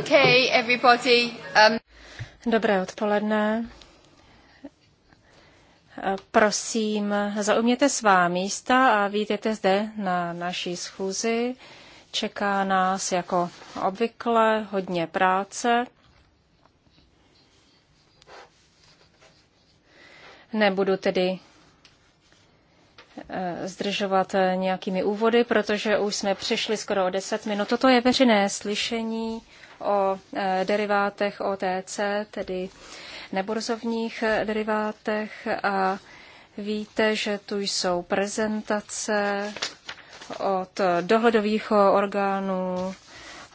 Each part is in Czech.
Okay, everybody. Um... Dobré odpoledne. Prosím, zaujměte svá místa a vítejte zde na naší schůzi. Čeká nás jako obvykle hodně práce. Nebudu tedy eh, zdržovat nějakými úvody, protože už jsme přišli skoro o 10 minut. Toto je veřejné slyšení o e, derivátech OTC, tedy neborzovních e, derivátech a víte, že tu jsou prezentace od dohledových orgánů,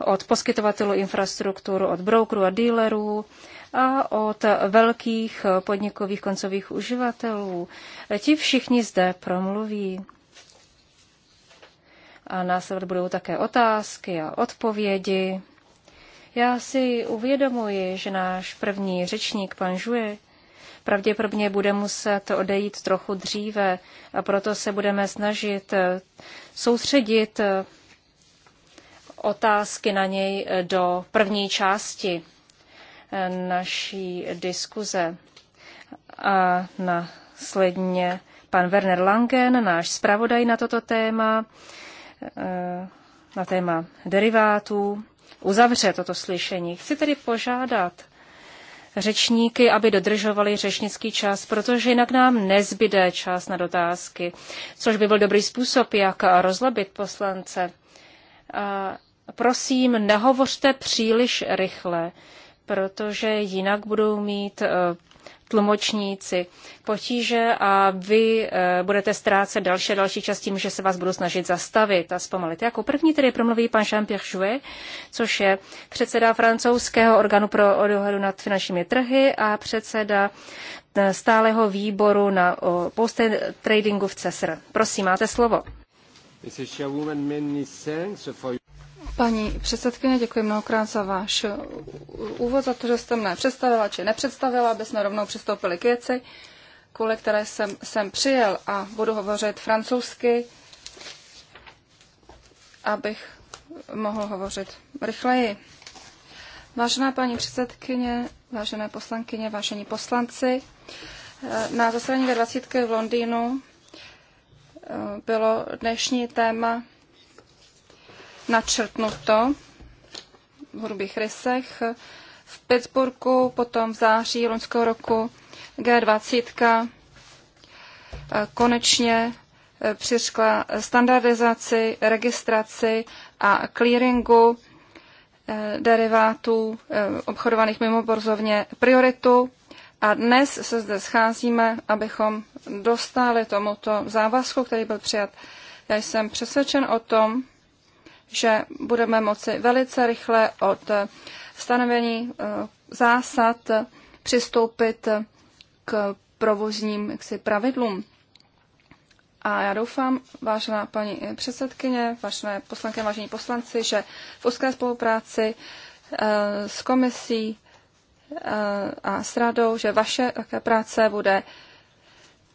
od poskytovatelů infrastruktur, od brokerů a dealerů a od velkých podnikových koncových uživatelů. Ti všichni zde promluví. A následovat budou také otázky a odpovědi. Já si uvědomuji, že náš první řečník, pan Žuje, pravděpodobně bude muset odejít trochu dříve a proto se budeme snažit eh, soustředit eh, otázky na něj eh, do první části naší diskuze. A následně pan Werner Langen, náš zpravodaj na toto téma, na téma derivátů, uzavře toto slyšení. Chci tedy požádat řečníky, aby dodržovali řečnický čas, protože jinak nám nezbyde čas na dotázky, což by byl dobrý způsob, jak rozlobit poslance. A prosím, nehovořte příliš rychle, protože jinak budou mít eh, tlumočníci potíže a vy eh, budete ztrácet další a další čas tím, že se vás budu snažit zastavit a zpomalit. Jako první tedy promluví pan Jean-Pierre Jouet, což je předseda francouzského orgánu pro dohledu nad finančními trhy a předseda eh, stáleho výboru na post tradingu v CESR. Prosím, máte slovo. Paní předsedkyně, děkuji mnohokrát za váš úvod, za to, že jste mne představila či nepředstavila, aby jsme rovnou přistoupili k věci, kvůli které jsem, jsem přijel a budu hovořit francouzsky, abych mohl hovořit rychleji. Vážená paní předsedkyně, vážené poslankyně, vážení poslanci, na zasedání ve 20 v Londýnu eh, bylo dnešní téma načrtnuto v hrubých rysech. V Pittsburghu potom v září loňského roku G20 konečně přišla standardizaci, registraci a clearingu eh, derivátů eh, obchodovaných mimo borzovně prioritu. A dnes se zde scházíme, abychom dostali tomuto závazku, který byl přijat. Já jsem přesvědčen o tom, že budeme moci velice rychle od stanovení eh, zásad přistoupit k provozním jaksi, pravidlům. A já doufám, vážená paní předsedkyně, vážené poslanky, vážení poslanci, že v úzké spolupráci eh, s komisí eh, a s radou, že vaše také práce bude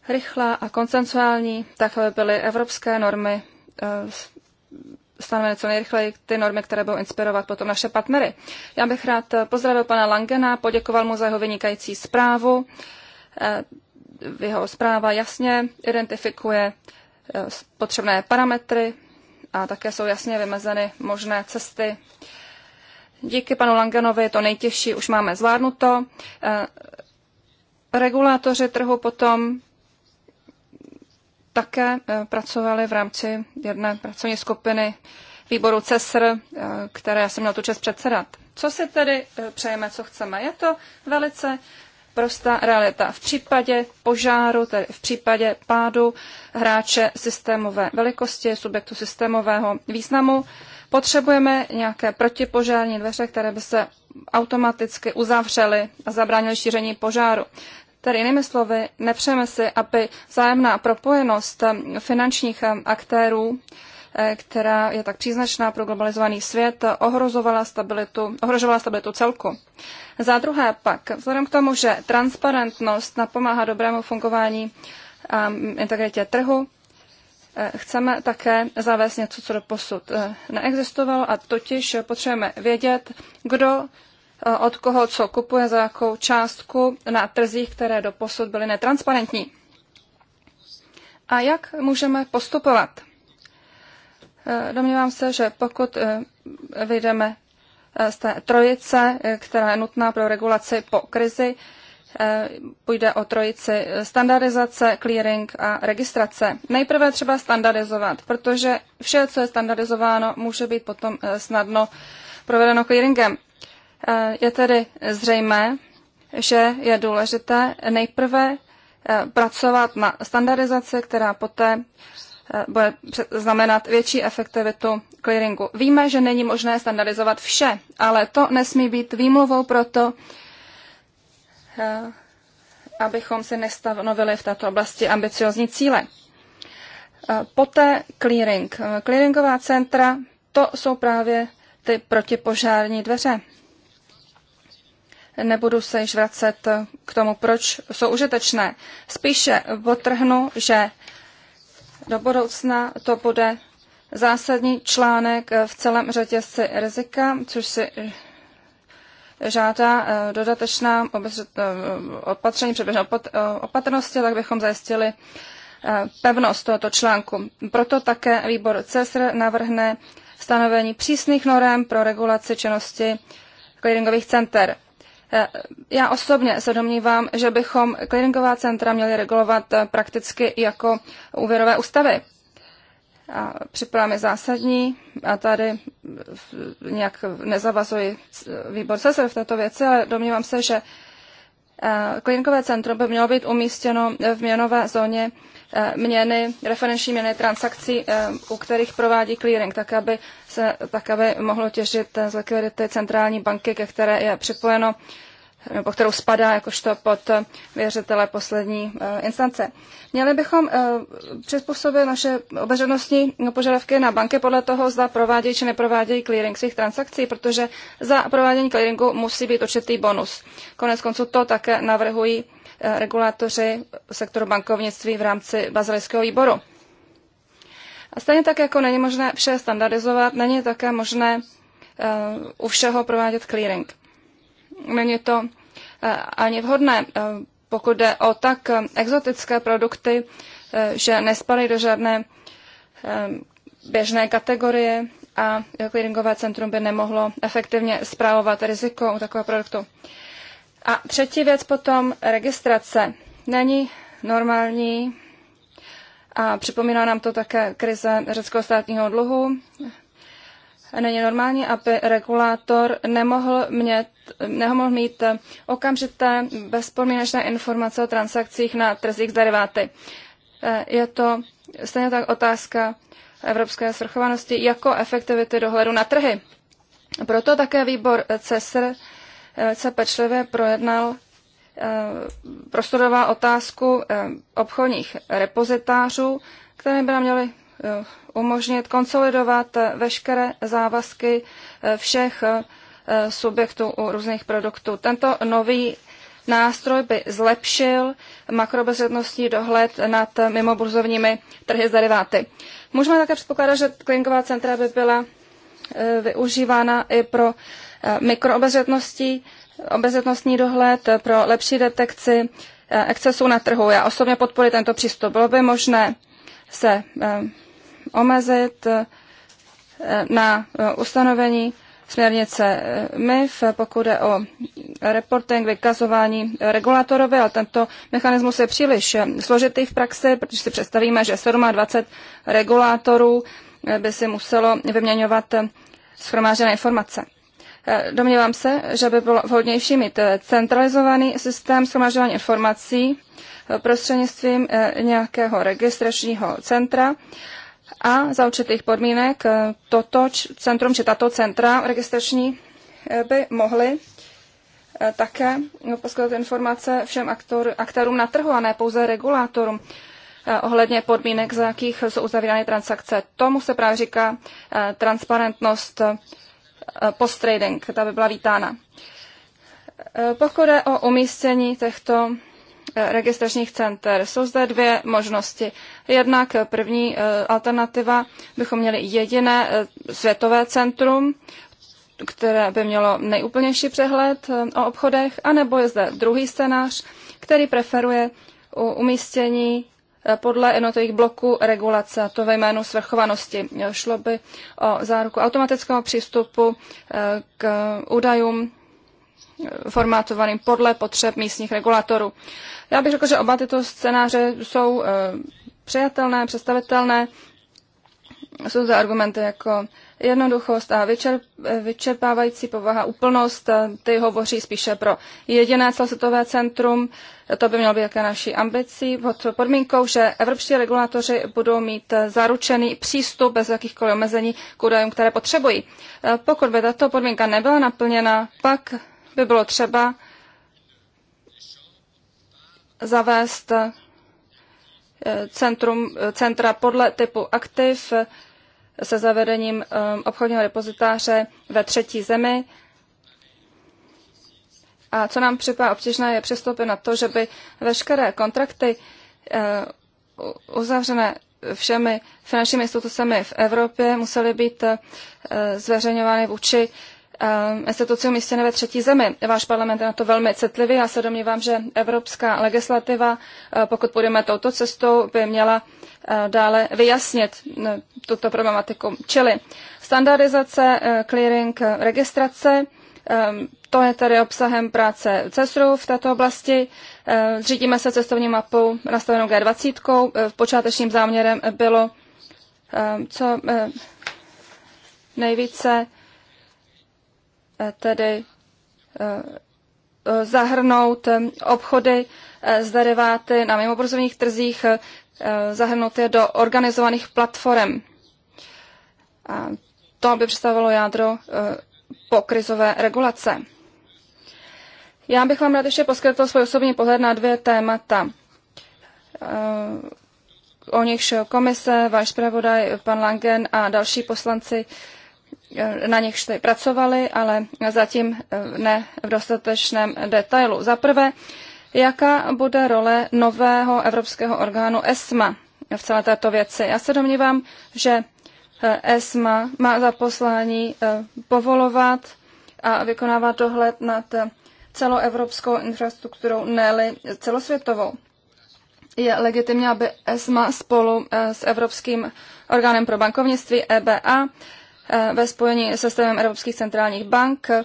rychlá a koncensuální, tak aby byly evropské normy stanovené co nejrychleji ty normy, které budou inspirovat potom naše partnery. Já bych rád pozdravil pana Langena, poděkoval mu za jeho vynikající zprávu. Eh, jeho zpráva jasně identifikuje eh, potřebné parametry a také jsou jasně vymezeny možné cesty. Díky panu Langenovi to nejtěžší už máme zvládnuto. Eh, regulátoři trhu potom také eh, pracovali v rámci jedné pracovní skupiny výboru CESR, eh, které já jsem měl tu čest předsedat. Co si tedy eh, přejeme, co chceme? Je to velice prostá realita. V případě požáru, tedy v případě pádu hráče systémové velikosti, subjektu systémového významu, potřebujeme nějaké protipožární dveře, které by se automaticky uzavřely a zabránily šíření požáru. Tedy jinými slovy, nepřejeme si, aby vzájemná propojenost finančních aktérů, eh, která je tak příznačná pro globalizovaný svět, ohrozovala stabilitu, ohrožovala stabilitu celku. Za druhé pak, vzhledem k tomu, že transparentnost napomáhá dobrému fungování a ehm, integritě trhu, eh, chceme také zavést něco, co do posud eh, neexistovalo, a totiž potřebujeme vědět, kdo Eh, od koho co kupuje, za jakou částku na trzích, které do posud byly netransparentní. A jak můžeme postupovat? Eh, domnívám se, že pokud eh, vyjdeme z té trojice, která je nutná pro regulaci po krizi, půjde o trojici standardizace, clearing a registrace. Nejprve třeba standardizovat, protože vše, co je standardizováno, může být potom snadno provedeno clearingem. Eh, je tedy zřejmé, že je důležité nejprve eh, pracovat na standardizaci, která poté eh, bude znamenat větší efektivitu clearingu. Víme, že není možné standardizovat vše, ale to nesmí být výmluvou pro to, abychom si nestanovili v této oblasti ambiciozní cíle. Poté clearing. Clearingová centra, to jsou právě ty protipožární dveře. Nebudu se již vracet k tomu, proč jsou užitečné. Spíše potrhnu, že do budoucna to bude zásadní článek v celém řetězci rizika, což si žádá eh, dodatečná eh, opatření předběžné eh, opatrnosti, tak bychom zajistili pevnost tohoto článku. Proto také výbor CESR navrhne stanovení přísných norem pro regulaci činnosti clearingových center. Eh, já osobně se domnívám, že bychom clearingová centra měli regulovat eh, prakticky jako úvěrové ústavy. A připravám je zásadní a tady nějak nezavazuji výbor se v této věci, ale domnívám se, že Eh, Klinkové centrum by mělo být umístěno v měnové zóně eh, měny, referenční měny transakcí, eh, u kterých provádí clearing, tak aby, se, tak aby mohlo těžit z likvidity centrální banky, ke které je připojeno nebo kterou spadá jakožto pod eh, věřitele poslední eh, instance. Měli bychom eh, přizpůsobit naše obeřenostní no, požadavky na banky podle toho, zda provádějí či neprovádějí clearing svých transakcí, protože za provádění clearingu musí být určitý bonus. Konec konců to také navrhují regulátoři sektoru bankovnictví v rámci bazilického výboru. A stejně tak, jako není možné vše standardizovat, není také možné u všeho provádět clearing není to eh, ani vhodné, eh, pokud jde o tak eh, exotické produkty, že nespadají do žádné běžné kategorie a clearingové centrum by nemohlo efektivně zprávovat riziko u takového produktu. A třetí věc potom registrace. Není normální a připomíná nám to také krize řeckého státního dluhu není normální, aby regulátor nemohl, mět, nemohl mít okamžité bezpodmínečné informace o transakcích na trzích s deriváty. Eh, je to stejně tak otázka evropské svrchovanosti jako efektivity dohledu na trhy. Proto také výbor CESR eh, se pečlivě projednal eh, prostudoval otázku obchodních repozitářů, které by nám měly umožnit konsolidovat veškeré závazky eh, všech eh, subjektů u různých produktů. Tento nový nástroj by zlepšil makrobezřetnostní dohled nad mimoburzovními trhy s deriváty. Můžeme také předpokládat, že klinková centra by byla eh, využívána i pro mikroobezřetnosti, obezřetnostní dohled, pro lepší detekci excesů na trhu. Já osobně podporuji tento přístup. Bylo by možné se omezit eh, na eh, ustanovení směrnice eh, MIF, pokud je o reporting, vykazování regulatorovi, ale tento mechanismus je příliš složitý v praxi, protože si představíme, že 27 regulátorů by si muselo vyměňovat schromážené informace. Domnívám se, že by bylo vhodnější mít centralizovaný systém schromažďování informací prostřednictvím nějakého registračního centra, a za určitých podmínek eh, toto centrum či tato centra registrační eh, by mohly eh, také no, poskytovat informace všem aktor, aktorům na trhu a ne pouze regulátorům ohledně podmínek, za jakých jsou uzavírány transakce. Tomu se právě říká transparentnost post-trading, ta by byla vítána. Pokud je o umístění těchto Eh, registračních center. Jsou zde dvě možnosti. Jednak první eh, alternativa bychom měli jediné eh, světové centrum, které by mělo nejúplnější přehled o obchodech, anebo je zde druhý scénář, který preferuje umístění podle jednotlivých bloků regulace, to ve jménu svrchovanosti. Šlo by o záruku automatického přístupu k údajům formátovaným podle potřeb místních regulatorů. Já bych řekl, že oba tyto scénáře jsou eh, přijatelné, představitelné. Jsou za argumenty jako jednoduchost a eh, vyčerpávající povaha, úplnost. Eh, ty hovoří spíše pro jediné celosvětové centrum. To by mělo být jaké naší ambicí pod podmínkou, že evropští regulatoři budou mít zaručený přístup bez jakýchkoliv omezení k údajům, které potřebují. Pokud by tato podmínka nebyla naplněna, pak by bylo třeba zavést eh, centrum, eh, centra podle typu aktiv eh, se zavedením obchodního repozitáře ve třetí zemi. A co nám připadá obtížné, je přistoupit na to, že by veškeré kontrakty uzavřené všemi finančními institucemi v Evropě musely být zveřejňovány vůči Eh, institucí umístěné ve třetí zemi. Váš parlament je na to velmi citlivý. Já se domnívám, že evropská legislativa, eh, pokud půjdeme touto cestou, by měla eh, dále vyjasnit tuto problematiku. Čili standardizace, clearing, registrace, to je tedy obsahem práce CESRu v této oblasti. Řídíme se cestovní mapou nastavenou G20. Počátečním záměrem bylo co nejvíce Eh, tedy eh, zahrnout eh, obchody s deriváty na mimoburzovních trzích, zahrnout je do organizovaných platform. A to by představilo jádro krizové regulace. Já bych vám rád ještě poskytl svůj osobní pohled na dvě témata. O nichž komise, váš zpravodaj, pan Langen a další poslanci na nichž jste pracovali, ale zatím eh, ne v dostatečném detailu. Za prvé, jaká bude role nového evropského orgánu ESMA v celé této věci? Já se domnívám, že eh, ESMA má za poslání eh, povolovat a vykonávat dohled nad celoevropskou infrastrukturou, ne celosvětovou. Je legitimní, aby ESMA spolu s Evropským orgánem pro bankovnictví EBA Eh, ve spojení se systémem Evropských centrálních bank eh,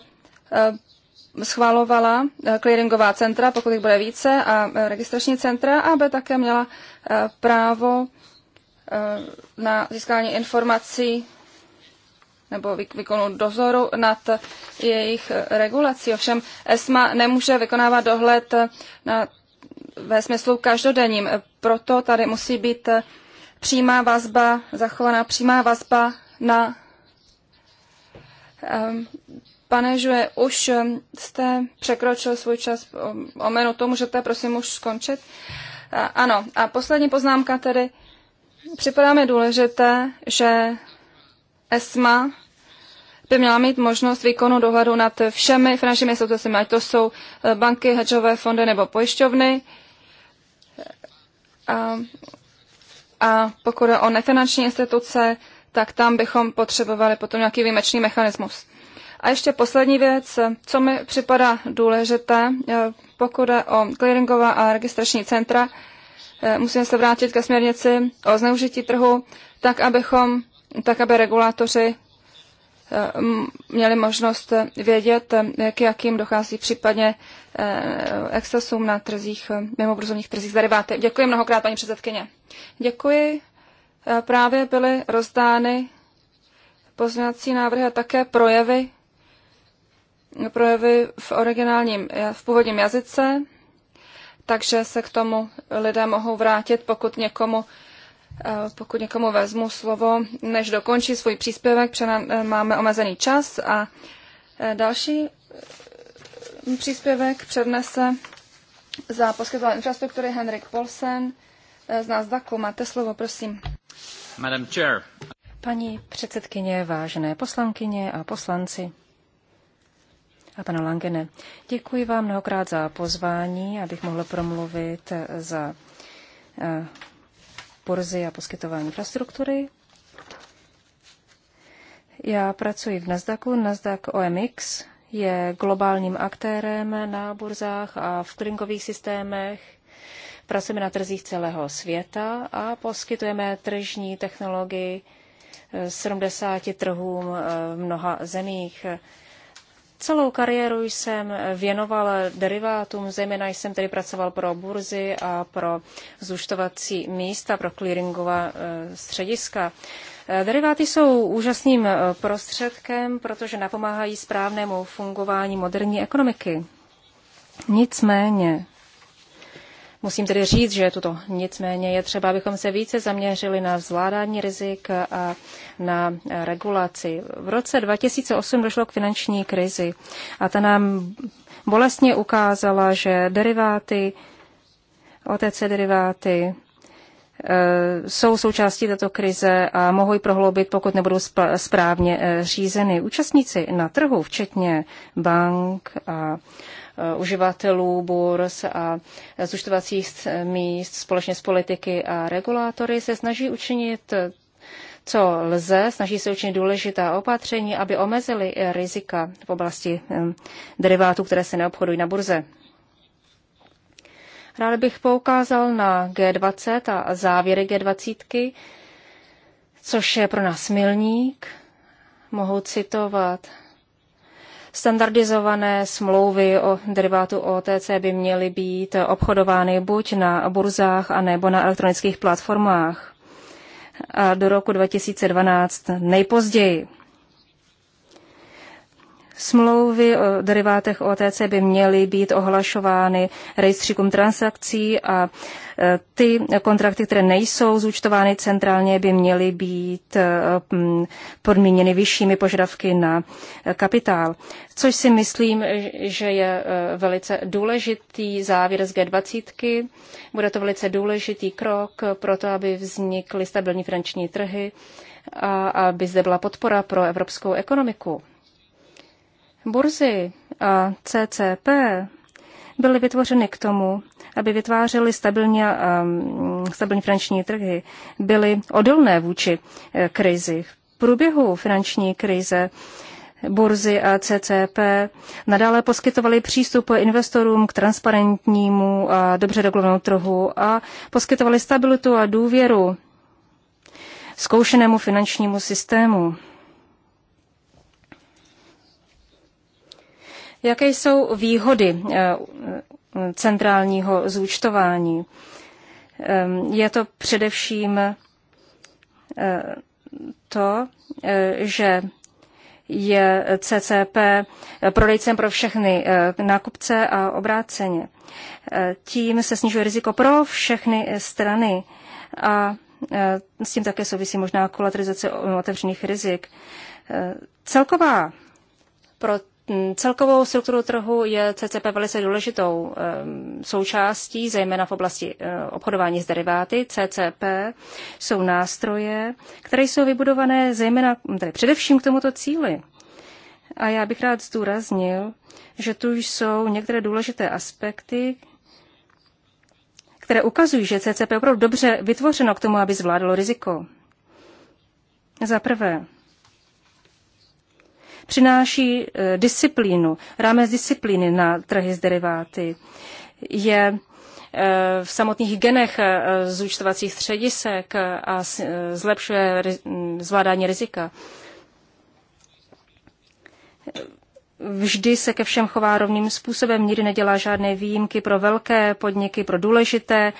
schvalovala eh, clearingová centra, pokud jich bude více, a registrační centra, aby také měla právo na získání informací nebo výkonu dozoru nad jejich regulací. Ovšem ESMA nemůže vykonávat dohled na, ve smyslu každodenním. Proto tady musí být přímá vazba, zachovaná přímá vazba na Ehm, pane Žuje, už ehm, jste překročil svůj čas ehm, o tomu, že to prosím už skončit? Ano, a poslední poznámka tedy. Připadá mi důležité, že ESMA by měla mít možnost výkonu dohledu nad všemi finančními institucemi, ať to jsou eh, banky, hedžové fondy nebo pojišťovny. A, a pokud je o nefinanční instituce, tak tam bychom potřebovali potom nějaký výjimečný mechanismus. A ještě poslední věc, co mi připadá důležité, eh, pokud je o clearingová a registrační centra, eh, musíme se vrátit ke směrnici o zneužití trhu, tak abychom, tak aby regulátoři eh, měli možnost vědět, k jakým dochází případně excesům na trzích, mimo trzích z deriváty. Děkuji mnohokrát, paní předsedkyně. Děkuji. E, právě byly rozdány pozměňovací návrhy a také projevy, projevy v originálním, e, v původním jazyce, takže se k tomu lidé mohou vrátit, pokud někomu e, pokud někomu vezmu slovo, než dokončí svůj příspěvek, protože máme omezený čas a další příspěvek přednese za poskytovatel infrastruktury Henrik Polsen z Nasdaqu. Máte slovo, prosím. Paní předsedkyně, vážené poslankyně a poslanci a pane Langene, děkuji vám mnohokrát za pozvání, abych mohla promluvit za porzy eh, a poskytování infrastruktury. Já pracuji v Nasdaqu. Nasdaq OMX je globálním aktérem na burzách a v clearingových systémech Pracujeme na trzích celého světa a poskytujeme tržní technologii 70 eh, trhům eh, v mnoha zemích. Celou kariéru jsem věnoval derivátům, zejména jsem tedy pracoval pro burzy a pro zúštovací místa, pro clearingová eh, střediska. Deriváty jsou úžasným prostředkem, protože napomáhají správnému fungování moderní ekonomiky. Nicméně Musím tedy říct, že je tuto. Nicméně je třeba, abychom se více zaměřili na zvládání rizik a na eh, regulaci. V roce 2008 došlo k finanční krizi a ta nám bolestně ukázala, že deriváty, OTC deriváty, eh, jsou součástí této krize a mohou ji prohloubit, pokud nebudou správně eh, řízeny. Účastníci na trhu, včetně bank a Eh, uživatelů burs a zúčtovacích míst společně s politiky a regulátory se snaží učinit co lze, snaží se učinit důležitá opatření, aby omezili rizika v oblasti eh, derivátů, které se neobchodují na burze. Rád bych poukázal na G20 a závěry G20, což je pro nás milník. Mohu citovat Standardizované smlouvy o derivátu OTC by měly být obchodovány buď na burzách, anebo na elektronických platformách a do roku 2012 nejpozději. Smlouvy o derivátech OTC by měly být ohlašovány rejstříkům transakcí a e, ty kontrakty, které nejsou zúčtovány centrálně, by měly být e, podmíněny vyššími požadavky na e, kapitál. Což si myslím, že je velice důležitý závěr z G20. Bude to velice důležitý krok pro to, aby vznikly stabilní finanční trhy a aby zde byla podpora pro evropskou ekonomiku. Burzy a CCP byly vytvořeny k tomu, aby vytvářely stabilní, ehm, stabilní finanční trhy, byly odolné vůči e, krizi. V průběhu finanční krize burzy a CCP nadále poskytovaly přístup investorům k transparentnímu a dobře regulovanému trhu a poskytovaly stabilitu a důvěru zkoušenému finančnímu systému. Jaké jsou výhody eh, centrálního zúčtování? Ehm, je to především eh, to, eh, že je CCP prodejcem pro všechny nákupce a obráceně. Tím se snižuje riziko pro všechny strany a s tím také souvisí možná kolaterizace otevřených rizik. Celková pro Mm, celkovou strukturu trhu je CCP velice důležitou eh, součástí, zejména v oblasti eh, obchodování s deriváty. CCP jsou nástroje, které jsou vybudované zejména mm, tedy především k tomuto cíli. A já bych rád zdůraznil, že tu jsou některé důležité aspekty, které ukazují, že CCP je opravdu dobře vytvořeno k tomu, aby zvládalo riziko. Za prvé, přináší eh, disciplínu, rámec disciplíny na trhy s deriváty. Je eh, v samotných genech eh, zúčtovacích středisek a zlepšuje mm, zvládání rizika. Vždy se ke všem chová rovným způsobem, nikdy nedělá žádné výjimky pro velké podniky, pro důležité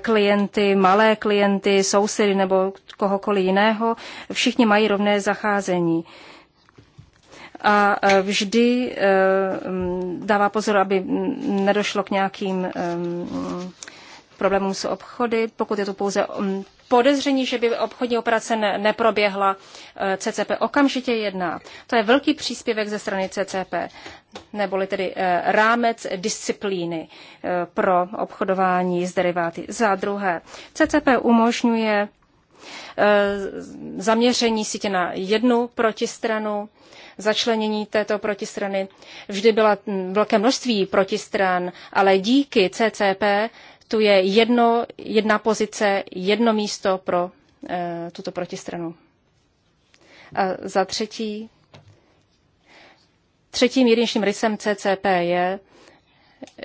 klienty, malé klienty, sousedy nebo kohokoliv jiného. Všichni mají rovné zacházení a e, vždy e, dává pozor, aby nedošlo k nějakým e, problémům s obchody, pokud je to pouze podezření, že by obchodní operace neproběhla, CCP okamžitě jedná. To je velký příspěvek ze strany CCP, neboli tedy rámec disciplíny pro obchodování s deriváty. Za druhé, CCP umožňuje zaměření sítě na jednu protistranu, začlenění této protistrany. Vždy byla mm, velké množství protistran, ale díky CCP tu je jedno, jedna pozice, jedno místo pro e, tuto protistranu. A za třetí, třetím jedinčním rysem CCP je,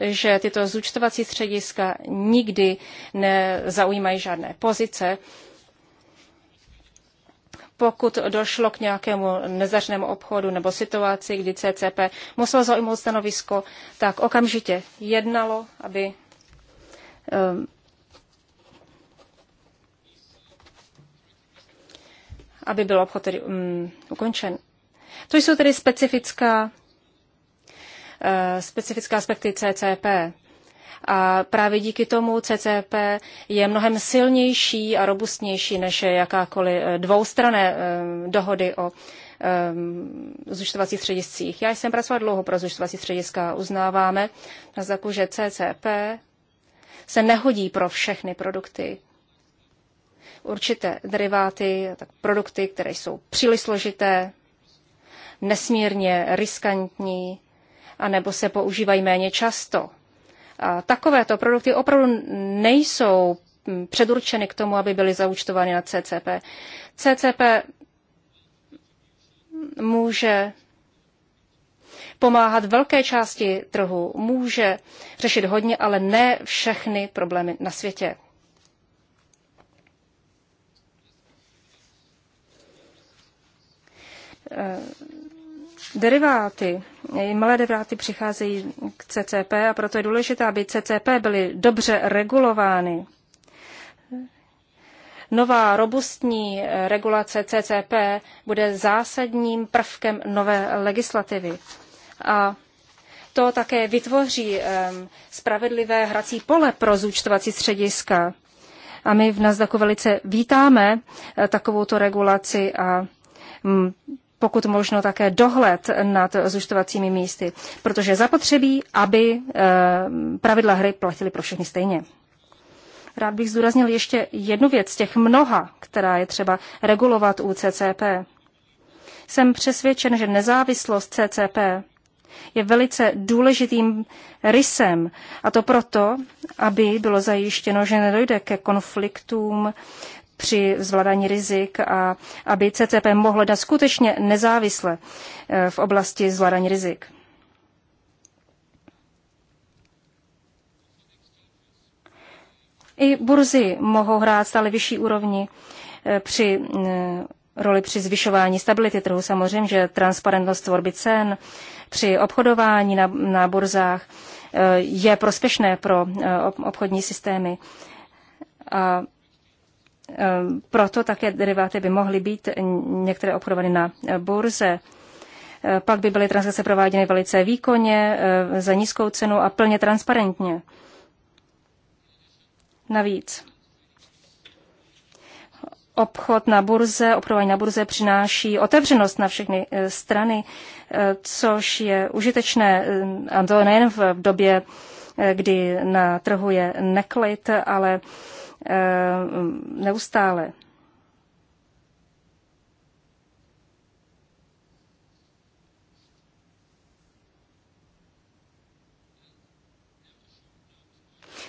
že tyto zúčtovací střediska nikdy nezaujímají žádné pozice, pokud došlo k nějakému nezačnému obchodu nebo situaci, kdy CCP muselo zaujmout stanovisko, tak okamžitě jednalo, aby eh, aby byl obchod tedy um, ukončen. To jsou tedy specifická, uh, eh, specifická aspekty CCP. A právě díky tomu CCP je mnohem silnější a robustnější než jakákoliv eh, dvoustrané eh, dohody o eh, zúčtovacích střediscích. Já jsem pracovala dlouho pro zúčtovací střediska. Uznáváme na znaku, že CCP se nehodí pro všechny produkty. Určité deriváty, tak produkty, které jsou příliš složité, nesmírně riskantní, anebo se používají méně často takovéto produkty opravdu nejsou předurčeny k tomu, aby byly zaučtovány na CCP. CCP může pomáhat velké části trhu, může řešit hodně, ale ne všechny problémy na světě. Deriváty, malé deriváty přicházejí k CCP a proto je důležité, aby CCP byly dobře regulovány. Nová robustní regulace CCP bude zásadním prvkem nové legislativy. A to také vytvoří spravedlivé hrací pole pro zúčtovací střediska. A my v nás velice vítáme eh, takovouto regulaci a mm, pokud možno také dohled nad zúčtovacími místy, protože zapotřebí, aby eh, pravidla hry platily pro všechny stejně. Rád bych zdůraznil ještě jednu věc z těch mnoha, která je třeba regulovat u CCP. Jsem přesvědčen, že nezávislost CCP je velice důležitým rysem, a to proto, aby bylo zajištěno, že nedojde ke konfliktům při zvládání rizik a aby CCP mohlo dát skutečně nezávisle eh, v oblasti zvládání rizik. I burzy mohou hrát stále vyšší úrovni eh, při eh, roli při zvyšování stability trhu. Samozřejmě, že transparentnost tvorby cen při obchodování na, na burzách je prospěšné pro obchodní systémy. A Eh, proto také deriváty by mohly být některé obchodovány na burze. Eh, pak by byly transakce prováděny velice výkonně, eh, za nízkou cenu a plně transparentně. Navíc obchod na burze, obchodování na burze přináší otevřenost na všechny strany, což je užitečné, a to nejen v době, kdy na trhu je neklid, ale Eh, neustále.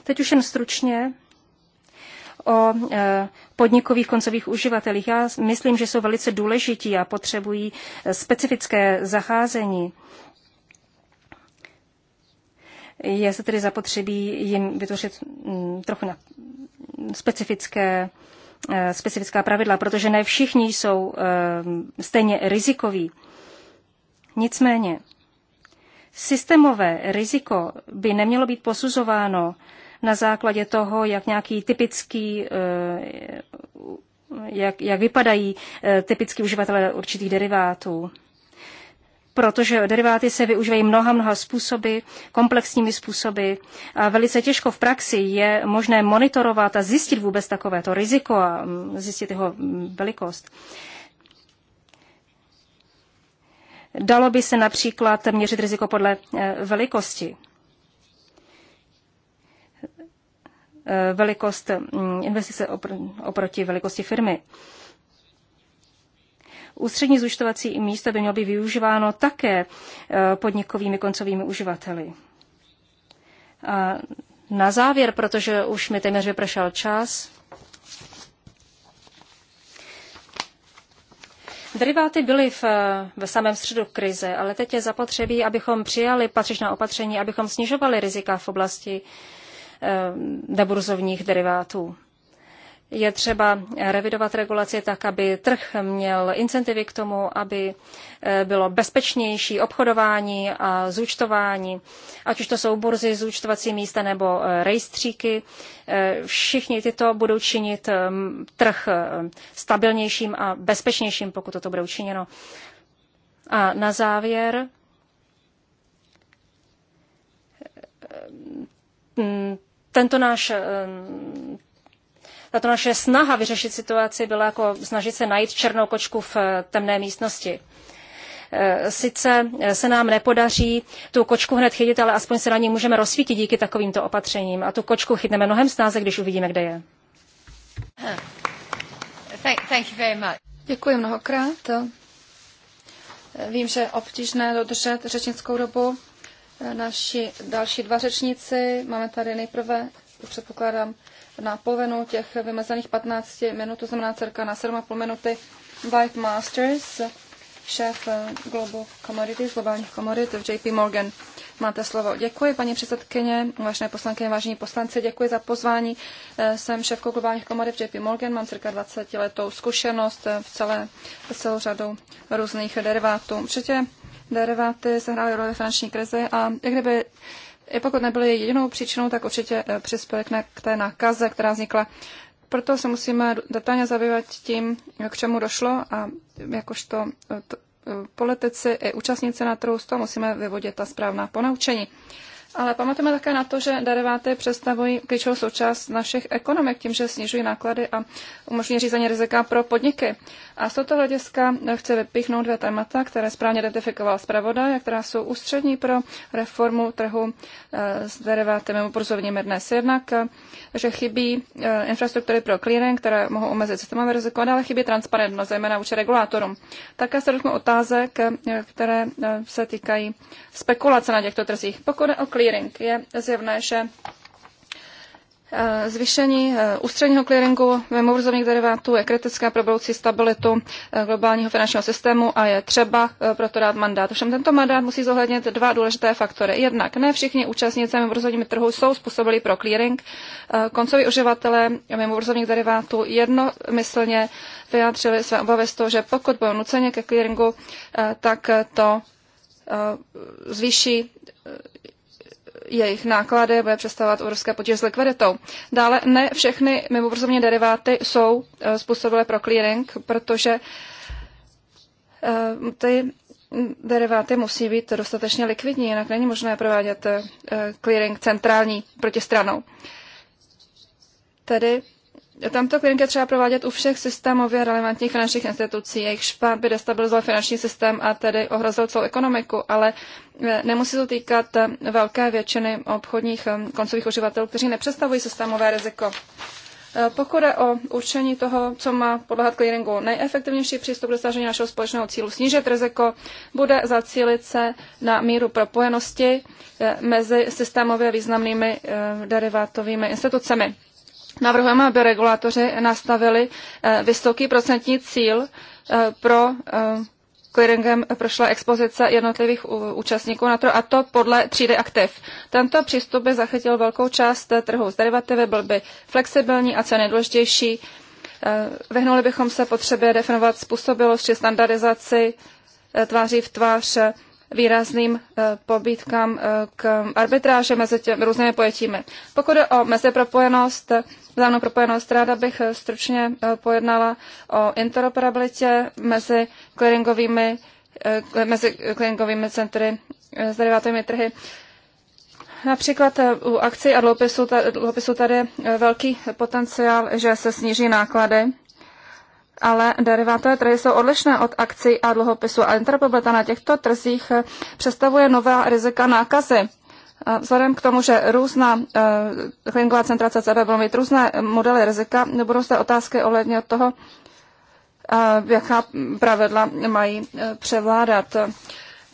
Teď už jen stručně o eh, podnikových koncových uživatelích. Já myslím, že jsou velice důležití a potřebují eh, specifické zacházení. Je se tedy zapotřebí jim vytvořit mm, trochu na specifické, eh, specifická pravidla, protože ne všichni jsou eh, stejně rizikoví. Nicméně, systémové riziko by nemělo být posuzováno na základě toho, jak nějaký typický, eh, jak, jak vypadají typický uživatelé určitých derivátů protože deriváty se využívají mnoha, mnoha způsoby, komplexními způsoby a velice těžko v praxi je možné monitorovat a zjistit vůbec takovéto riziko a mm, zjistit jeho mm, velikost. Dalo by se například měřit riziko podle eh, velikosti. Eh, velikost mm, investice oproti velikosti firmy. Ústřední zúčtovací místo by mělo být využíváno také eh, podnikovými koncovými uživateli. A na závěr, protože už mi téměř vypršel čas, Deriváty byly v, eh, v samém středu krize, ale teď je zapotřebí, abychom přijali patřičná opatření, abychom snižovali rizika v oblasti e, eh, deburzovních derivátů. Je třeba revidovat regulaci tak, aby trh měl incentivy k tomu, aby eh, bylo bezpečnější obchodování a zúčtování, ať už to jsou burzy, zúčtovací místa nebo eh, rejstříky. Eh, všichni tyto budou činit trh stabilnějším a bezpečnějším, pokud toto bude učiněno. A na závěr mm, tento náš tato naše snaha vyřešit situaci byla jako snažit se najít černou kočku v eh, temné místnosti. Eh, sice eh, se nám nepodaří tu kočku hned chytit, ale aspoň se na ní můžeme rozsvítit díky takovýmto opatřením. A tu kočku chytneme mnohem snáze, když uvidíme, kde je. Thank, you very much. Děkuji mnohokrát. Vím, že je obtížné dodržet řečnickou dobu. Naši další dva řečníci, máme tady nejprve, předpokládám, na polovinu těch vymezených 15 minut, to znamená cirka na 7,5 minuty, Vibe Masters, šéf eh, Global Commodities, globálních komodit v JP Morgan. Máte slovo. Děkuji, paní předsedkyně, vážné poslankyně, vážení poslanci, děkuji za pozvání. Eh, jsem šéfkou globálních komodit v JP Morgan, mám cirka 20 letou zkušenost eh, v celé, v celou řadu různých derivátů. Určitě deriváty sehrály roli finanční krizi a jak kdyby i pokud nebyly jedinou příčinou, tak určitě eh, přispěly k té nákaze, která vznikla. Proto se musíme detailně zabývat tím, k čemu došlo a jakožto eh, eh, politici i účastníci na trhu z toho musíme vyvodit ta správná ponaučení. Ale pamatujeme také na to, že deriváty představují klíčovou součást našich ekonomik tím, že snižují náklady a umožňují řízení rizika pro podniky. A z tohoto hlediska chci vypíchnout dvě témata, které správně identifikoval zpravoda, a která jsou ústřední pro reformu trhu eh, s deriváty mimo prozovními dnes. Jednak, eh, že chybí eh, infrastruktury pro clearing, které mohou omezit systémové riziko, ale chybí transparentnost, zejména vůči regulátorům. Také se dotknu otázek, které se týkají spekulace na těchto trzích. Pokud je o clearing. Je zjevné, že eh, Zvýšení eh, ústředního clearingu mimoburzovních derivátů je kritické pro budoucí stabilitu eh, globálního finančního systému a je třeba proto dát mandát. Všem tento mandát musí zohlednit dva důležité faktory. Jednak ne všichni účastníci mimoburzovního trhu jsou způsobili pro clearing. Koncoví uživatelé mimoburzovních derivátů jednomyslně vyjádřili své obavy z toho, že pokud budou nuceně ke clearingu, tak to zvýší jejich náklady bude představovat obrovské potíže s likviditou. Dále ne všechny mimoburzovní deriváty jsou eh, způsobily pro clearing, protože eh, ty deriváty musí být dostatečně likvidní, jinak není možné provádět eh, clearing centrální protistranou. Tedy Tamto klinika třeba provádět u všech systémově relevantních finančních institucí. Jejich špát by destabilizoval finanční systém a tedy ohrozil celou ekonomiku, ale eh, nemusí to týkat eh, velké většiny obchodních eh, koncových uživatelů, kteří nepředstavují systémové riziko. Pokud je o určení toho, co má podlehat clearingu, nejefektivnější přístup k dosažení našeho společného cílu snížit riziko bude zacílit se na míru propojenosti mezi systémově významnými derivátovými institucemi. Navrhujeme, aby regulátoři nastavili eh, vysoký procentní cíl eh, pro eh, clearingem prošla expozice jednotlivých účastníků na trhu. a to podle třídy aktiv. Tento přístup by zachytil velkou část trhu s derivativy, byl by flexibilní a co nejdůležitější. Vyhnuli bychom se potřebě definovat způsobilost či standardizaci tváří v tvář výrazným pobítkám k arbitráži mezi těmi různými pojetími. Pokud je o mezipropojenost, vzájemnou propojenost. Ráda bych eh, stručně eh, pojednala o interoperabilitě mezi clearingovými, eh, mezi clearingovými centry s derivátovými trhy. Například u akcí a dloupisů, tady je velký potenciál, že se sníží náklady, ale derivátové trhy jsou odlišné od akcí a dluhopisů a interoperabilita na těchto trzích představuje nová rizika nákazy. Vzhledem k tomu, že různá klinická eh, centra CCB budou mít různé modely rizika, budou zde otázky ohledně toho, eh, jaká pravidla mají eh, převládat.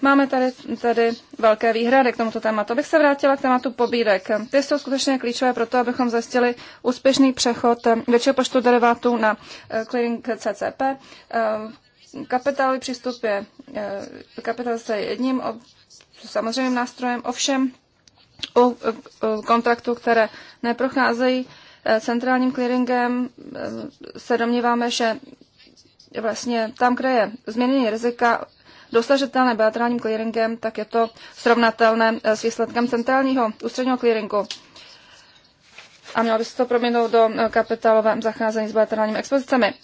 Máme tady, tady velké výhrady k tomuto tématu. Bych se vrátila k tématu pobídek. Ty jsou skutečně klíčové pro to, abychom zjistili úspěšný přechod většího počtu derivátů na clearing CCP. Kapitálový přístup je, kapitál je jedním samozřejmým nástrojem, ovšem u kontraktů, které neprocházejí eh, centrálním clearingem, eh, se domníváme, že vlastně tam, kde je změnění rizika dosažitelné bilaterálním clearingem, tak je to srovnatelné eh, s výsledkem centrálního ústředního clearingu. A mělo by se to proměnout do kapitálovém zacházení s bilaterálními expozicemi.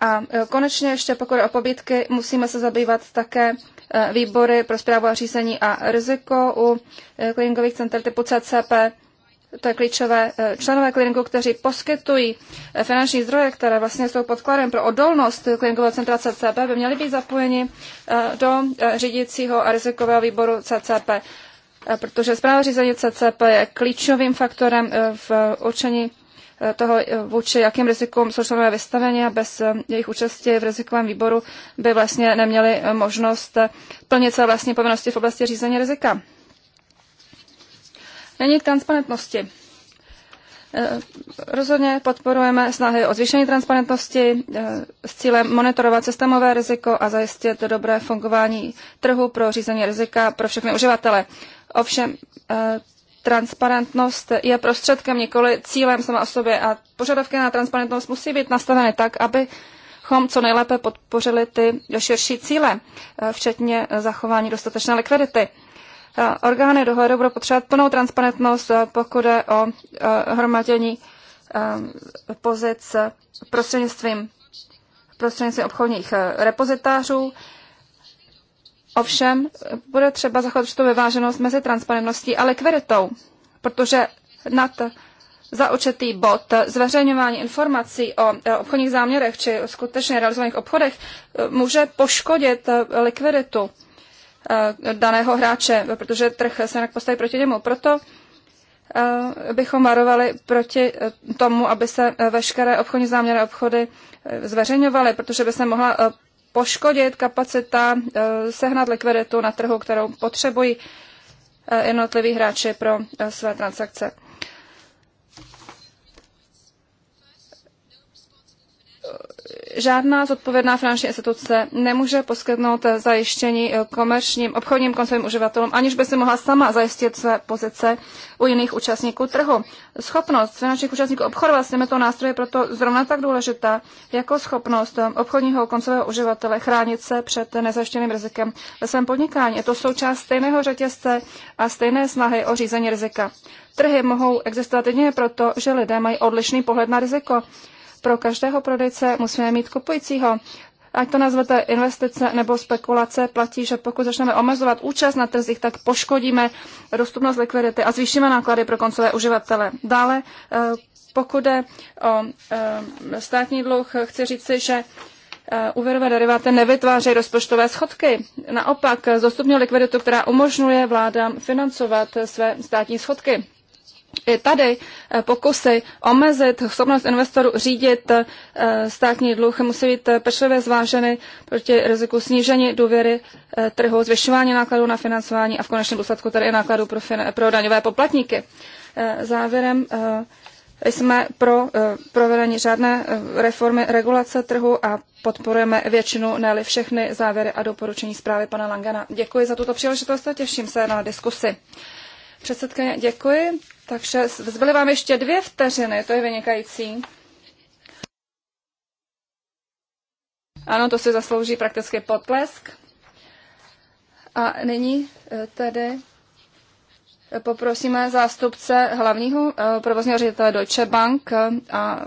A konečně ještě pokud o pobídky, musíme se zabývat také Eh, výbory pro zprávu a řízení a riziko u klinikových eh, center typu CCP. To je klíčové eh, členové kliniku, kteří poskytují finanční zdroje, které vlastně jsou podkladem pro odolnost klinikového centra CCP, by měli být zapojeni do řídícího a rizikového výboru CCP protože zpráva řízení CCP je klíčovým faktorem v určení toho, eh, vůči jakým rizikům jsou členové vystaveni a bez eh, jejich účasti v rizikovém výboru by vlastně neměli eh, možnost plnit své vlastní povinnosti v oblasti řízení rizika. Není k transparentnosti. Rozhodně podporujeme snahy o zvýšení transparentnosti s cílem monitorovat systémové riziko a zajistit dobré fungování trhu pro řízení rizika pro všechny uživatele. Ovšem transparentnost je prostředkem, nikoli cílem sama o sobě a požadavky na transparentnost musí být nastaveny tak, aby abychom co nejlépe podpořili ty širší cíle, eh, včetně zachování dostatečné likvidity. Eh, orgány dohledu budou potřebovat plnou transparentnost, eh, pokud je o hromadění pozic prostřednictvím prostřednictvím obchodních repozitářů. Ovšem bude třeba zachovat tu vyváženost mezi transparentností a likviditou, protože nad zaočetý bod zveřejňování informací o obchodních záměrech či skutečně realizovaných obchodech eh, může poškodit eh, likviditu eh, daného hráče, protože trh se jinak postaví proti němu. Proto bychom varovali proti tomu, aby se veškeré obchodní záměry obchody zveřejňovaly, protože by se mohla poškodit kapacita eh, sehnat likviditu na trhu, kterou potřebují eh, jednotliví hráči pro eh, své transakce. žádná zodpovědná finanční instituce nemůže poskytnout zajištění komerčním obchodním koncovým uživatelům, aniž by si mohla sama zajistit své pozice u jiných účastníků trhu. Schopnost finančních účastníků obchodovat s těmito nástroji je proto zrovna tak důležitá, jako schopnost obchodního koncového uživatele chránit se před nezajištěným rizikem ve svém podnikání. Je to součást stejného řetězce a stejné snahy o řízení rizika. Trhy mohou existovat jedině proto, že lidé mají odlišný pohled na riziko. Pro každého prodejce musíme mít kupujícího. Ať to nazvete investice nebo spekulace, platí, že pokud začneme omezovat účast na trzích, tak poškodíme dostupnost likvidity a zvýšíme náklady pro koncové uživatele. Dále, eh, pokud jde o eh, státní dluh, chci říci, že eh, úvěrové deriváty nevytvářejí rozpočtové schodky. Naopak, zostupňují likviditu, která umožňuje vládám financovat své státní schodky i tady eh, pokusy omezit schopnost investorů řídit eh, státní dluh musí být eh, pečlivě zváženy proti riziku snížení důvěry trhu, zvyšování nákladů na financování a v konečném důsledku tedy i nákladů pro, fin- pro daňové poplatníky. Závěrem jsme pro provedení řádné reformy regulace trhu a podporujeme většinu, ne všechny závěry a doporučení zprávy pana Langana. Děkuji za tuto příležitost a těším se na diskusi. Předsedkyně, děkuji. Takže zbyly vám ještě dvě vteřiny, to je vynikající. Ano, to si zaslouží prakticky potlesk. A nyní eh, tedy eh, poprosíme zástupce hlavního eh, provozního ředitele Deutsche Bank a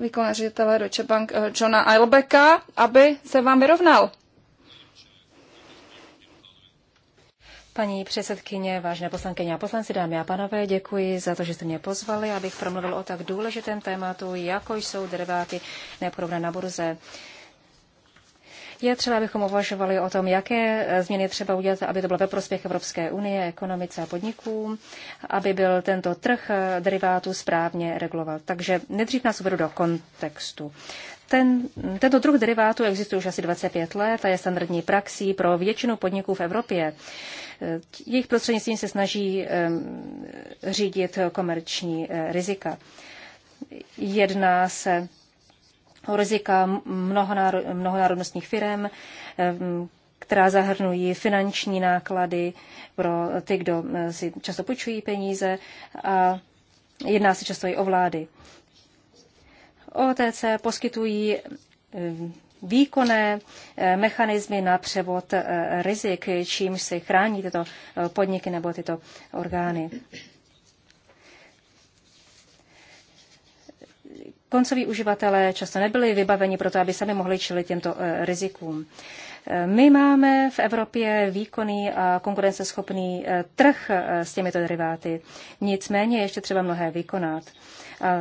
výkonného ředitele Deutsche Bank Johna Eilbecka, aby se vám vyrovnal. Paní předsedkyně, vážné poslankyně a poslanci, dámy a pánové, děkuji za to, že jste mě pozvali, abych promluvil o tak důležitém tématu, jako jsou deriváty neprodobné na burze. Je třeba, abychom uvažovali o tom, jaké změny třeba udělat, aby to bylo ve prospěch Evropské unie, ekonomice a podnikům, aby byl tento trh derivátů správně regulovat. Takže nejdřív nás uvedu do kontextu. Ten, tento druh derivátů existuje už asi 25 let a je standardní praxí pro většinu podniků v Evropě. Eh, jejich prostřednictvím se snaží eh, řídit komerční eh, rizika. Jedná se o rizika mnohonárodnostních firm, která zahrnují finanční náklady pro ty, kdo si často půjčují peníze a jedná se často i o vlády. OTC poskytují výkonné eh, mechanismy na převod eh, rizik, čímž se chrání tyto eh, podniky nebo tyto orgány. Koncoví uživatelé často nebyli vybaveni proto, aby sami mohli čelit těmto rizikům. My máme v Evropě výkonný a konkurenceschopný trh s těmito deriváty. Nicméně ještě třeba mnohé vykonat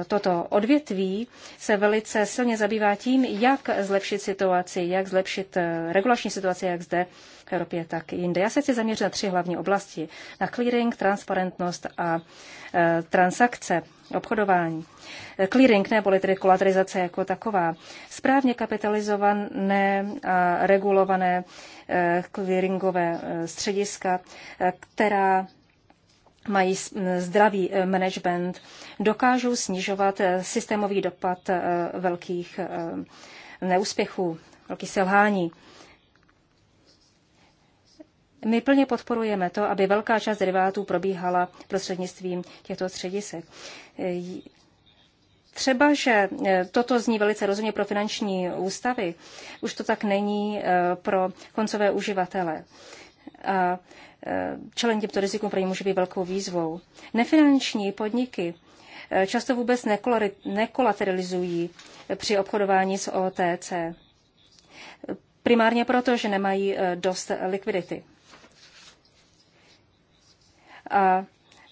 toto odvětví se velice silně zabývá tím, jak zlepšit situaci, jak zlepšit eh, regulační situaci, jak zde v Evropě, tak i jinde. Já se chci zaměřit na tři hlavní oblasti. Na clearing, transparentnost a eh, transakce, obchodování. Eh, clearing nebo tedy kolaterizace jako taková. Správně kapitalizované a regulované clearingové střediska, která mají zdravý eh, management, dokážou snižovat eh, systémový dopad eh, velkých neúspěchů, velkých selhání. My plně podporujeme to, aby velká část derivátů probíhala prostřednictvím těchto středisek. Třeba, že toto zní velice rozumně pro finanční ústavy, už to tak není pro koncové uživatele a e, čelení těmto rizikům pro ně může být velkou výzvou. Nefinanční podniky e, často vůbec nekolateralizují při obchodování s OTC. Primárně proto, že nemají e, dost likvidity. A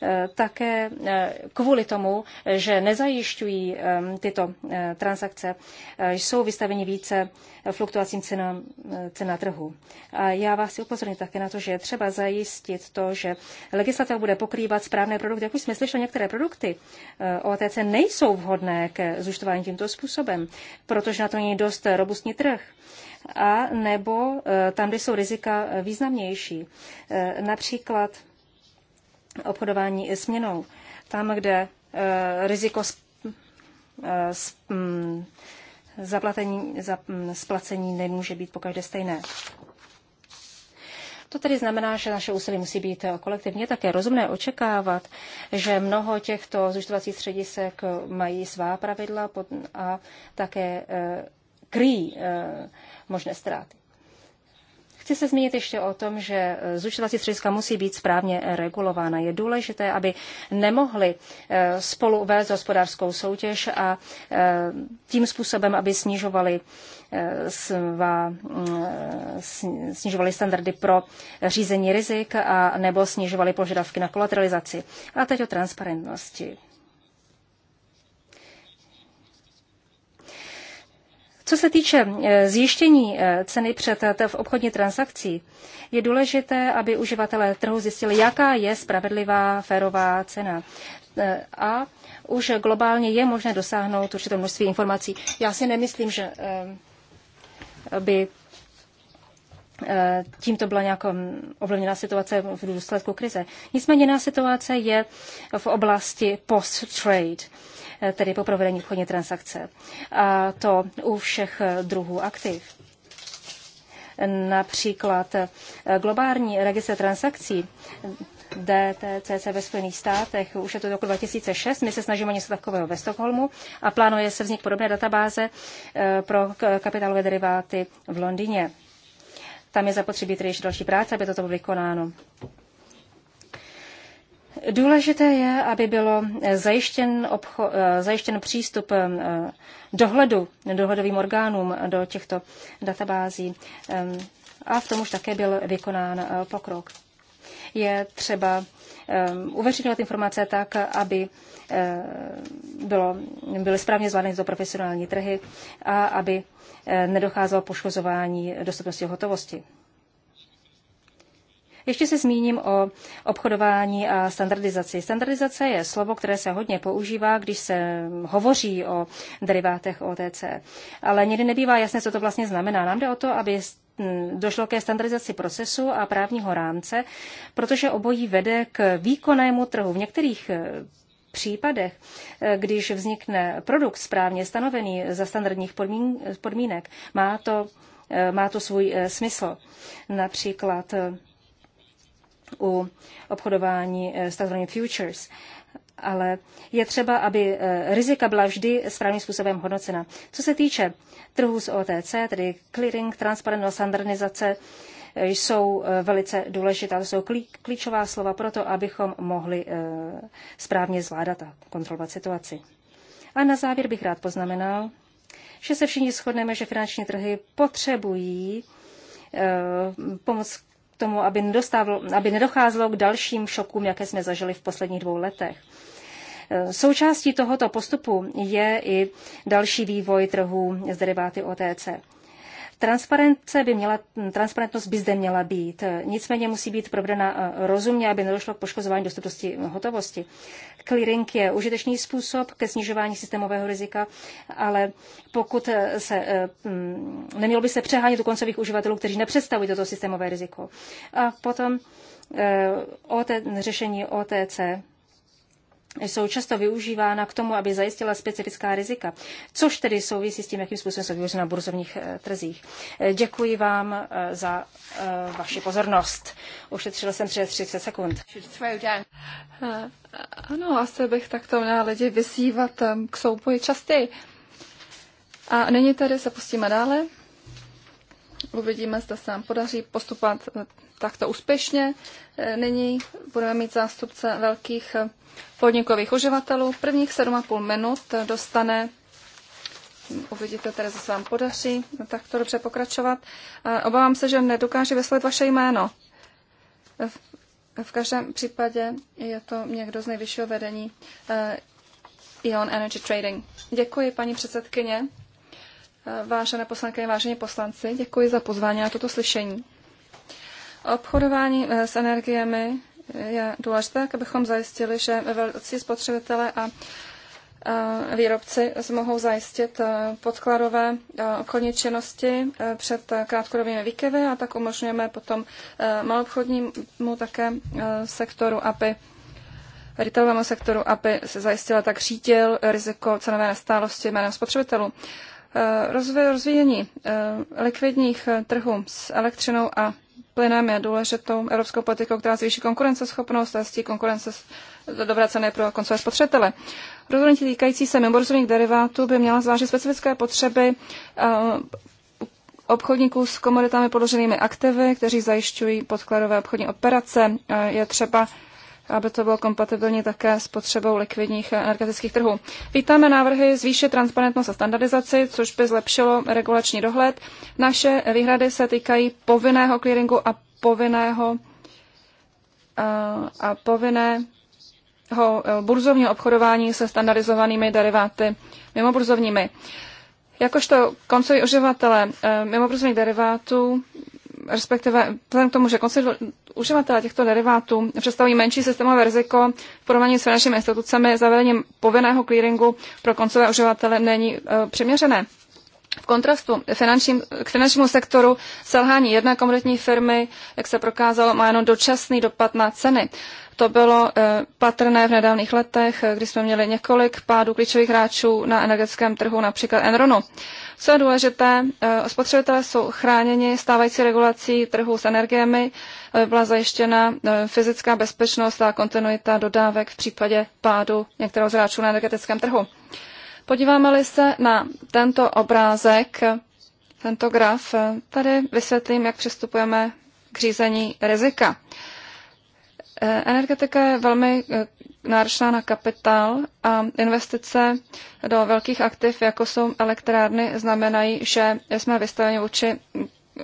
Eh, také eh, kvůli tomu, že nezajišťují ehm, tyto eh, transakce, jsou vystaveni více fluktuacím cen, cen trhu. A já vás chci upozornit také na to, že je třeba zajistit to, že legislativa bude pokrývat správné produkty. Jak už jsme slyšeli, některé produkty OTC nejsou vhodné ke zúčtování tímto způsobem, protože na to není dost robustní trh a nebo tam, kde jsou rizika významnější. Například obchodování s měnou. Tam, kde eh, riziko eh, mm, zaplatení, za, mm, splacení nemůže být pokaždé stejné. To tedy znamená, že naše úsilí musí být kolektivně také rozumné očekávat, že mnoho těchto zúčtovacích středisek mají svá pravidla a také eh, kryjí možné ztráty. Chci se zmínit ještě o tom, že zúčtovací střediska musí být správně regulována. Je důležité, aby nemohli eh, spolu vést hospodářskou soutěž a eh, tím způsobem, aby snižovali eh, mm, snižovali standardy pro řízení rizik a nebo snižovali požadavky na kolateralizaci. A teď o transparentnosti. Co se týče eh, zjištění eh, ceny před eh, v obchodní transakcí, je důležité, aby uživatelé trhu zjistili, jaká je spravedlivá, férová cena. A už globálně je možné dosáhnout určitou množství informací. Já si nemyslím, že by Eh, tímto byla nějaká ovlivněna situace v důsledku krize. Nicméně jiná situace je v oblasti post-trade, eh, tedy po provedení obchodní transakce. A to u všech eh, druhů aktiv. Například globální registr transakcí DTCC ve Spojených státech. Už je to roku 2006, my se snažíme něco takového ve Stockholmu a plánuje se vznik podobné databáze pro kapitálové deriváty v Londýně. Tam je zapotřebí tedy ještě další práce, aby toto bylo vykonáno. Důležité je, aby bylo zajištěn, obcho, eh, zajištěn přístup eh, dohledu, dohledovým orgánům do těchto databází. Ehm, a v tom už také byl vykonán eh, pokrok. Je třeba ehm, uveřejňovat informace tak, aby bylo, byly správně zvládnuty do profesionální trhy a aby Eh, nedocházelo poškozování dostupnosti hotovosti. Ještě se zmíním o obchodování a standardizaci. Standardizace je slovo, které se hodně používá, když se hovoří o derivátech OTC. Ale někdy nebývá jasné, co to vlastně znamená. Nám jde o to, aby došlo ke standardizaci procesu a právního rámce, protože obojí vede k výkonnému trhu. V některých případech, eh, když vznikne produkt správně stanovený za standardních podmínek, má to, eh, má to svůj eh, smysl. Například u obchodování s tzv. futures. Ale je třeba, aby rizika byla vždy správným způsobem hodnocena. Co se týče trhu s OTC, tedy clearing, transparentnost, standardizace, jsou eh, velice důležitá. To jsou klíčová slova pro to, abychom mohli eh, správně zvládat a kontrolovat situaci. A na závěr bych rád poznamenal, že se všichni shodneme, že finanční trhy potřebují eh, pomoc k tomu, aby, aby nedocházelo k dalším šokům, jaké jsme zažili v posledních dvou letech. Součástí tohoto postupu je i další vývoj trhů s deriváty OTC. Transparence by měla, transparentnost by zde měla být, nicméně musí být provedena eh, rozumně, aby nedošlo k poškozování dostupnosti eh, hotovosti. Clearing je užitečný způsob ke snižování systémového rizika, ale pokud eh, se, mm, nemělo by se přehánět u koncových uživatelů, kteří nepředstavují toto systémové riziko. A potom o té, řešení OTC jsou často využívána k tomu, aby zajistila specifická rizika, což tedy souvisí s tím, jakým způsobem jsou využívá na burzovních eh, trzích. Eh, děkuji vám eh, za vaši pozornost. Ušetřila jsem přes 30 sekund. Ano, asi bych takto měla lidi vysívat k souboji častěji. A nyní tedy se pustíme dále. Uvidíme, zda se nám podaří postupovat eh, takto úspěšně. Eh, nyní budeme mít zástupce velkých eh, podnikových uživatelů. Prvních 7,5 minut dostane hm, uvidíte tady, zase vám podaří takto dobře pokračovat. Obávám se, že nedokáže vyslovit vaše jméno. V, v každém případě je to někdo z nejvyššího vedení Ion Energy Trading. Děkuji, paní předsedkyně. Vážené poslankyně, vážení poslanci, děkuji za pozvání na toto slyšení. Obchodování eh, s energiemi je důležité, abychom zajistili, že velcí spotřebitelé a eh, výrobci mohou zajistit eh, podkladové obchodní činnosti před krátkodobými výkyvy a tak umožňujeme potom malobchodnímu také sektoru, aby retailovému sektoru, aby se zajistila tak řídil riziko cenové nestálosti jménem spotřebitelů. Eh, rozvoj, rozvíjení eh, likvidních eh, trhů s elektřinou a plynem je důležitou evropskou politikou, která zvýší konkurenceschopnost a zjistí konkurence dobré ceny pro koncové spotřebitele. Rozhodnutí týkající se mimoburzovních derivátů by měla zvážit specifické potřeby obchodníků s komoditami podloženými aktivy, kteří zajišťují podkladové obchodní operace. Je třeba aby to bylo kompatibilní také s potřebou likvidních energetických trhů. Vítáme návrhy zvýšit transparentnost a standardizaci, což by zlepšilo regulační dohled. Naše výhrady se týkají povinného clearingu a povinného eh, a povinné eh, burzovního obchodování se standardizovanými deriváty mimoburzovními. Jakožto koncoví uživatele eh, mimoburzovních derivátů respektive vzhledem k tomu, že konci uživatelé těchto derivátů představují menší systémové riziko v porovnání s finančními institucemi, zavedením povinného clearingu pro koncové uživatele není e, přiměřené. V kontrastu finančním, k finančnímu sektoru selhání jedné komoditní firmy, jak se prokázalo, má jenom dočasný dopad na ceny. To bylo eh, patrné v nedávných letech, eh, kdy jsme měli několik pádů klíčových hráčů na energetickém trhu, například Enronu. Co je důležité, eh, spotřebitelé jsou chráněni stávající regulací trhu s energiemi, byla zajištěna fyzická bezpečnost a kontinuita dodávek v případě pádu některého z hráčů na energetickém trhu. Podíváme-li se na tento obrázek, tento graf, tady vysvětlím, jak přistupujeme k řízení rizika. Energetika je velmi eh, náročná na kapitál a investice do velkých aktiv, jako jsou elektrárny, znamenají, že jsme vystaveni vůči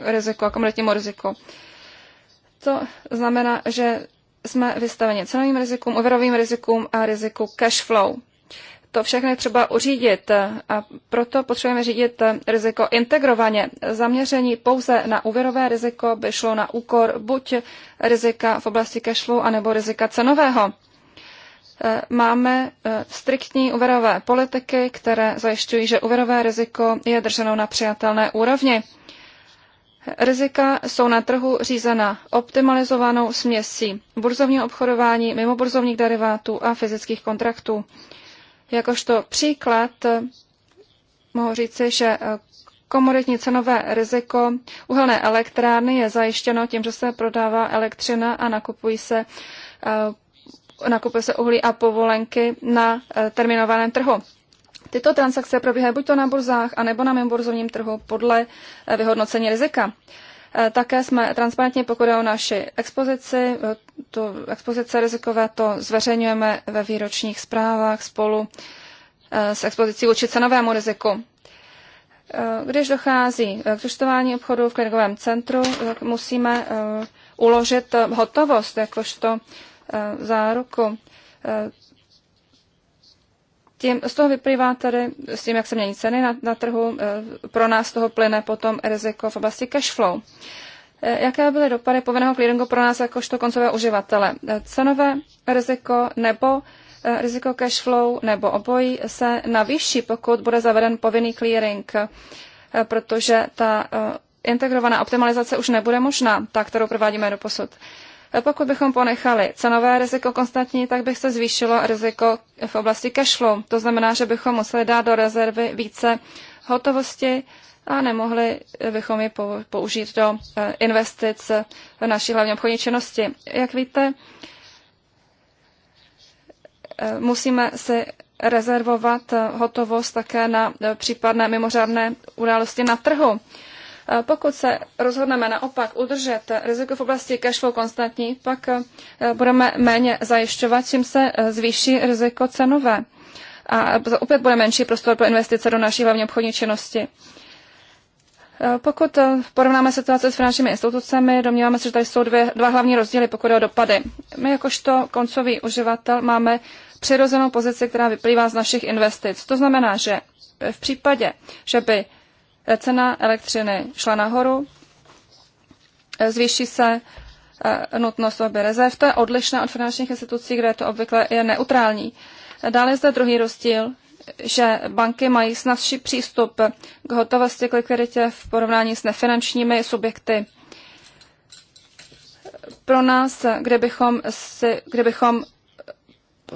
riziku, akumulativnímu jako riziku. To znamená, že jsme vystaveni cenovým rizikům, úvěrovým rizikům a riziku cash flow. To všechno je třeba uřídit a proto potřebujeme řídit riziko integrovaně. Zaměření pouze na úvěrové riziko by šlo na úkor buď rizika v oblasti cashflow, anebo rizika cenového. E, máme e, striktní úvěrové politiky, které zajišťují, že úvěrové riziko je drženo na přijatelné úrovni. Rizika jsou na trhu řízena optimalizovanou směsí burzovního obchodování, mimoburzovních derivátů a fyzických kontraktů. Jakožto příklad mohu říci, že komoditní cenové riziko uhelné elektrárny je zajištěno tím, že se prodává elektřina a nakupují se eh, nakupuje se uhlí a povolenky na eh, terminovaném trhu. Tyto transakce probíhají buď to na burzách, anebo na mimoburzovním trhu podle eh, vyhodnocení rizika. Eh, také jsme transparentně pokud je o naši expozici. Eh, tu expozice rizikové to zveřejňujeme ve výročních zprávách spolu eh, s expozicí vůči cenovému riziku. Když dochází k zúčtování obchodu v klinikovém centru, tak musíme uložit hotovost jakožto záruku. Tím, z toho vyplývá tady, s tím, jak se mění ceny na, na trhu, eh, pro nás z toho plyne potom riziko v oblasti cash flow. Eh, jaké byly dopady povinného clearingu pro nás jakožto koncové uživatele? Eh, cenové riziko nebo riziko cash flow nebo obojí se navýší, pokud bude zaveden povinný clearing, protože ta integrovaná optimalizace už nebude možná, ta, kterou provádíme do posud. Pokud bychom ponechali cenové riziko konstantní, tak by se zvýšilo riziko v oblasti cashflow. To znamená, že bychom museli dát do rezervy více hotovosti a nemohli bychom je použít do eh, investic v naší hlavní obchodní činnosti. Jak víte, eh, musíme si rezervovat hotovost také na eh, případné mimořádné události na trhu. Pokud se rozhodneme naopak udržet riziko v oblasti cashflow konstantní, pak e, budeme méně zajišťovat, čím se e, zvýší riziko cenové. A opět bude menší prostor pro investice do naší hlavní obchodní činnosti. E, pokud porovnáme situaci s finančními institucemi, domníváme se, že tady jsou dvě, dva hlavní rozdíly, pokud je o dopady. My jakožto koncový uživatel máme přirozenou pozici, která vyplývá z našich investic. To znamená, že v případě, že by cena elektřiny šla nahoru, zvýší se eh, nutnost obě rezerv. To je odlišné od finančních institucí, kde to obvykle je neutrální. Dále je zde druhý rozdíl, že banky mají snazší přístup k hotovosti k likviditě v porovnání s nefinančními subjekty. Pro nás, kdybychom, si, kdybychom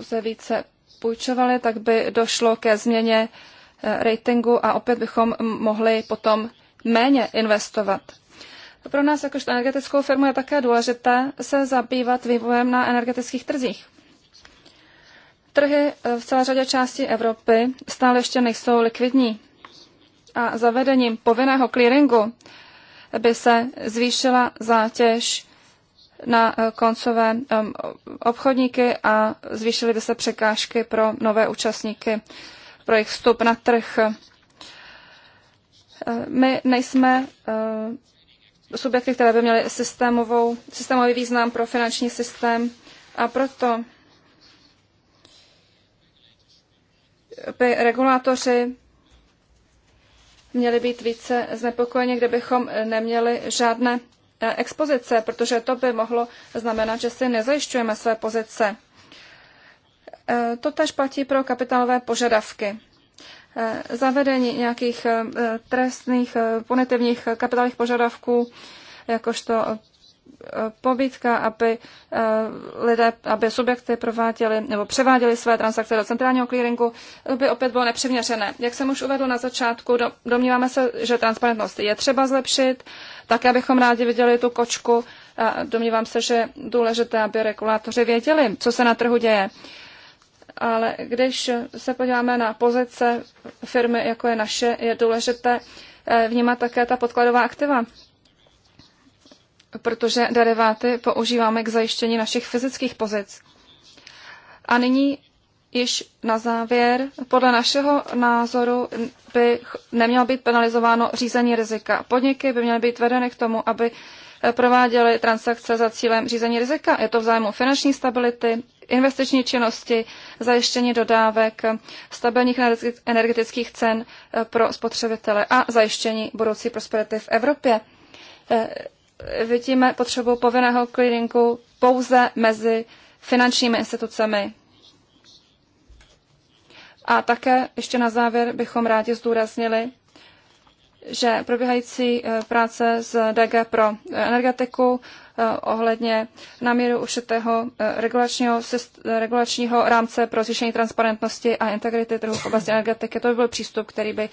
se více půjčovali, tak by došlo ke změně uh, Eh, ratingu a opět bychom mohli potom méně investovat. Pro nás jakožto energetickou firmu je také důležité se zabývat vývojem na energetických trzích. Trhy eh, v celé řadě částí Evropy stále ještě nejsou likvidní a zavedením povinného clearingu by se zvýšila zátěž na eh, koncové obchodníky a zvýšily by se překážky pro nové účastníky pro jejich vstup na trh. Eh, my nejsme eh, subjekty, které by měly systémovou, systémový význam pro finanční systém a proto by regulátoři měli být více znepokojeni, kdybychom neměli žádné eh, expozice, protože to by mohlo znamenat, že si nezajišťujeme své pozice. E, to tež platí pro kapitálové požadavky. E, zavedení nějakých e, trestných, punitivních kapitálových požadavků, jakožto pobytka, aby lidé, aby subjekty prováděli nebo převáděli své transakce do centrálního clearingu, by opět bylo nepřiměřené. Jak jsem už uvedl na začátku, domníváme se, že transparentnost je třeba zlepšit, tak bychom rádi viděli tu kočku a domnívám se, že důležité, aby regulátoři věděli, co se na trhu děje ale když se podíváme na pozice firmy, jako je naše, je důležité eh, vnímat také ta podkladová aktiva, protože deriváty používáme k zajištění našich fyzických pozic. A nyní již na závěr, podle našeho názoru by nemělo být penalizováno řízení rizika. Podniky by měly být vedeny k tomu, aby prováděly transakce za cílem řízení rizika. Je to v zájmu finanční stability, investiční činnosti, zajištění dodávek, stabilních energetických cen eh, pro spotřebitele a zajištění budoucí prosperity v Evropě. Eh, vidíme potřebu povinného clearingu pouze mezi finančními institucemi. A také ještě na závěr bychom rádi zdůraznili, že probíhající eh, práce z DG pro eh, energetiku eh, ohledně náměru ušetého regulačního, regulačního rámce pro zvýšení transparentnosti a integrity trhu v oblasti energetiky. To by byl přístup, který by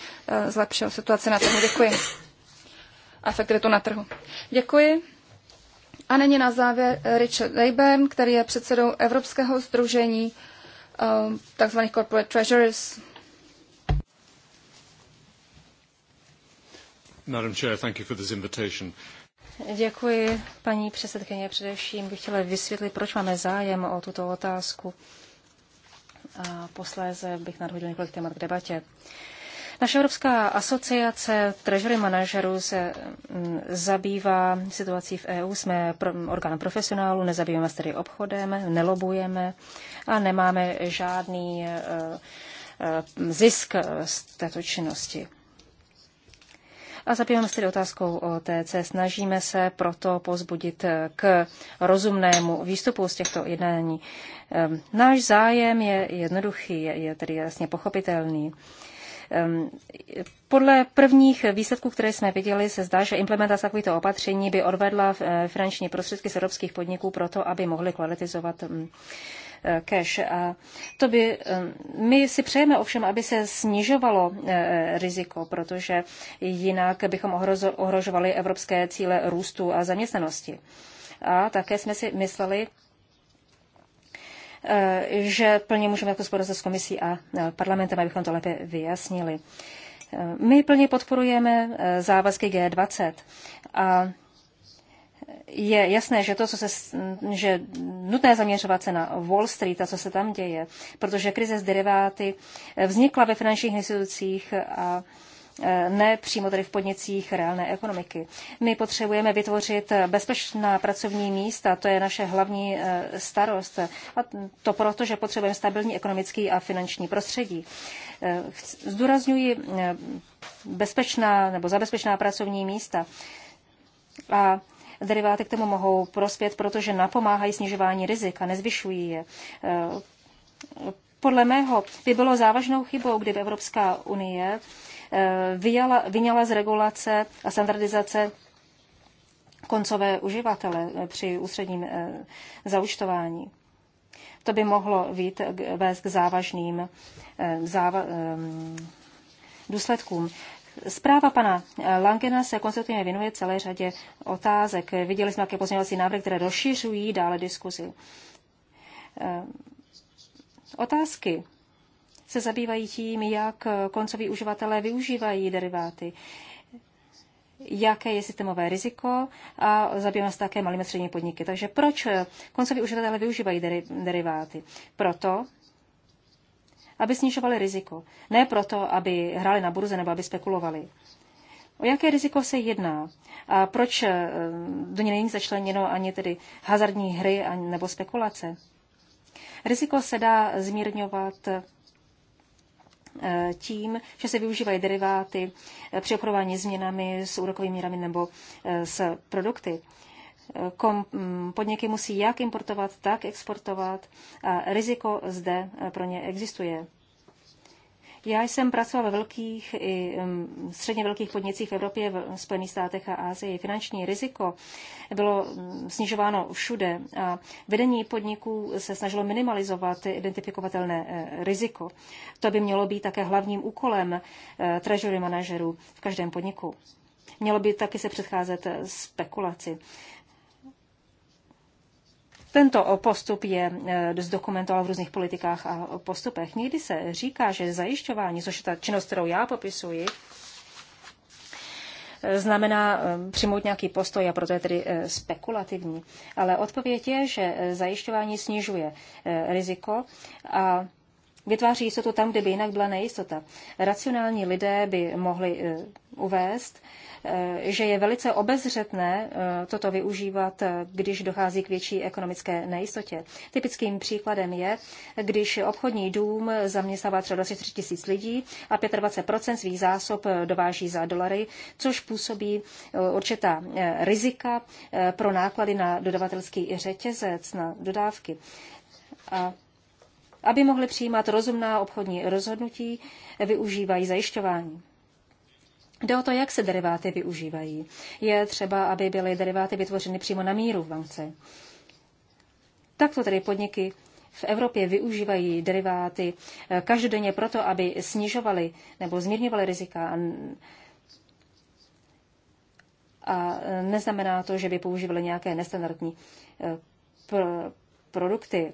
zlepšil situaci na trhu. Děkuji. A efektivitu na trhu. Děkuji. A není na závěr Richard Rayburn, který je předsedou Evropského združení tzv. Corporate Treasuries. Děkuji, paní předsedkyně. Především bych chtěla vysvětlit, proč máme zájem o tuto otázku. A posléze bych nadhodil několik témat k debatě. Naše Evropská asociace treasury manažerů se mm, zabývá situací v EU. Jsme orgán profesionálů, nezabýváme se tedy obchodem, nelobujeme a nemáme žádný eh, eh, zisk z této činnosti. A zabýváme se tedy otázkou TC. Snažíme se proto pozbudit k rozumnému výstupu z těchto jednání. Ehm, náš zájem je jednoduchý, je tedy jasně pochopitelný. Ehm, podle prvních výsledků, které jsme viděli, se zdá, že implementace takovýchto opatření by odvedla eh, finanční prostředky z evropských podniků proto, aby mohly kvalitizovat mm, cash. A to by, eh, my si přejeme ovšem, aby se snižovalo eh, riziko, protože jinak bychom ohrožovali evropské cíle růstu a zaměstnanosti. A také jsme si mysleli, eh, že plně můžeme jako spolu s komisí a parlamentem, abychom to lépe vyjasnili. My plně podporujeme závazky G20 a je jasné, že to, co se, že nutné zaměřovat se na Wall Street a co se tam děje, protože krize z deriváty eh, vznikla ve finančních institucích a eh, ne přímo tedy v podnicích reálné ekonomiky. My potřebujeme vytvořit eh, bezpečná pracovní místa, to je naše hlavní starost. A to proto, že potřebujeme stabilní ekonomický a finanční prostředí. Zdůrazňuji bezpečná nebo zabezpečná pracovní místa. A Deriváty k tomu mohou prospět, protože napomáhají snižování rizika, nezvyšují je. Eh, podle mého by bylo závažnou chybou, kdyby Evropská unie eh, vyjala, vyňala z regulace a standardizace koncové uživatele eh, při ústředním zaučtování. To by mohlo být, vést k závažným záva, důsledkům. Zpráva pana eh, Langena se konstruktivně věnuje celé řadě otázek. Viděli jsme, jaké pozměňovací návrhy, které rozšiřují dále diskuzi. Eh, otázky se zabývají tím, jak koncoví uživatelé využívají deriváty, jaké je systémové riziko a zabýváme se také malými středními podniky. Takže proč koncoví uživatelé využívají deri- deriváty? Proto, aby snižovali riziko. Ne proto, aby hráli na burze nebo aby spekulovali. O jaké riziko se jedná? A proč eh, do něj není začleněno ani tedy hazardní hry nebo spekulace? Riziko se dá zmírňovat eh, tím, že se využívají deriváty eh, při obchodování změnami s úrokovými mírami nebo s produkty kom, mm, podniky musí jak importovat, tak exportovat a riziko zde eh, pro ně existuje. Já jsem pracovala ve velkých i mm, středně velkých podnicích v Evropě, v Spojených státech a Asii. Finanční riziko bylo mm, snižováno všude a vedení podniků se snažilo minimalizovat identifikovatelné eh, riziko. To by mělo být také hlavním úkolem eh, treasury manažerů v každém podniku. Mělo by taky se předcházet spekulaci. Tento postup je eh, zdokumentoval v různých politikách a postupech. Někdy se říká, že zajišťování, což je ta činnost, kterou já popisuji, eh, znamená eh, přijmout nějaký postoj a proto je tedy spekulativní. Ale odpověď je, že zajišťování snižuje riziko a vytváří jistotu tam, kde by jinak byla nejistota. Racionální lidé by mohli uvést, eh, že je velice obezřetné eh, toto využívat, eh, když dochází k větší ekonomické nejistotě. Typickým příkladem je, když obchodní dům zaměstnává třeba 23 tisíc lidí a 25 svých zásob dováží za dolary, což působí určitá rizika pro náklady na dodavatelský řetězec, na dodávky. A aby mohli přijímat rozumná obchodní rozhodnutí, využívají zajišťování. Jde o to, jak se deriváty využívají. Je třeba, aby byly deriváty vytvořeny přímo na míru v bance. Takto tedy podniky v Evropě využívají deriváty eh, každodenně proto, aby snižovali nebo zmírňovali rizika. A eh, neznamená to, že by používali nějaké nestandardní eh, produkty.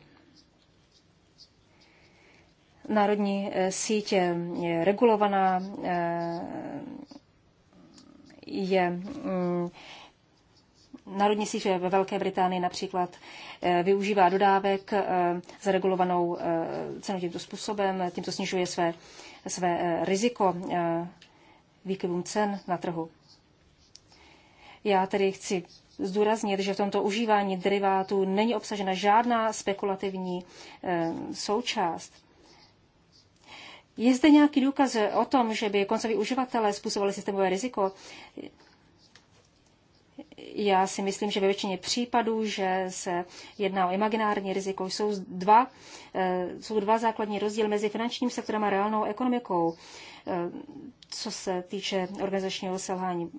Eh, eh, eh, mm, národní sítě je regulovaná, je Národní síť ve Velké Británii například využívá dodávek regulovanou cenu tímto způsobem, tímto snižuje své, své riziko výkyvům cen na trhu. Já tedy chci zdůraznit, že v tomto užívání derivátů není obsažena žádná spekulativní součást. Je zde nějaký důkaz o tom, že by koncoví uživatelé způsobovali systémové riziko? Já si myslím, že ve většině případů, že se jedná o imaginární riziko, jsou dva, eh, jsou dva základní rozdíly mezi finančním sektorem a reálnou ekonomikou, eh, co se týče organizačního selhání.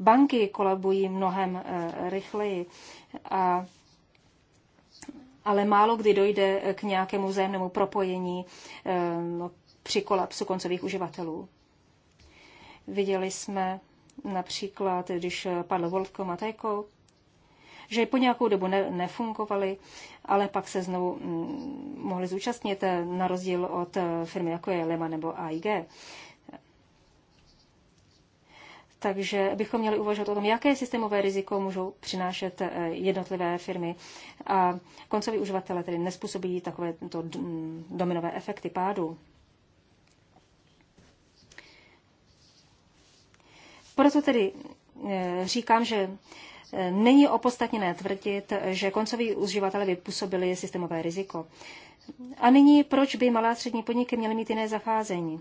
Banky kolabují mnohem eh, rychleji, a, ale málo kdy dojde k nějakému vzájemnému propojení no, při kolapsu koncových uživatelů. Viděli jsme například, když padl Wolfko a že po nějakou dobu ne, nefungovaly, ale pak se znovu mm, mohli zúčastnit, eh, na rozdíl od eh, firmy jako je Lema nebo AIG. Takže bychom měli uvažovat o tom, jaké systémové riziko můžou přinášet eh, jednotlivé firmy. A koncoví uživatelé tedy nespůsobí takovéto mm, dominové efekty pádu. Proto tedy eh, říkám, že eh, není opodstatněné tvrdit, že koncoví uživatelé vypůsobili systémové riziko. A nyní, proč by malá a střední podniky měly mít jiné zacházení?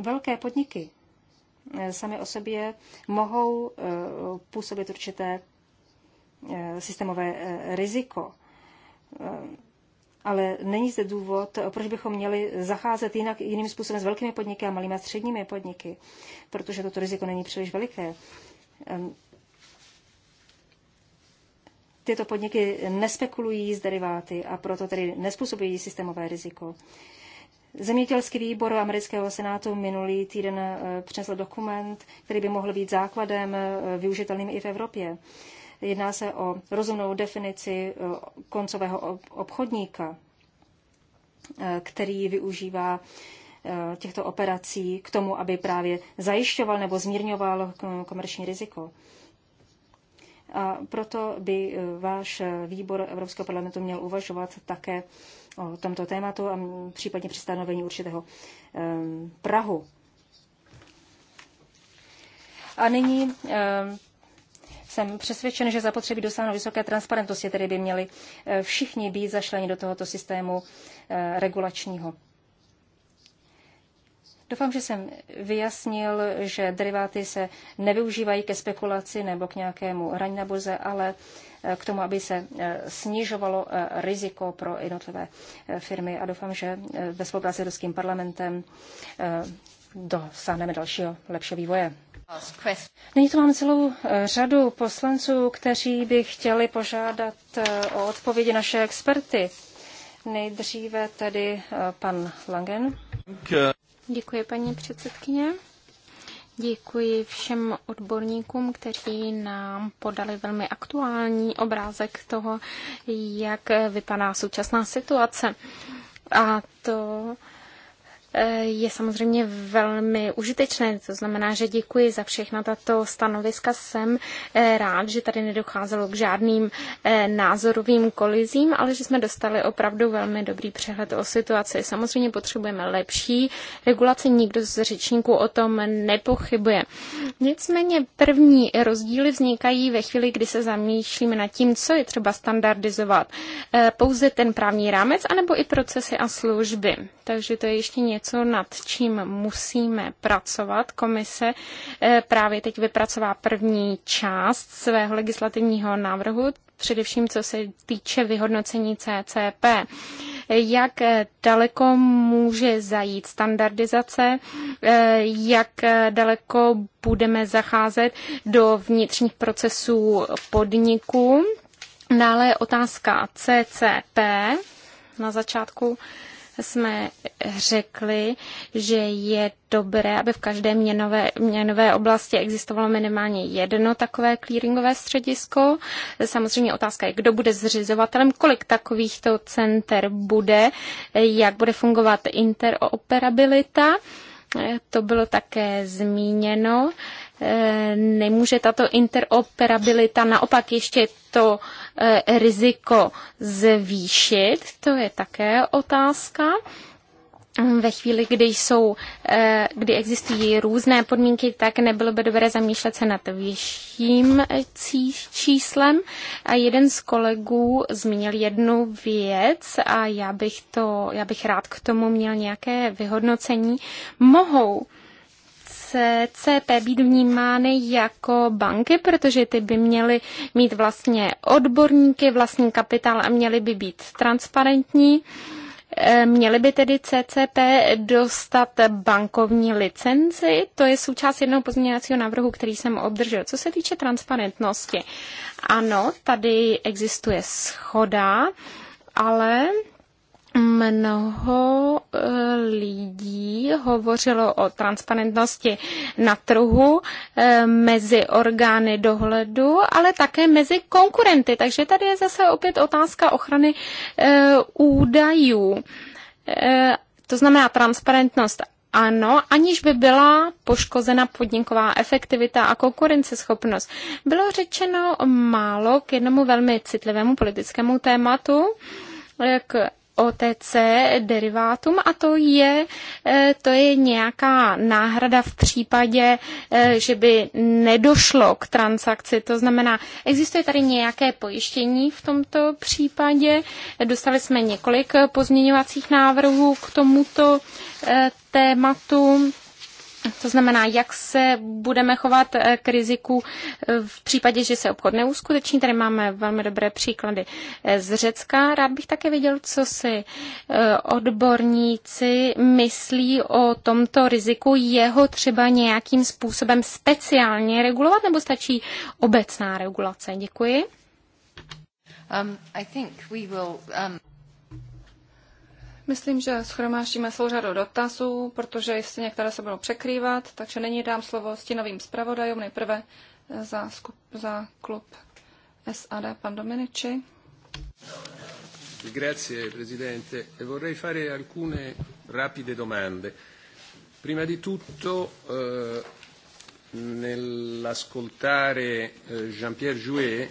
Velké podniky eh, sami o sobě mohou působit určité systémové riziko ale není zde důvod, proč bychom měli zacházet jinak, jiným způsobem s velkými podniky a malými a středními podniky, protože toto riziko není příliš veliké. Tyto podniky nespekulují s deriváty a proto tedy nespůsobují systémové riziko. Zemědělský výbor amerického senátu minulý týden eh, přinesl dokument, který by mohl být základem eh, využitelným i v Evropě. Jedná se o rozumnou definici eh, koncového obchodníka, eh, který využívá eh, těchto operací k tomu, aby právě zajišťoval nebo zmírňoval komerční riziko. A proto by váš výbor Evropského parlamentu měl uvažovat také o tomto tématu a případně při stanovení určitého Prahu. A nyní jsem přesvědčen, že zapotřebí dosáhnout vysoké transparentnosti, tedy by měli eh, všichni být zašleni do tohoto systému eh, regulačního. Doufám, že jsem vyjasnil, že deriváty se nevyužívají ke spekulaci nebo k nějakému hraní na burze, ale eh, k tomu, aby se snižovalo riziko pro jednotlivé firmy. A doufám, že ve spolupráci s Ruským parlamentem dosáhneme dalšího lepšího vývoje. Nyní tu mám celou eh, řadu poslanců, kteří by chtěli požádat eh, o odpovědi naše experty. Nejdříve tedy eh, pan Langen. Děkuji, paní předsedkyně. Děkuji všem odborníkům, kteří nám podali velmi aktuální obrázek toho, jak vypadá současná situace. A to Eh, je samozřejmě velmi užitečné. To znamená, že děkuji za všechna tato stanoviska. Jsem eh, rád, že tady nedocházelo k žádným eh, názorovým kolizím, ale že jsme dostali opravdu velmi dobrý přehled o situaci. Samozřejmě potřebujeme lepší regulaci, nikdo z řečníků o tom nepochybuje. Nicméně první rozdíly vznikají ve chvíli, kdy se zamýšlíme nad tím, co je třeba standardizovat. Pouze ten právní rámec, anebo i procesy a služby. Takže to je ještě něco, něco, nad čím musíme pracovat. Komise eh, právě teď vypracová první část svého legislativního návrhu, především co se týče vyhodnocení CCP. Jak eh, daleko může zajít standardizace, eh, jak daleko budeme zacházet do vnitřních procesů podniků. Dále otázka CCP na začátku jsme řekli, že je dobré, aby v každé měnové, měnové oblasti existovalo minimálně jedno takové clearingové středisko. Samozřejmě otázka je, kdo bude zřizovatelem, kolik takovýchto center bude, jak bude fungovat interoperabilita. To bylo také zmíněno. Eh, nemůže tato interoperabilita naopak ještě to eh, riziko zvýšit? To je také otázka ve chvíli, kdy jsou, eh, kdy existují různé podmínky, tak nebylo by dobré zamýšlet se nad vyšším číslem. A jeden z kolegů zmínil jednu věc a já bych, to, já bych rád k tomu měl nějaké vyhodnocení. Mohou CCP být vnímány jako banky, protože ty by měly mít vlastně odborníky, vlastní kapitál a měly by být transparentní. Eh, měly by tedy CCP dostat bankovní licenci? To je součást jednoho pozměňovacího návrhu, který jsem obdržel. Co se týče transparentnosti, ano, tady existuje schoda, ale Mnoho eh, lidí hovořilo o transparentnosti na trhu eh, mezi orgány dohledu, ale také mezi konkurenty. Takže tady je zase opět otázka ochrany eh, údajů. To znamená transparentnost ano, aniž by byla poškozena podniková efektivita a konkurenceschopnost. Bylo řečeno málo k jednomu velmi citlivému politickému tématu, k OTC derivátum a to je, eh, to je nějaká náhrada v případě, eh, že by nedošlo k transakci. To znamená, existuje tady nějaké pojištění v tomto případě. Dostali jsme několik pozměňovacích návrhů k tomuto eh, tématu. To znamená, jak se budeme chovat eh, k riziku eh, v případě, že se obchod neuskuteční. Tady máme velmi dobré příklady eh, z Řecka. Rád bych také viděl, co si odborníci myslí o tomto riziku. Jeho třeba nějakým způsobem speciálně regulovat nebo stačí obecná regulace? Děkuji. Um, I think we will, um... Myslím, že schromáždíme celou řadu dotazů, protože jistě některé se budou překrývat, takže nyní dám slovo stínovým zpravodajům nejprve za, skup, za klub SAD pan Dominici. Grazie Presidente. E vorrei fare alcune rapide domande. Prima di tutto, eh, nell'ascoltare eh, Jean-Pierre Jouet,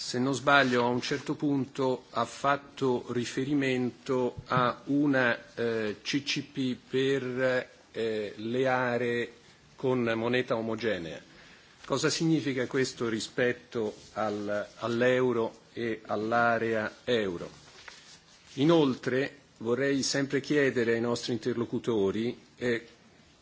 se non sbaglio, a un certo punto ha fatto riferimento a una eh, CCP per eh, le aree con moneta omogenea. Cosa significa questo rispetto al, all'euro e all'area euro? Inoltre vorrei sempre chiedere ai nostri interlocutori eh,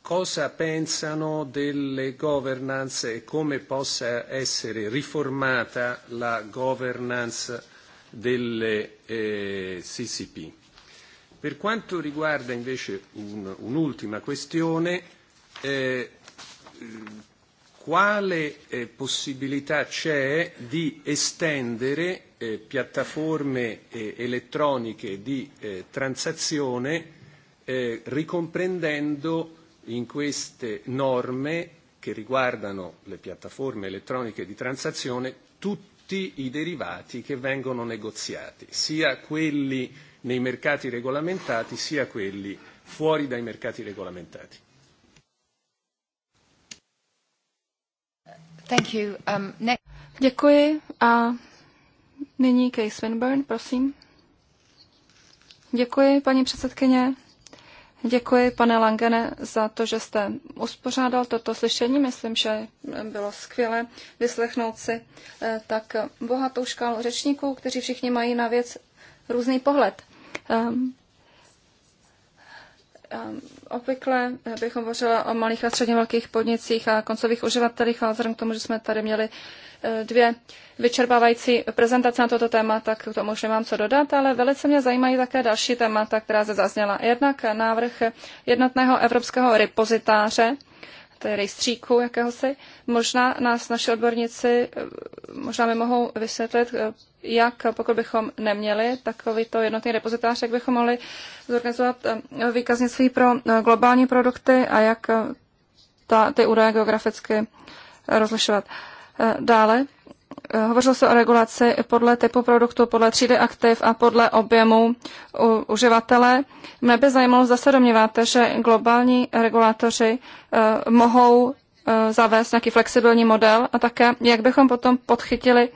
cosa pensano delle governance e come possa essere riformata la governance delle eh, CCP. Per quanto riguarda invece un, un'ultima questione, eh, quale eh, possibilità c'è di estendere eh, piattaforme eh, elettroniche di eh, transazione eh, ricomprendendo in queste norme che riguardano le piattaforme elettroniche di transazione tutti i derivati che vengono negoziati, sia quelli nei mercati regolamentati sia quelli fuori dai mercati regolamentati. Thank you. Um, next... Děkuji a nyní Kay Swinburne, prosím. Děkuji, paní předsedkyně. Děkuji, pane Langene, za to, že jste uspořádal toto slyšení. Myslím, že bylo skvělé vyslechnout si eh, tak bohatou škálu řečníků, kteří všichni mají na věc různý pohled. Ehm, Ehm, obvykle bych hovořila o malých a středně velkých podnicích a koncových uživatelích, ale vzhledem k tomu, že jsme tady měli e, dvě vyčerpávající prezentace na toto téma, tak k tomu už nemám co dodat, ale velice mě zajímají také další témata, která se zazněla. Jednak návrh jednotného evropského repozitáře, tedy rejstříku jakéhosi. Možná nás naši odborníci, eh, možná mi mohou vysvětlit, eh, jak pokud bychom neměli takovýto jednotný repozitář, jak bychom mohli zorganizovat eh, výkaznictví pro globální produkty a jak ta, ty údaje geograficky rozlišovat. Dále Hovořilo se o regulaci podle typu produktu, podle třídy aktiv a podle objemu u uživatele. Mě by zajímalo, zda se domníváte, že globální regulátoři eh, mohou eh, zavést nějaký flexibilní model a také, jak bychom potom podchytili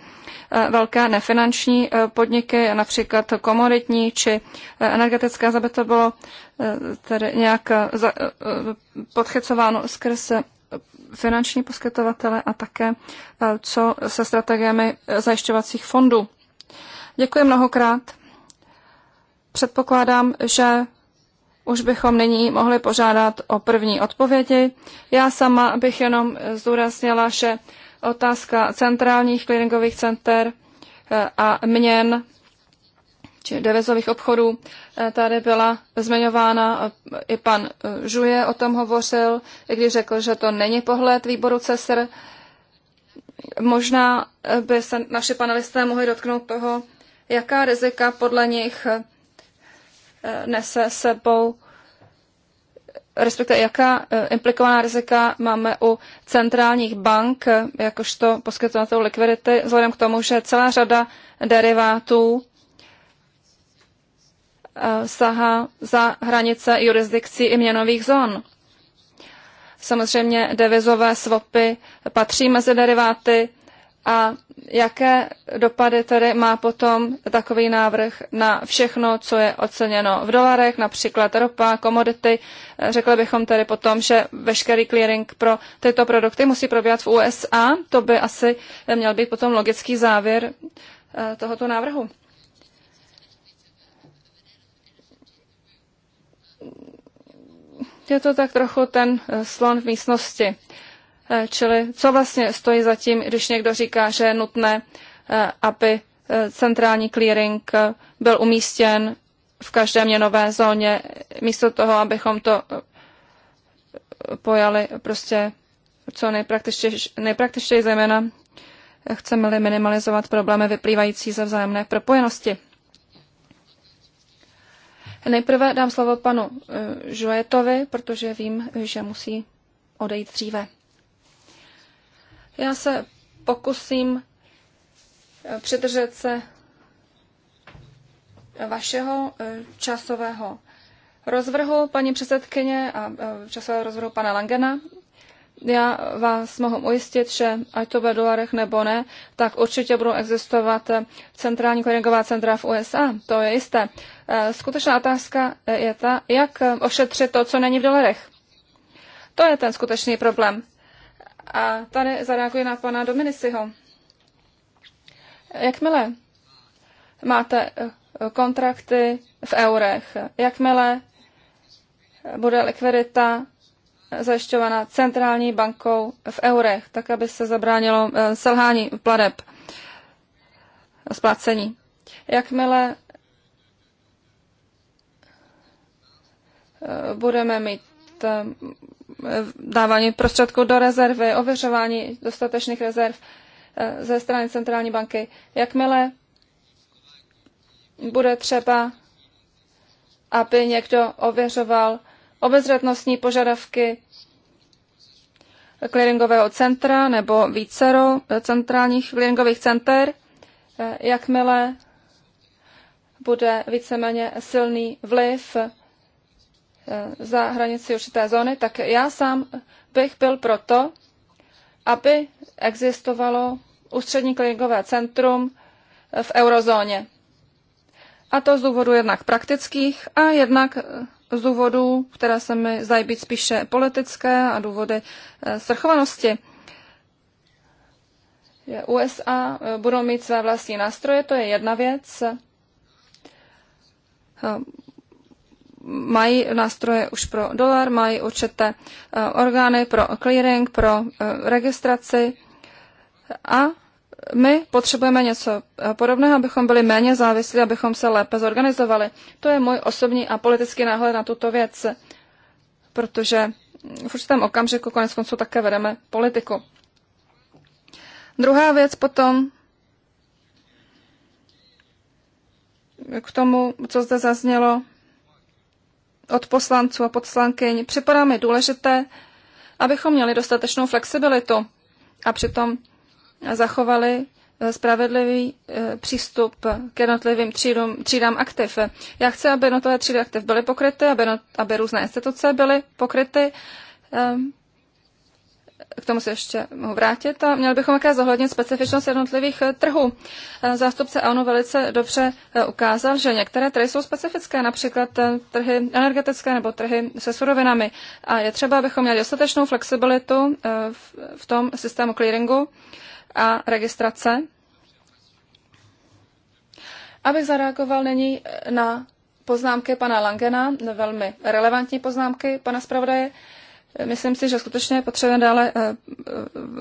eh, velké nefinanční podniky, například komoditní či energetické, aby to bylo tedy nějak podchycováno skrz finanční poskytovatele a také eh, co se strategiemi zajišťovacích fondů. Děkuji mnohokrát. Předpokládám, že už bychom nyní mohli požádat o první odpovědi. Já sama bych jenom zdůraznila, že otázka centrálních clearingových center eh, a měn či devizových obchodů Eh, tady byla zmiňována, eh, i pan eh, Žuje o tom hovořil, i když řekl, že to není pohled výboru CESR. Možná by se naši panelisté mohli dotknout toho, jaká rizika podle nich nese sebou, respektive jaká implikovaná rizika máme u centrálních bank, jakožto poskytovatelů likvidity, vzhledem k tomu, že celá řada derivátů Eh, sahá za hranice jurisdikcí i měnových zón. Samozřejmě devizové svopy patří mezi deriváty a jaké dopady tedy má potom takový návrh na všechno, co je oceněno v dolarech, například ropa, komodity. Eh, řekli bychom tedy potom, že veškerý clearing pro tyto produkty musí probíhat v USA. To by asi měl být potom logický závěr eh, tohoto návrhu. je to tak trochu ten eh, slon v místnosti. Eh, čili co vlastně stojí za tím, když někdo říká, že je nutné, eh, aby centrální clearing byl umístěn v každé měnové zóně, místo toho, abychom to pojali prostě co nejpraktičtěji, nejpraktičtěji zejména chceme-li minimalizovat problémy vyplývající ze vzájemné propojenosti. Nejprve dám slovo panu eh, Žojetovi, protože vím, že musí odejít dříve. Já se pokusím eh, přidržet se vašeho eh, časového rozvrhu, paní předsedkyně, a časového rozvrhu pana Langena já vás mohu ujistit, že ať to v dolarech nebo ne, tak určitě budou existovat eh, centrální clearingová centra v USA, to je jisté. Eh, skutečná otázka eh, je ta, jak ošetřit to, co není v dolarech. To je ten skutečný problém. A tady zareaguji na pana Dominisiho. Jakmile máte kontrakty v eurech, jakmile bude likvidita zajišťována centrální bankou v eurech, tak aby se zabránilo eh, selhání pladeb splácení. Jakmile eh, budeme mít eh, dávání prostředků do rezervy, ověřování dostatečných rezerv ze strany centrální banky. Jakmile bude třeba, aby někdo ověřoval obezřetnostní požadavky clearingového centra nebo vícero centrálních clearingových center, jakmile bude víceméně silný vliv eh, za hranici určité zóny, tak já sám bych byl proto, aby existovalo ústřední klinikové centrum eh, v eurozóně. A to z důvodu jednak praktických a jednak eh, z důvodů, které se mi zdají být spíše politické a důvody eh, svrchovanosti. USA eh, budou mít své vlastní nástroje, to je jedna věc. Eh, mají nástroje už pro dolar, mají určité orgány pro clearing, pro registraci a my potřebujeme něco eh, podobného, abychom byli méně závislí, abychom se lépe zorganizovali. To je můj osobní a politický náhled na tuto věc, protože mm, v určitém okamžiku konec konců také vedeme politiku. Druhá věc potom k tomu, co zde zaznělo od poslanců a poslankyň. Připadá mi důležité, abychom měli dostatečnou flexibilitu a přitom zachovali eh, spravedlivý eh, přístup k jednotlivým třídům, třídám aktiv. Já chci, aby jednotlivé třídy aktiv byly pokryty, aby, no, aby různé instituce byly pokryty. Ehm, k tomu se ještě mohu vrátit. A měli bychom také zohlednit specifičnost jednotlivých eh, trhů. Zástupce ANO velice dobře ukázal, že některé trhy jsou specifické, například trhy energetické nebo trhy se surovinami. A je třeba, abychom měli dostatečnou flexibilitu v tom systému clearingu, a registrace. Abych zareagoval nyní na poznámky pana Langena, velmi relevantní poznámky pana zpravodaje. Myslím si, že skutečně potřebujeme dále eh,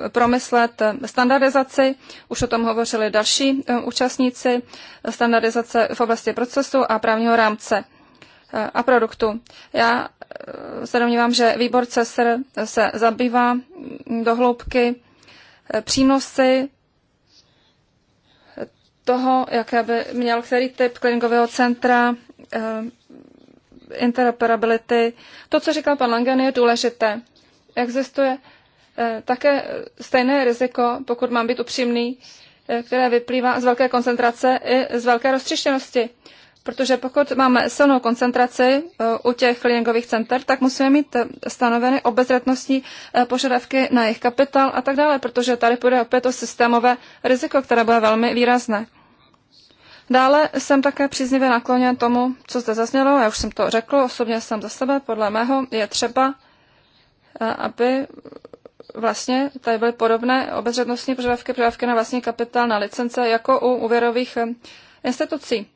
eh, promyslet eh, standardizaci. Už o tom hovořili další účastníci. Standardizace v oblasti procesu a právního rámce a produktu. Já se domnívám, že výbor CESR se zabývá mm, dohloubky Eh, přínosy toho, jaké by měl který typ clearingového centra, eh, interoperability. To, co říkal pan Langen, je důležité. Existuje eh, také stejné riziko, pokud mám být upřímný, které vyplývá z velké koncentrace i z velké roztřištěnosti. Protože pokud máme silnou koncentraci eh, u těch clearingových center, tak musíme mít eh, stanoveny obezřetnostní eh, požadavky na jejich kapitál a tak dále, protože tady půjde opět o systémové riziko, které bude velmi výrazné. Dále jsem také příznivě nakloněn tomu, co zde zaznělo, já už jsem to řekl, osobně jsem za sebe, podle mého je třeba, aby vlastně tady byly podobné obezřetnostní požadavky, požadavky na vlastní kapitál, na licence, jako u úvěrových institucí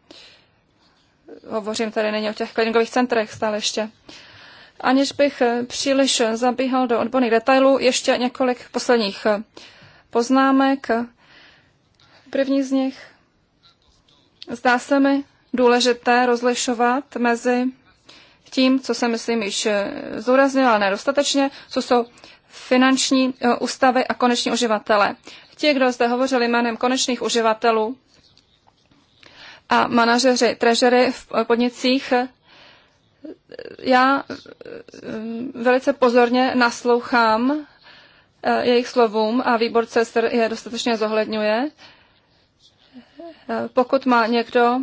hovořím tady není o těch clearingových centrech stále ještě. Aniž bych eh, příliš eh, zabíhal do odborných detailů, ještě několik posledních eh, poznámek. První z nich. Zdá se mi důležité rozlišovat mezi tím, co se myslím již zúraznil, ale nedostatečně, co jsou finanční ústavy a koneční uživatele. Ti, kdo zde hovořili jménem konečných uživatelů, a manažeři trežery v podnicích. Já mm, velice pozorně naslouchám eh, jejich slovům a výbor CESR je dostatečně zohledňuje. Eh, pokud má někdo eh,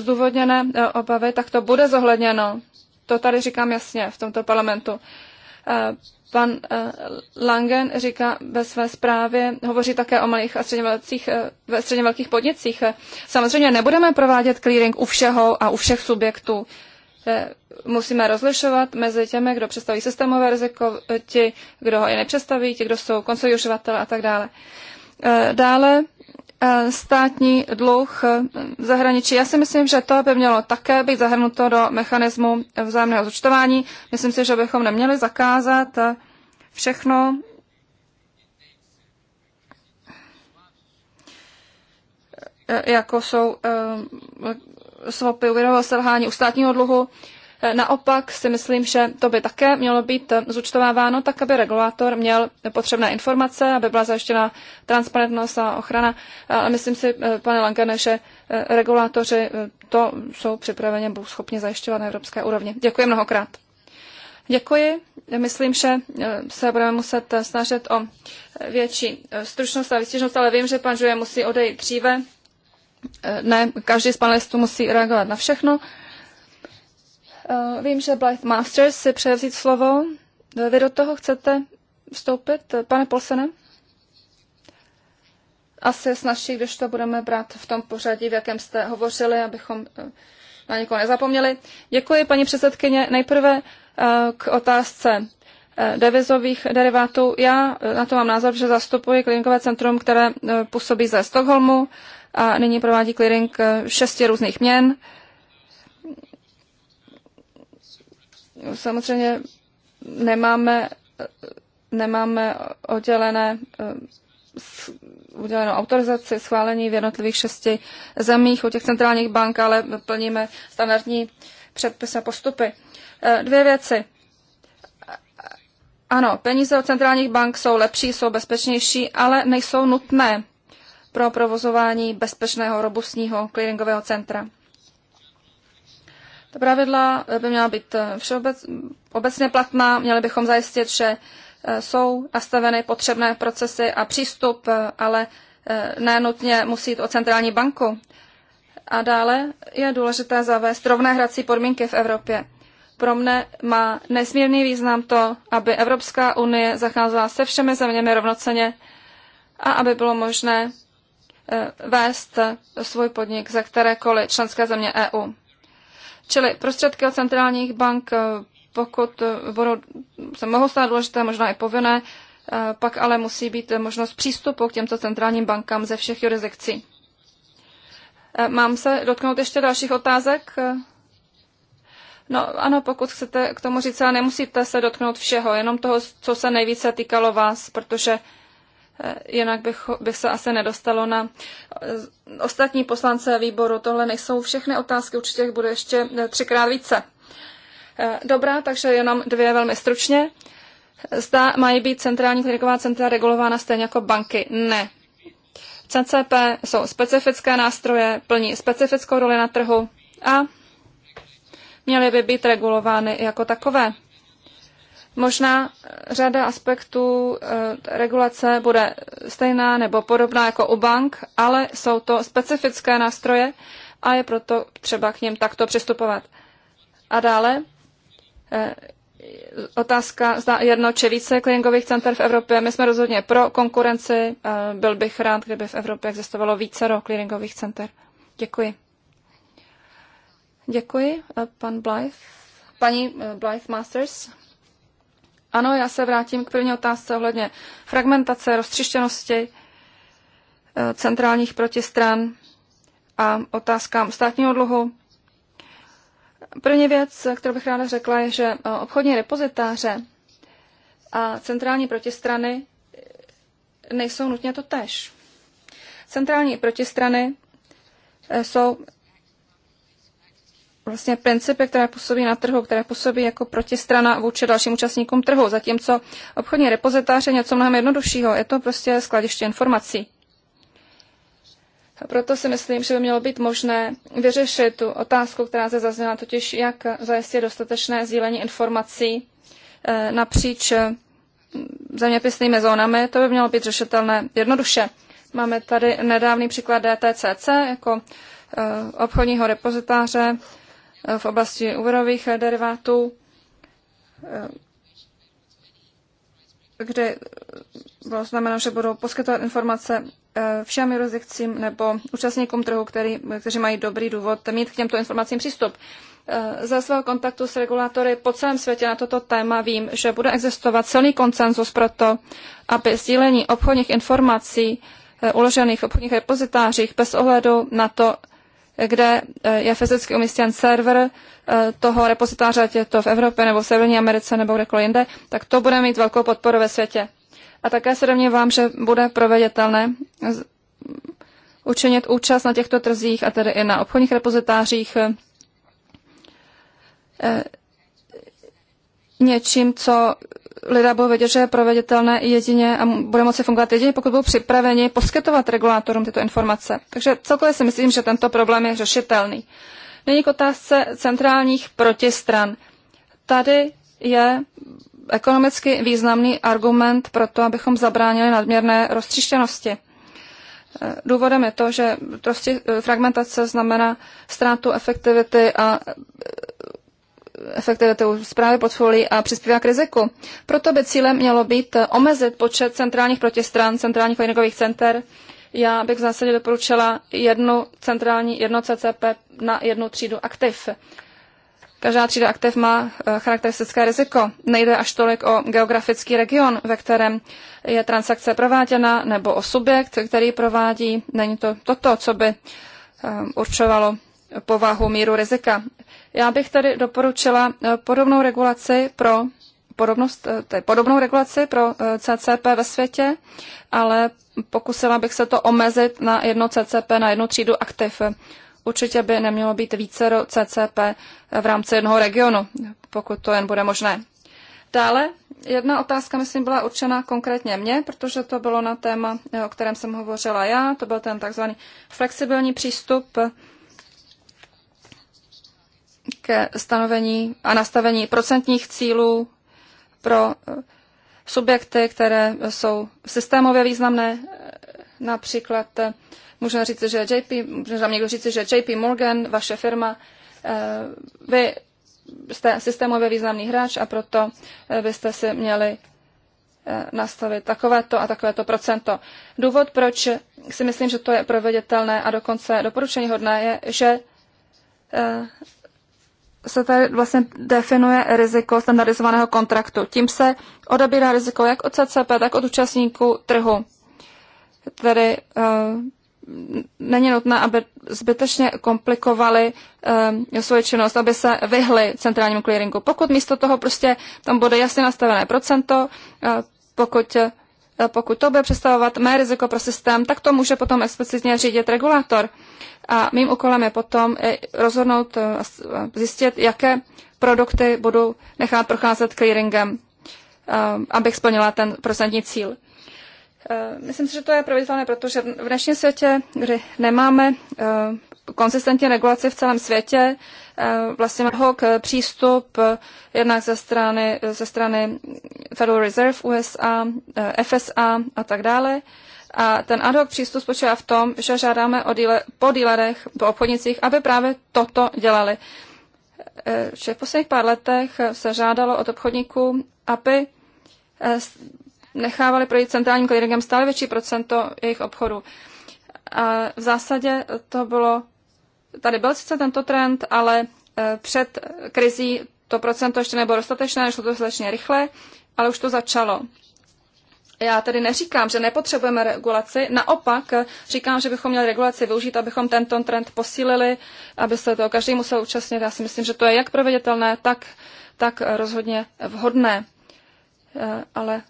zdůvodněné obavy, tak to bude zohledněno. To tady říkám jasně v tomto parlamentu. Pan eh, Langen říká ve své zprávě, hovoří také o malých a středně velkých, eh, ve středně velkých podnicích. Eh, samozřejmě nebudeme provádět clearing u všeho a u všech subjektů. Musíme rozlišovat mezi těmi, kdo představí systémové riziko, ti, kdo ho je nepředstaví, ti, kdo jsou koncový uživatel a tak dále. Dále Eh, státní dluh eh, v zahraničí. Já si myslím, že to by mělo také být zahrnuto do mechanismu vzájemného zúčtování. Myslím si, že bychom neměli zakázat eh, všechno, jako jsou svopy úvěrového selhání u státního dluhu, Eh, naopak si myslím, že to by také mělo být eh, zúčtováváno tak, aby regulátor měl potřebné informace, aby byla zajištěna transparentnost a ochrana. Eh, ale myslím si, pane Langene, že regulátoři to jsou připraveni, budou schopni zajišťovat na evropské úrovni. Děkuji mnohokrát. Děkuji. Myslím, že se budeme muset snažit o větší stručnost a výstižnost, ale vím, že pan Žuje musí odejít dříve. Ne, každý z panelistů musí reagovat na všechno. Eh, vím, že Blythe Masters si přeje vzít slovo. Eh, vy do toho chcete vstoupit, eh, pane Polsene? Asi snaží, když to budeme brát v tom pořadí, v jakém jste hovořili, abychom na někoho nezapomněli. Děkuji, paní předsedkyně. Nejprve k otázce devizových derivátů. Já na to mám názor, že zastupuji clearingové centrum, které působí ze Stockholmu a nyní provádí clearing šesti různých měn. Samozřejmě nemáme, nemáme oddělené eh, udělenou autorizaci, schválení v jednotlivých šesti zemích u těch centrálních bank, ale plníme standardní předpisy a postupy. Eh, dvě věci. Ano, peníze od centrálních bank jsou lepší, jsou bezpečnější, ale nejsou nutné pro provozování bezpečného, robustního clearingového centra. Ta pravidla eh, by měla být eh, všeobec, obecně platná, měli bychom zajistit, že eh, jsou nastaveny potřebné procesy a přístup, ale nenutně musí jít o centrální banku. A dále je důležité zavést rovné hrací podmínky v Evropě. Pro mne má nesmírný význam to, aby Evropská unie zacházela se všemi zeměmi rovnoceně a aby bylo možné vést svůj podnik za kterékoliv členské země EU. Čili prostředky od centrálních bank, eh, pokud eh, budou, se mohou stát důležité, možná i povinné, eh, pak ale musí být možnost přístupu k těmto centrálním bankám ze všech jurisdikcí. Mám se dotknout ještě dalších otázek? No ano, pokud chcete k tomu říct, nemusíte se dotknout všeho, jenom toho, co se nejvíce týkalo vás, protože Eh, jinak bych, bych se asi nedostalo na eh, ostatní poslance výboru. Tohle nejsou všechny otázky, určitě jich bude ještě eh, třikrát více. Dobrá, takže jenom dvě velmi stručně. Zda mají být centrální kliniková centra regulována stejně jako banky? Ne. CCP jsou specifické nástroje, plní specifickou roli na trhu a měly by být regulovány jako takové. Možná eh, řada aspektů eh, regulace bude stejná nebo podobná jako u bank, ale jsou to specifické nástroje a je proto třeba k něm takto přistupovat. A dále eh, otázka, zda jedno či více clearingových center v Evropě. My jsme rozhodně pro konkurenci. Byl bych rád, kdyby v Evropě existovalo více do clearingových center. Děkuji. Děkuji, pan Blythe. Paní Blythe Masters. Ano, já se vrátím k první otázce ohledně fragmentace, roztřištěnosti eh, centrálních protistran a otázkám státního dluhu. První věc, kterou bych ráda řekla, je, že eh, obchodní repozitáře a centrální protistrany nejsou nutně to tež. Centrální protistrany eh, jsou vlastně principy, které působí na trhu, které působí jako protistrana vůči dalším účastníkům trhu, zatímco obchodní repozitář je něco mnohem jednoduššího, je to prostě skladiště informací. A proto si myslím, že by mělo být možné vyřešit tu otázku, která se zazněla, totiž jak zajistit dostatečné sdílení informací eh, napříč hm, zeměpisnými zónami, to by mělo být řešitelné jednoduše. Máme tady nedávný příklad DTCC jako eh, obchodního repozitáře, v oblasti úverových derivátů, eh, kde bylo znamená, že budou poskytovat informace eh, všem jurisdikcím nebo účastníkům trhu, který, kteří mají dobrý důvod mít k těmto informacím přístup. Eh, ze svého kontaktu s regulátory po celém světě na toto téma vím, že bude existovat silný koncenzus pro to, aby sdílení obchodních informací uložených v obchodních repozitářích bez ohledu na to, kde eh, je fyzicky umístěn server eh, toho repozitáře, ať je to v Evropě nebo v Severní Americe nebo kdekoliv jinde, tak to bude mít velkou podporu ve světě. A také se domnívám, že bude proveditelné učinit účast na těchto trzích a tedy i na obchodních repozitářích eh, něčím, co lidé budou vědět, že je proveditelné jedině a bude moci fungovat jedině, pokud budou připraveni poskytovat regulátorům tyto informace. Takže celkově si myslím, že tento problém je řešitelný. Nyní k otázce centrálních protistran. Tady je ekonomicky významný argument pro to, abychom zabránili nadměrné roztřištěnosti. Důvodem je to, že fragmentace znamená ztrátu efektivity a efektivitou zprávy portfolií a přispívá k riziku. Proto by cílem mělo být omezit počet centrálních protistran, centrálních holdingových center. Já bych v zásadě doporučila jednu centrální, jedno CCP na jednu třídu aktiv. Každá třída aktiv má eh, charakteristické riziko. Nejde až tolik o geografický region, ve kterém je transakce prováděna, nebo o subjekt, který provádí. Není to toto, co by eh, určovalo povahu míru rizika. Já bych tady doporučila eh, podobnou regulaci pro podobnost, eh, podobnou regulaci pro eh, CCP ve světě, ale pokusila bych se to omezit na jedno CCP, na jednu třídu aktiv. Určitě by nemělo být více CCP v rámci jednoho regionu, pokud to jen bude možné. Dále jedna otázka, myslím, byla určena konkrétně mně, protože to bylo na téma, o kterém jsem hovořila já, to byl ten takzvaný flexibilní přístup ke stanovení a nastavení procentních cílů pro eh, subjekty, které jsou systémově významné. Eh, například eh, můžeme říct, že JP, můžeme někdo říct, že JP Morgan, vaše firma, vy jste systémově významný hráč a proto byste si měli nastavit takovéto a takovéto procento. Důvod, proč si myslím, že to je proveditelné a dokonce doporučení hodné, je, že se tady vlastně definuje riziko standardizovaného kontraktu. Tím se odebírá riziko jak od CCP, tak od účastníků trhu. Tedy eh, není nutné, aby zbytečně komplikovali uh, svoji činnost, aby se vyhli centrálnímu clearingu. Pokud místo toho prostě tam bude jasně nastavené procento, uh, pokud Eh, pokud to bude představovat mé riziko pro systém, tak to může potom explicitně řídit regulátor. A mým úkolem je potom eh, rozhodnout, eh, zjistit, jaké produkty budu nechat procházet clearingem, abych splnila ten procentní cíl. Myslím si, že to je proveditelné, protože v dnešním světě, kdy nemáme konsistentní regulaci v celém světě, eh, vlastně hok eh, přístup eh, jednak ze strany, ze strany Federal Reserve USA, FSA a tak dále. A ten ad hoc přístup spočívá v tom, že žádáme o díle, po dílerech, po obchodnicích, aby právě toto dělali. Že v posledních pár letech se žádalo od obchodníků, aby nechávali projít centrálním clearingem stále větší procento jejich obchodu. A v zásadě to bylo tady byl sice tento trend, ale eh, před krizí to procento ještě nebylo dostatečné, nešlo to dostatečně rychle, ale už to začalo. Já tedy neříkám, že nepotřebujeme regulaci, naopak eh, říkám, že bychom měli regulaci využít, abychom tento trend posílili, aby se to každý musel účastnit. Já si myslím, že to je jak proveditelné, tak, tak eh, rozhodně vhodné. Ale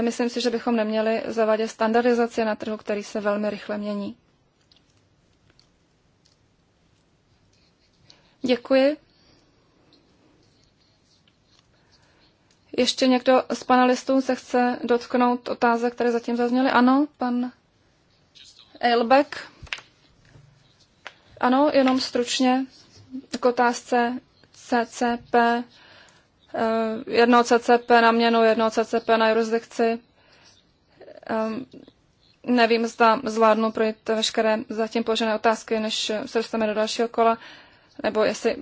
myslím si, že bychom neměli zavádět standardizaci na trhu, který se velmi rychle mění. Děkuji. Ještě někdo z panelistů se chce dotknout otázek, které zatím zazněly? Ano, pan Eilbeck. Ano, jenom stručně k otázce CCP, eh, jedno CCP na měnu, jedno CCP na jurisdikci. Ehm, nevím, zda zvládnu projít veškeré zatím položené otázky, než se dostaneme do dalšího kola nebo jestli,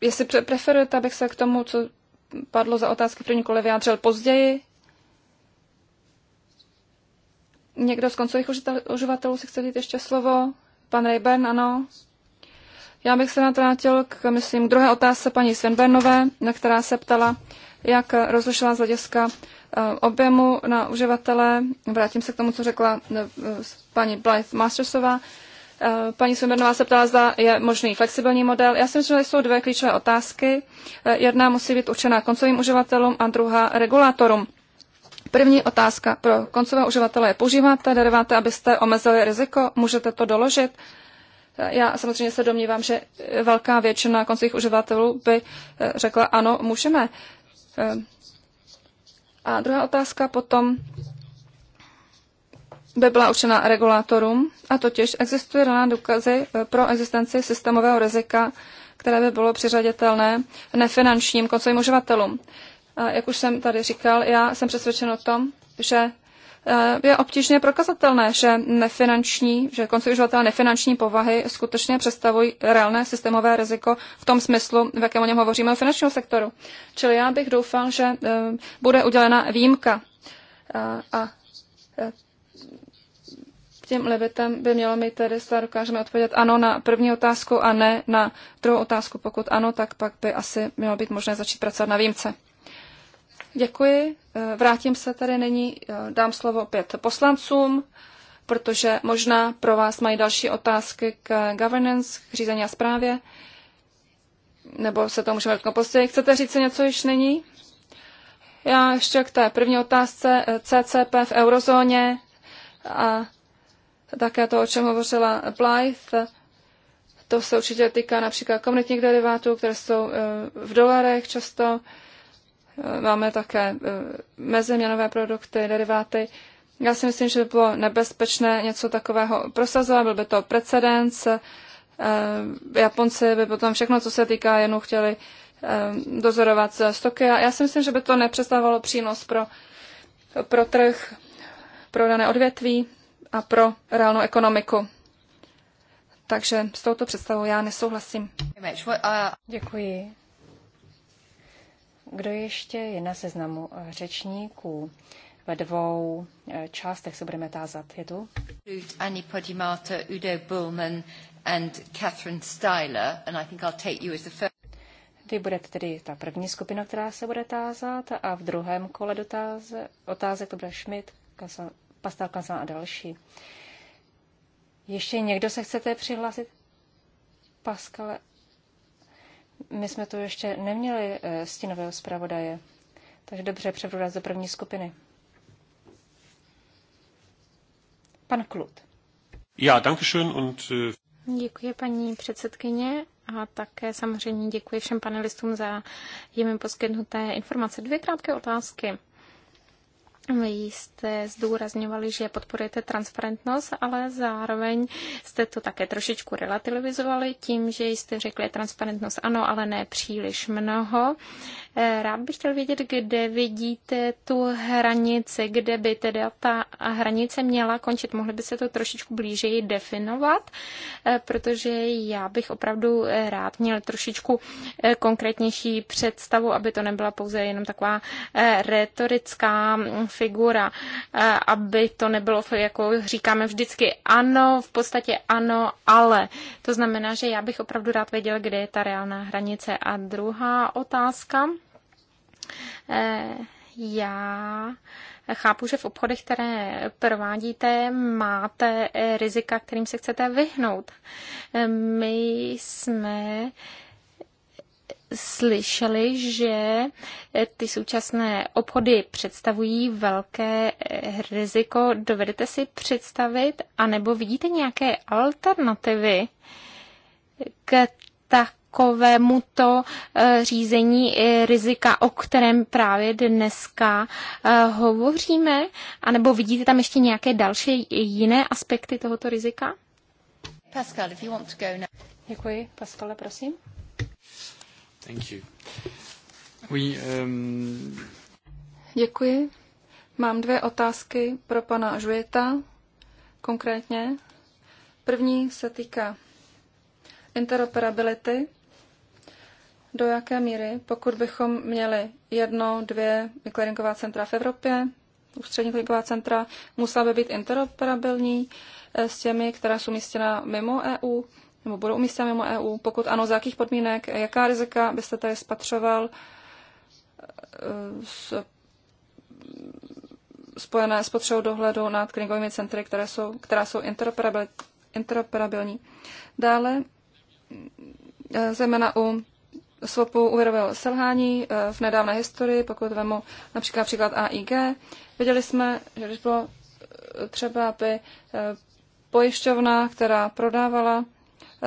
jestli preferujete, abych se k tomu, co padlo za otázky v první kole, vyjádřil později. Někdo z koncových uživatelů si chce dít ještě slovo? Pan Rayburn, ano. Já bych se natrátil k, myslím, k druhé otázce paní Svenbernové, na která se ptala, jak rozlišila z hlediska eh, objemu na uživatele. Vrátím se k tomu, co řekla eh, eh, paní Blythe Mastersová. Eh, paní Svimbernová se ptala, zda je možný flexibilní model. Já si myslím, že jsou dvě klíčové otázky. Eh, jedna musí být určená koncovým uživatelům a druhá regulátorům. První otázka pro koncového uživatele je, používáte deriváty, abyste omezili riziko? Můžete to doložit? Eh, já samozřejmě se domnívám, že velká většina koncových uživatelů by řekla ano, můžeme. A druhá otázka potom by byla určena regulátorům, a totiž existují daná důkazy eh, pro existenci systémového rizika, které by bylo přiřaditelné nefinančním koncovým uživatelům. A jak už jsem tady říkal, já jsem přesvědčen o tom, že eh, je obtížně prokazatelné, že nefinanční, že koncový uživatelé nefinanční povahy skutečně představují reálné systémové riziko v tom smyslu, v jakém o něm hovoříme o finančního sektoru. Čili já bych doufal, že eh, bude udělena výjimka a těm levitem by mělo mít tedy, zda dokážeme odpovědět ano na první otázku a ne na druhou otázku. Pokud ano, tak pak by asi mělo být možné začít pracovat na výjimce. Děkuji. Eh, vrátím se tady nyní, eh, dám slovo opět poslancům, protože možná pro vás mají další otázky k governance, k řízení a zprávě, nebo se to můžeme dotknout později. Chcete říct si něco již nyní? Já ještě k té první otázce eh, CCP v eurozóně a také to, o čem hovořila Blythe. To se určitě týká například komunitních derivátů, které jsou e, v dolarech často. E, máme také e, meziměnové produkty, deriváty. Já si myslím, že by bylo nebezpečné něco takového prosazovat, byl by to precedens. Japonci by potom všechno, co se týká jenom chtěli dozorovat stoky. A já si myslím, že by to nepředstavovalo přínos pro, pro trh, pro dané odvětví a pro reálnou ekonomiku. Takže s touto představou já nesouhlasím. Děkuji. Kdo ještě je na seznamu eh, řečníků? Ve dvou eh, částech se budeme tázat. Je tu? Podimata, Udo Bullman and Catherine Styler, and I think I'll take you as the first. Vy budete tedy ta první skupina, která se bude tázat a v druhém kole dotáze, otázek to bude Schmidt, Pastel Kanzan a další. Ještě někdo se chcete přihlásit? Paskale, my jsme tu ještě neměli eh, stínového zpravodaje, takže dobře, převedu do první skupiny. Pan Klut. Já, danke schön und... Eh, děkuji paní předsedkyně a také samozřejmě děkuji všem panelistům za jimi poskytnuté informace. Dvě krátké otázky. Vy jste zdůrazňovali, že podporujete transparentnost, ale zároveň jste to také trošičku relativizovali tím, že jste řekli transparentnost ano, ale ne příliš mnoho. Eh, rád bych chtěl vědět, kde vidíte tu hranici, kde by teda ta hranice měla končit. Mohli by se to trošičku blížeji definovat, eh, protože já bych opravdu eh, rád měl trošičku konkrétnější představu, aby to nebyla pouze jenom taková retorická figura, eh, aby to nebylo, jako říkáme vždycky, ano, v podstatě ano, ale. To znamená, že já bych opravdu rád věděl, kde je ta reálná hranice. A druhá otázka. Eh, já chápu, že v obchodech, které provádíte, máte eh, rizika, kterým se chcete vyhnout. My jsme slyšeli, že ty současné obchody představují velké riziko. Dovedete si představit, anebo vidíte nějaké alternativy k takovému to eh, řízení eh, rizika, o kterém právě dneska eh, hovoříme? anebo vidíte tam ještě nějaké další jiné aspekty tohoto rizika? Pascal, if you want to go now. Děkuji. Pascale, prosím. Um, Děkuji. Mám dvě otázky pro pana Žujeta konkrétně. První se týká interoperability. Do jaké míry, pokud bychom měli jedno, dvě clearingová centra v Evropě, ústřední clearingová centra, musela by být interoperabilní eh, s těmi, která jsou umístěna mimo EU, nebo budou umístěna mimo EU? Pokud ano, za jakých podmínek? Jaká rizika byste tady spatřoval eh, s, spojené s potřebou dohledu nad klinikovými centry, které jsou, která jsou interoperabil, interoperabilní? Dále, eh, zejména u swapu uvěrového selhání eh, v nedávné historii, pokud vemu například příklad AIG. Viděli jsme, že když bylo třeba, aby pojišťovna, která prodávala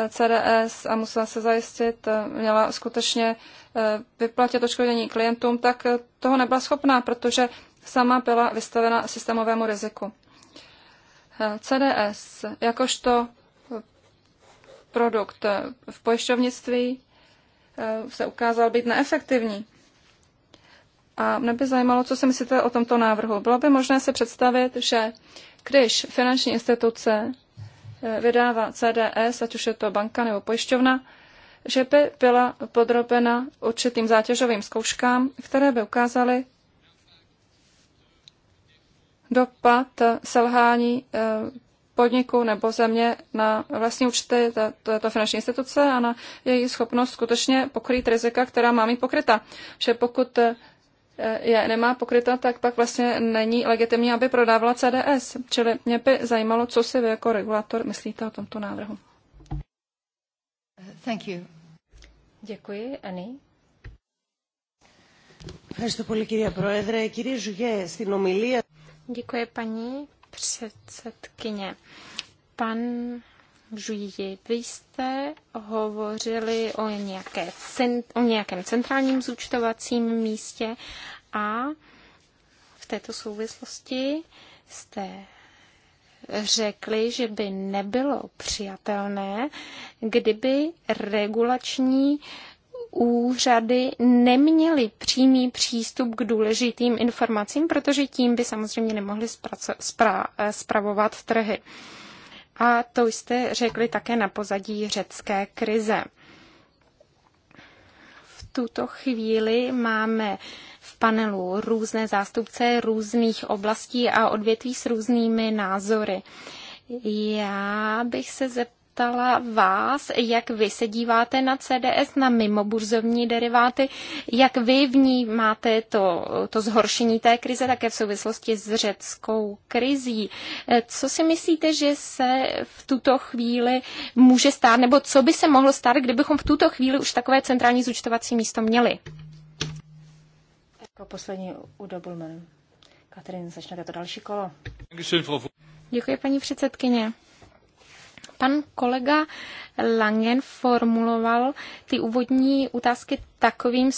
CDS a musela se zajistit, eh, měla skutečně eh, vyplatit odškodnění klientům, tak eh, toho nebyla schopná, protože sama byla vystavena systémovému riziku. CDS jakožto produkt v pojišťovnictví se ukázal být neefektivní. A mne by zajímalo, co si myslíte o tomto návrhu. Bylo by možné se představit, že když finanční instituce vydává CDS, ať už je to banka nebo pojišťovna, že by byla podrobena určitým zátěžovým zkouškám, které by ukázaly dopad selhání eh, podniku nebo země na vlastní účty této finanční instituce a na její schopnost skutečně pokrýt rizika, která má mít pokryta. Že pokud eh, je nemá pokryta, tak pak vlastně není legitimní, aby prodávala CDS. Čili mě by zajímalo, co si vy jako regulátor myslíte o tomto návrhu. Thank you. Děkuji. Ani? Děkuji, paní předsedkyně. Pan Žuji, vy jste hovořili o, nějaké, o nějakém centrálním zúčtovacím místě a v této souvislosti jste řekli, že by nebylo přijatelné, kdyby regulační úřady neměly přímý přístup k důležitým informacím, protože tím by samozřejmě nemohli zpravovat eh, trhy. A to jste řekli také na pozadí řecké krize. V tuto chvíli máme v panelu různé zástupce různých oblastí a odvětví s různými názory. Já bych se zeptala, zeptala vás, jak vy se díváte na CDS, na mimoburzovní deriváty, jak vy v ní máte to, to zhoršení té krize také v souvislosti s řeckou krizí. Eh, co si myslíte, že se v tuto chvíli může stát, nebo co by se mohlo stát, kdybychom v tuto chvíli už takové centrální zúčtovací místo měli? Jako poslední u Dobulman. Katrin, začnete to další kolo. Děkuji, paní předsedkyně. Pan kolega Langen formuloval ty úvodní otázky takovým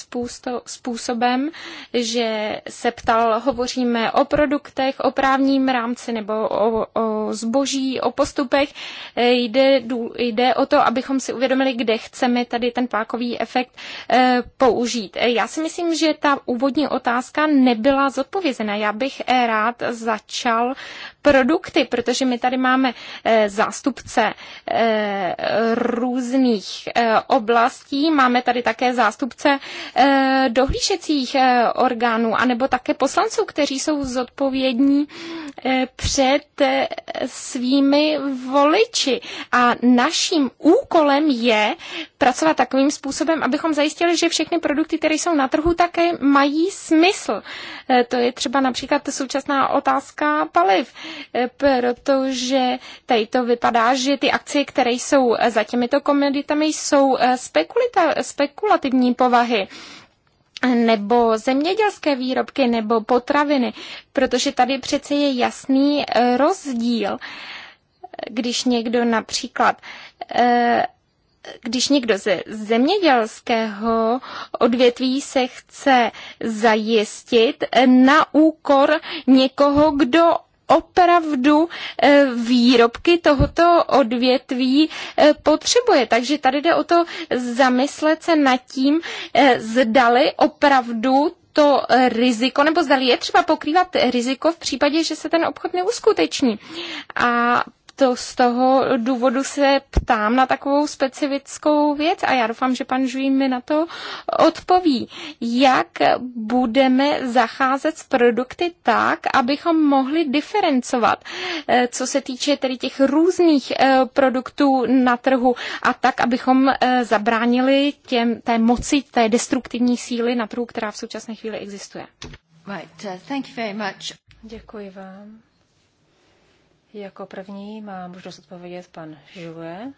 způsobem, že se ptal, hovoříme o produktech, o právním rámci nebo o, o zboží, o postupech. E, jde, jde o to, abychom si uvědomili, kde chceme tady ten pákový efekt e, použít. E, já si myslím, že ta úvodní otázka nebyla zodpovězena. Já bych rád začal produkty, protože my tady máme zástupce různých oblastí, máme tady také zástupce funkce eh, dohlížecích eh, orgánů, anebo také poslanců, kteří jsou zodpovědní eh, před svými voliči. A naším úkolem je pracovat takovým způsobem, abychom zajistili, že všechny produkty, které jsou na trhu, také mají smysl. To je třeba například současná otázka paliv, protože tady to vypadá, že ty akcie, které jsou za těmito komoditami, jsou spekulativní, povahy nebo zemědělské výrobky nebo potraviny, protože tady přece je jasný eh, rozdíl, když někdo například eh, když někdo ze zemědělského odvětví se chce zajistit eh, na úkor někoho, kdo opravdu eh, výrobky tohoto odvětví eh, potřebuje. Takže tady jde o to zamyslet se nad tím, eh, zdali opravdu to riziko, nebo zdali je třeba pokrývat riziko v případě, že se ten obchod neuskuteční. A to z toho důvodu se ptám na takovou specifickou věc a já doufám, že pan Žují mi na to odpoví. Jak budeme zacházet s produkty tak, abychom mohli diferencovat, eh, co se týče tedy těch různých eh, produktů na trhu a tak, abychom eh, zabránili těm, té moci, té destruktivní síly na trhu, která v současné chvíli existuje. Right, uh, thank you very much. Děkuji vám. Jako první má možnost odpovědět pan Žuje,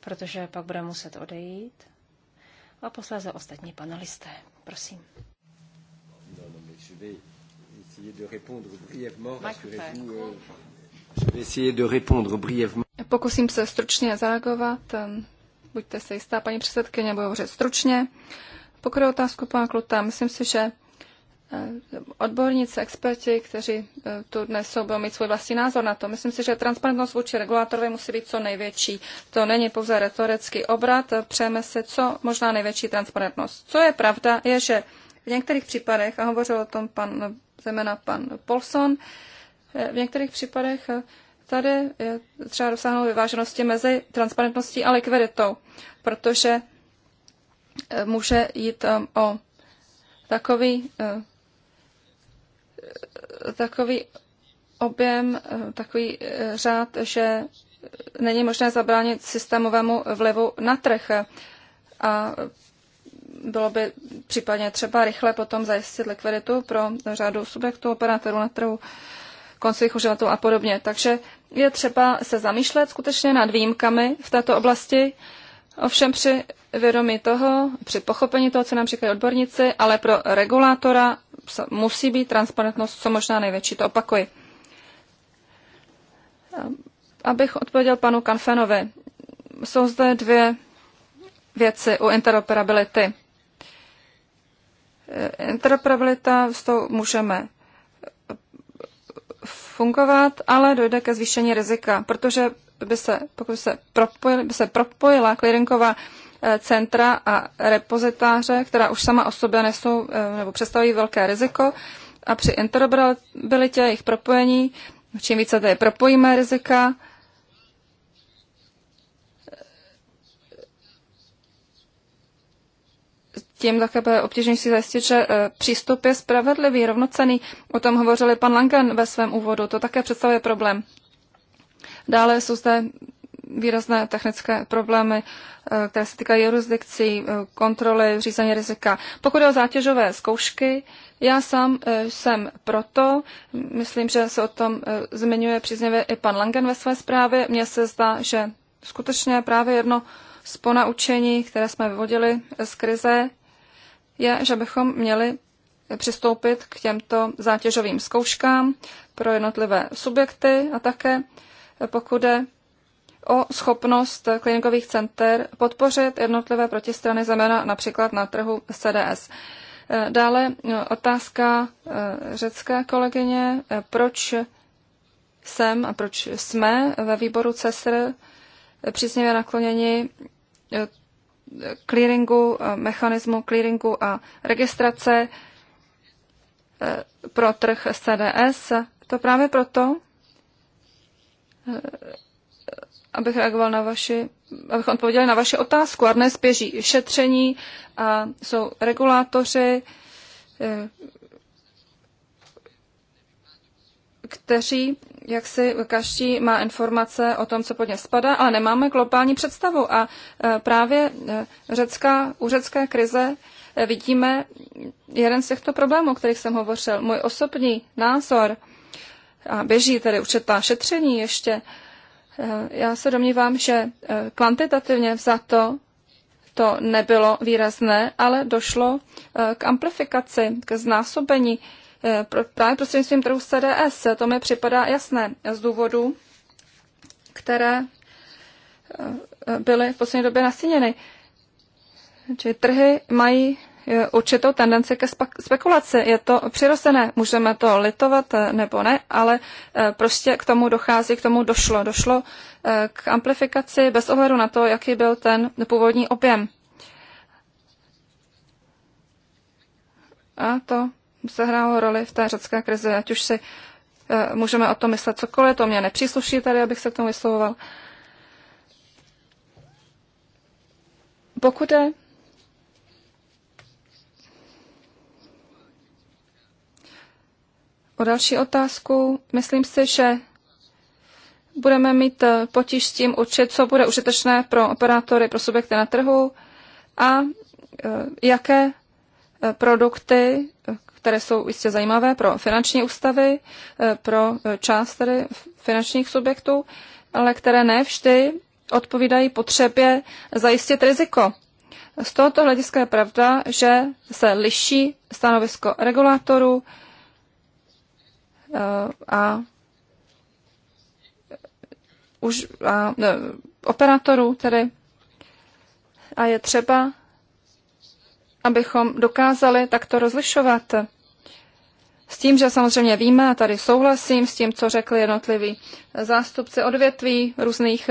protože pak bude muset odejít. A posléze ostatní panelisté. Prosím. Pokusím se stručně zareagovat. Buďte se jistá, paní předsedkyně, budu hovořit stručně. Pokud otázku pana Kluta, myslím si, že Eh, odborníci, experti, kteří eh, tu dnes jsou, budou mít svůj vlastní názor na to. Myslím si, že transparentnost vůči regulátorovi musí být co největší. To není pouze retorický obrat, eh, přejeme se co možná největší transparentnost. Co je pravda, je, že v některých případech, a hovořil o tom pan, zejména pan Polson, v některých případech tady je třeba dosáhnout vyváženosti mezi transparentností a likviditou, protože může jít o takový takový objem, eh, takový eh, řád, že není možné zabránit systémovému vlivu na trh. A bylo by případně třeba rychle potom zajistit likviditu pro řadu subjektů, operátorů na trhu, koncových uživatelů a podobně. Takže je třeba se zamýšlet skutečně nad výjimkami v této oblasti, ovšem při vědomí toho, při pochopení toho, co nám říkají odborníci, ale pro regulátora musí být transparentnost co možná největší, to opakuji. Abych odpověděl panu Kanfenovi, jsou zde dvě věci u interoperability. Interoperabilita, s tou můžeme fungovat, ale dojde ke zvýšení rizika, protože by se, pokud by se, propojil, by se propojila clearingová centra a repozitáře, která už sama o sobě nesou eh, nebo představují velké riziko a při interoperabilitě jejich propojení, čím více tady propojíme rizika, tím také bude obtížnější zajistit, že eh, přístup je spravedlivý, rovnocený. O tom hovořil pan Langen ve svém úvodu, to také představuje problém. Dále jsou zde výrazné technické problémy, eh, které se týkají jurisdikcí, eh, kontroly, řízení rizika. Pokud je o zátěžové zkoušky, já sám eh, jsem proto, myslím, že se o tom zmiňuje příznivě i pan Langen ve své zprávě. Mně se zdá, že skutečně právě jedno z ponaučení, které jsme vyvodili z krize, je, že bychom měli přistoupit k těmto zátěžovým zkouškám pro jednotlivé subjekty a také pokud je o schopnost klinikových center podpořit jednotlivé protistrany, zejména například na trhu CDS. Eh, dále eh, otázka eh, řecké kolegyně, proč jsem a proč jsme ve výboru CESR přísněvě nakloněni clearingu, mechanismu clearingu a registrace pro trh CDS. To právě proto, abych reagoval na vaši, abych odpověděl na vaši otázku. A dnes běží šetření a jsou regulátoři, eh, kteří, jak si každý má informace o tom, co pod ně spadá, ale nemáme globální představu. A eh, právě eh, řecká, u řecké krize vidíme jeden z těchto problémů, o kterých jsem hovořil. Můj osobní názor, a běží tedy určitá šetření ještě, Eh, já se domnívám, že eh, kvantitativně za to to nebylo výrazné, ale došlo eh, k amplifikaci, k znásobení právě prostřednictvím trhu CDS. To mi připadá jasné z důvodů, které byly v poslední době nasíněny. Čili trhy mají určitou tendenci ke spekulaci. Je to přirozené, můžeme to litovat eh, nebo ne, ale eh, prostě k tomu dochází, k tomu došlo. Došlo eh, k amplifikaci bez ohledu na to, jaký byl ten původní objem. A to sehrálo roli v té řecké krizi, ať už si můžeme o tom myslet cokoliv, to mě nepřísluší tady, abych se k tomu vyslovoval. Pokud je o další otázku. Myslím si, že budeme mít eh, potíž s tím určit, co bude užitečné pro operátory, pro subjekty na trhu a eh, jaké eh, produkty, které jsou jistě zajímavé pro finanční ústavy, pro část tedy finančních subjektů, ale které ne vždy odpovídají potřebě zajistit riziko. Z tohoto hlediska je pravda, že se liší stanovisko regulátorů, Eh, a už a, ne, operatorů tedy. A je třeba, abychom dokázali takto rozlišovat. S tím, že samozřejmě víme, a tady souhlasím s tím, co řekli jednotliví zástupci odvětví různých,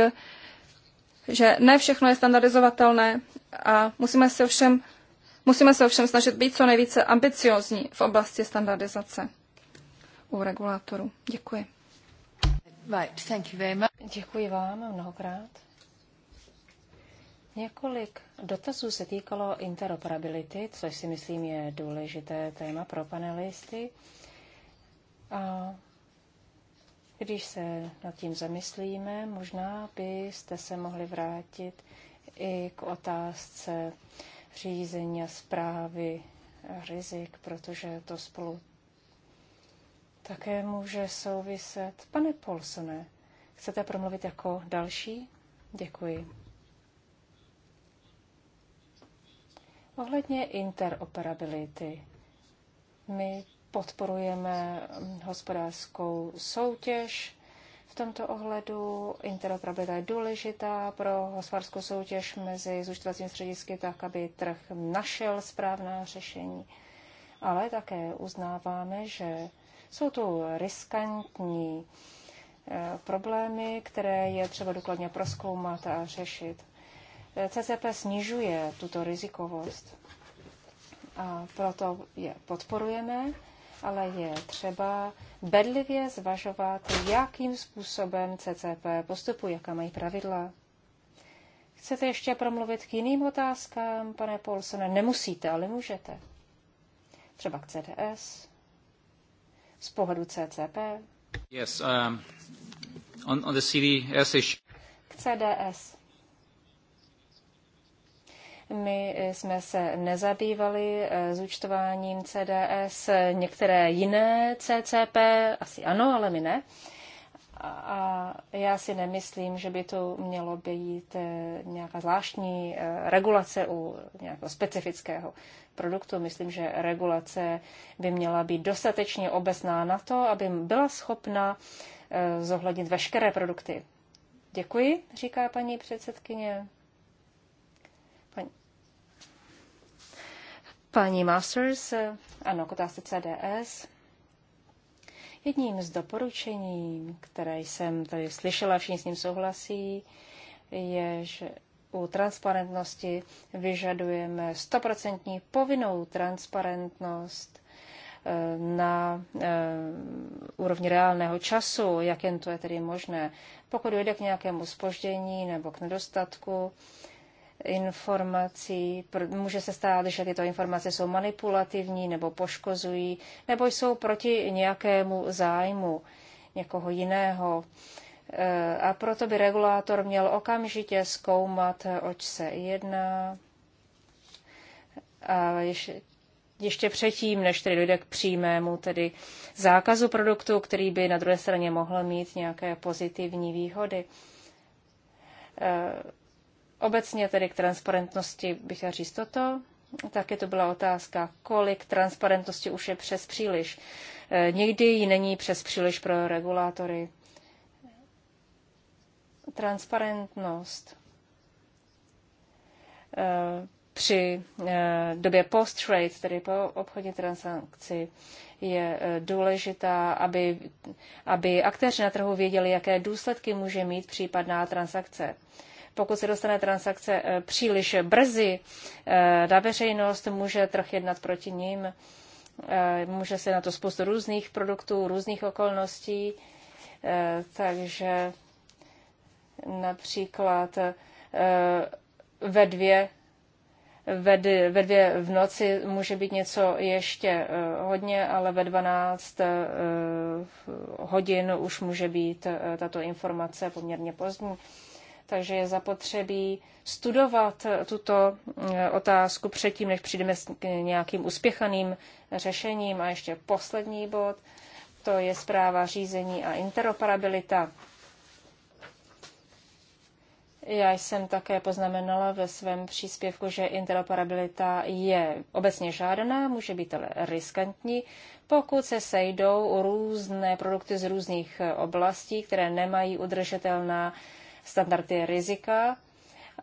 že ne všechno je standardizovatelné a musíme se ovšem, musíme se ovšem snažit být co nejvíce ambiciozní v oblasti standardizace u regulátoru. Děkuji. Right, thank you very much. Děkuji vám mnohokrát. Několik dotazů se týkalo interoperability, což si myslím je důležité téma pro panelisty. A když se nad tím zamyslíme, možná byste se mohli vrátit i k otázce řízení a zprávy rizik, protože to spolu také může souviset. Pane Polsone, chcete promluvit jako další? Děkuji. Ohledně interoperability. My podporujeme hospodářskou soutěž. V tomto ohledu interoperabilita je důležitá pro hospodářskou soutěž mezi zúčtovacími středisky tak, aby trh našel správná řešení. Ale také uznáváme, že jsou tu riskantní eh, problémy, které je třeba důkladně proskoumat a řešit. Eh, CCP snižuje tuto rizikovost a proto je podporujeme, ale je třeba bedlivě zvažovat, jakým způsobem CCP postupuje, jaká mají pravidla. Chcete ještě promluvit k jiným otázkám, pane Polsone? Nemusíte, ale můžete. Třeba k CDS z pohledu CCP? Yes, um, on, on the CDS issue. K CDS. My jsme se nezabývali zúčtováním eh, CDS, některé jiné CCP, asi ano, ale my ne. Uh, a já si nemyslím, že by to mělo být eh, nějaká zvláštní eh, regulace u nějakého specifického produktu. Myslím, že regulace by měla být dostatečně obecná na to, aby byla schopna eh, zohlednit veškeré produkty. Děkuji, říká paní předsedkyně. Paní, paní Masters, ano, k CDS. Jedním z doporučení, které jsem tady slyšela, všichni s ním souhlasí, je, že u transparentnosti vyžadujeme 100% povinnou transparentnost eh, na eh, úrovni reálného času, jak jen to je tedy možné. Pokud dojde k nějakému spoždění nebo k nedostatku, informací. Může se stát, že tyto informace jsou manipulativní nebo poškozují, nebo jsou proti nějakému zájmu někoho jiného. E, a proto by regulátor měl okamžitě zkoumat, oč se jedná. A ještě, ještě předtím, než tedy dojde k přímému tedy zákazu produktu, který by na druhé straně mohl mít nějaké pozitivní výhody e, Obecně tedy k transparentnosti bych chtěla říct toto. Také to byla otázka, kolik transparentnosti už je přes příliš. E, Někdy ji není přes příliš pro regulátory. Transparentnost e, při e, době post-trade, tedy po obchodní transakci, je důležitá, aby, aby aktéři na trhu věděli, jaké důsledky může mít případná transakce. Pokud se dostane transakce eh, příliš brzy eh, na veřejnost, může trh jednat proti ním. Eh, může se na to spoustu různých produktů, různých okolností, takže například ve dvě ve, dvě, ve dvě v noci může být něco ještě hodně, ale ve 12 hodin už může být tato informace poměrně pozdní takže je zapotřebí studovat tuto eh, otázku předtím, než přijdeme k nějakým uspěchaným řešením. A ještě poslední bod, to je zpráva řízení a interoperabilita. Já jsem také poznamenala ve svém příspěvku, že interoperabilita je obecně žádaná, může být ale riskantní, pokud se sejdou různé produkty z různých eh, oblastí, které nemají udržitelná standardy rizika.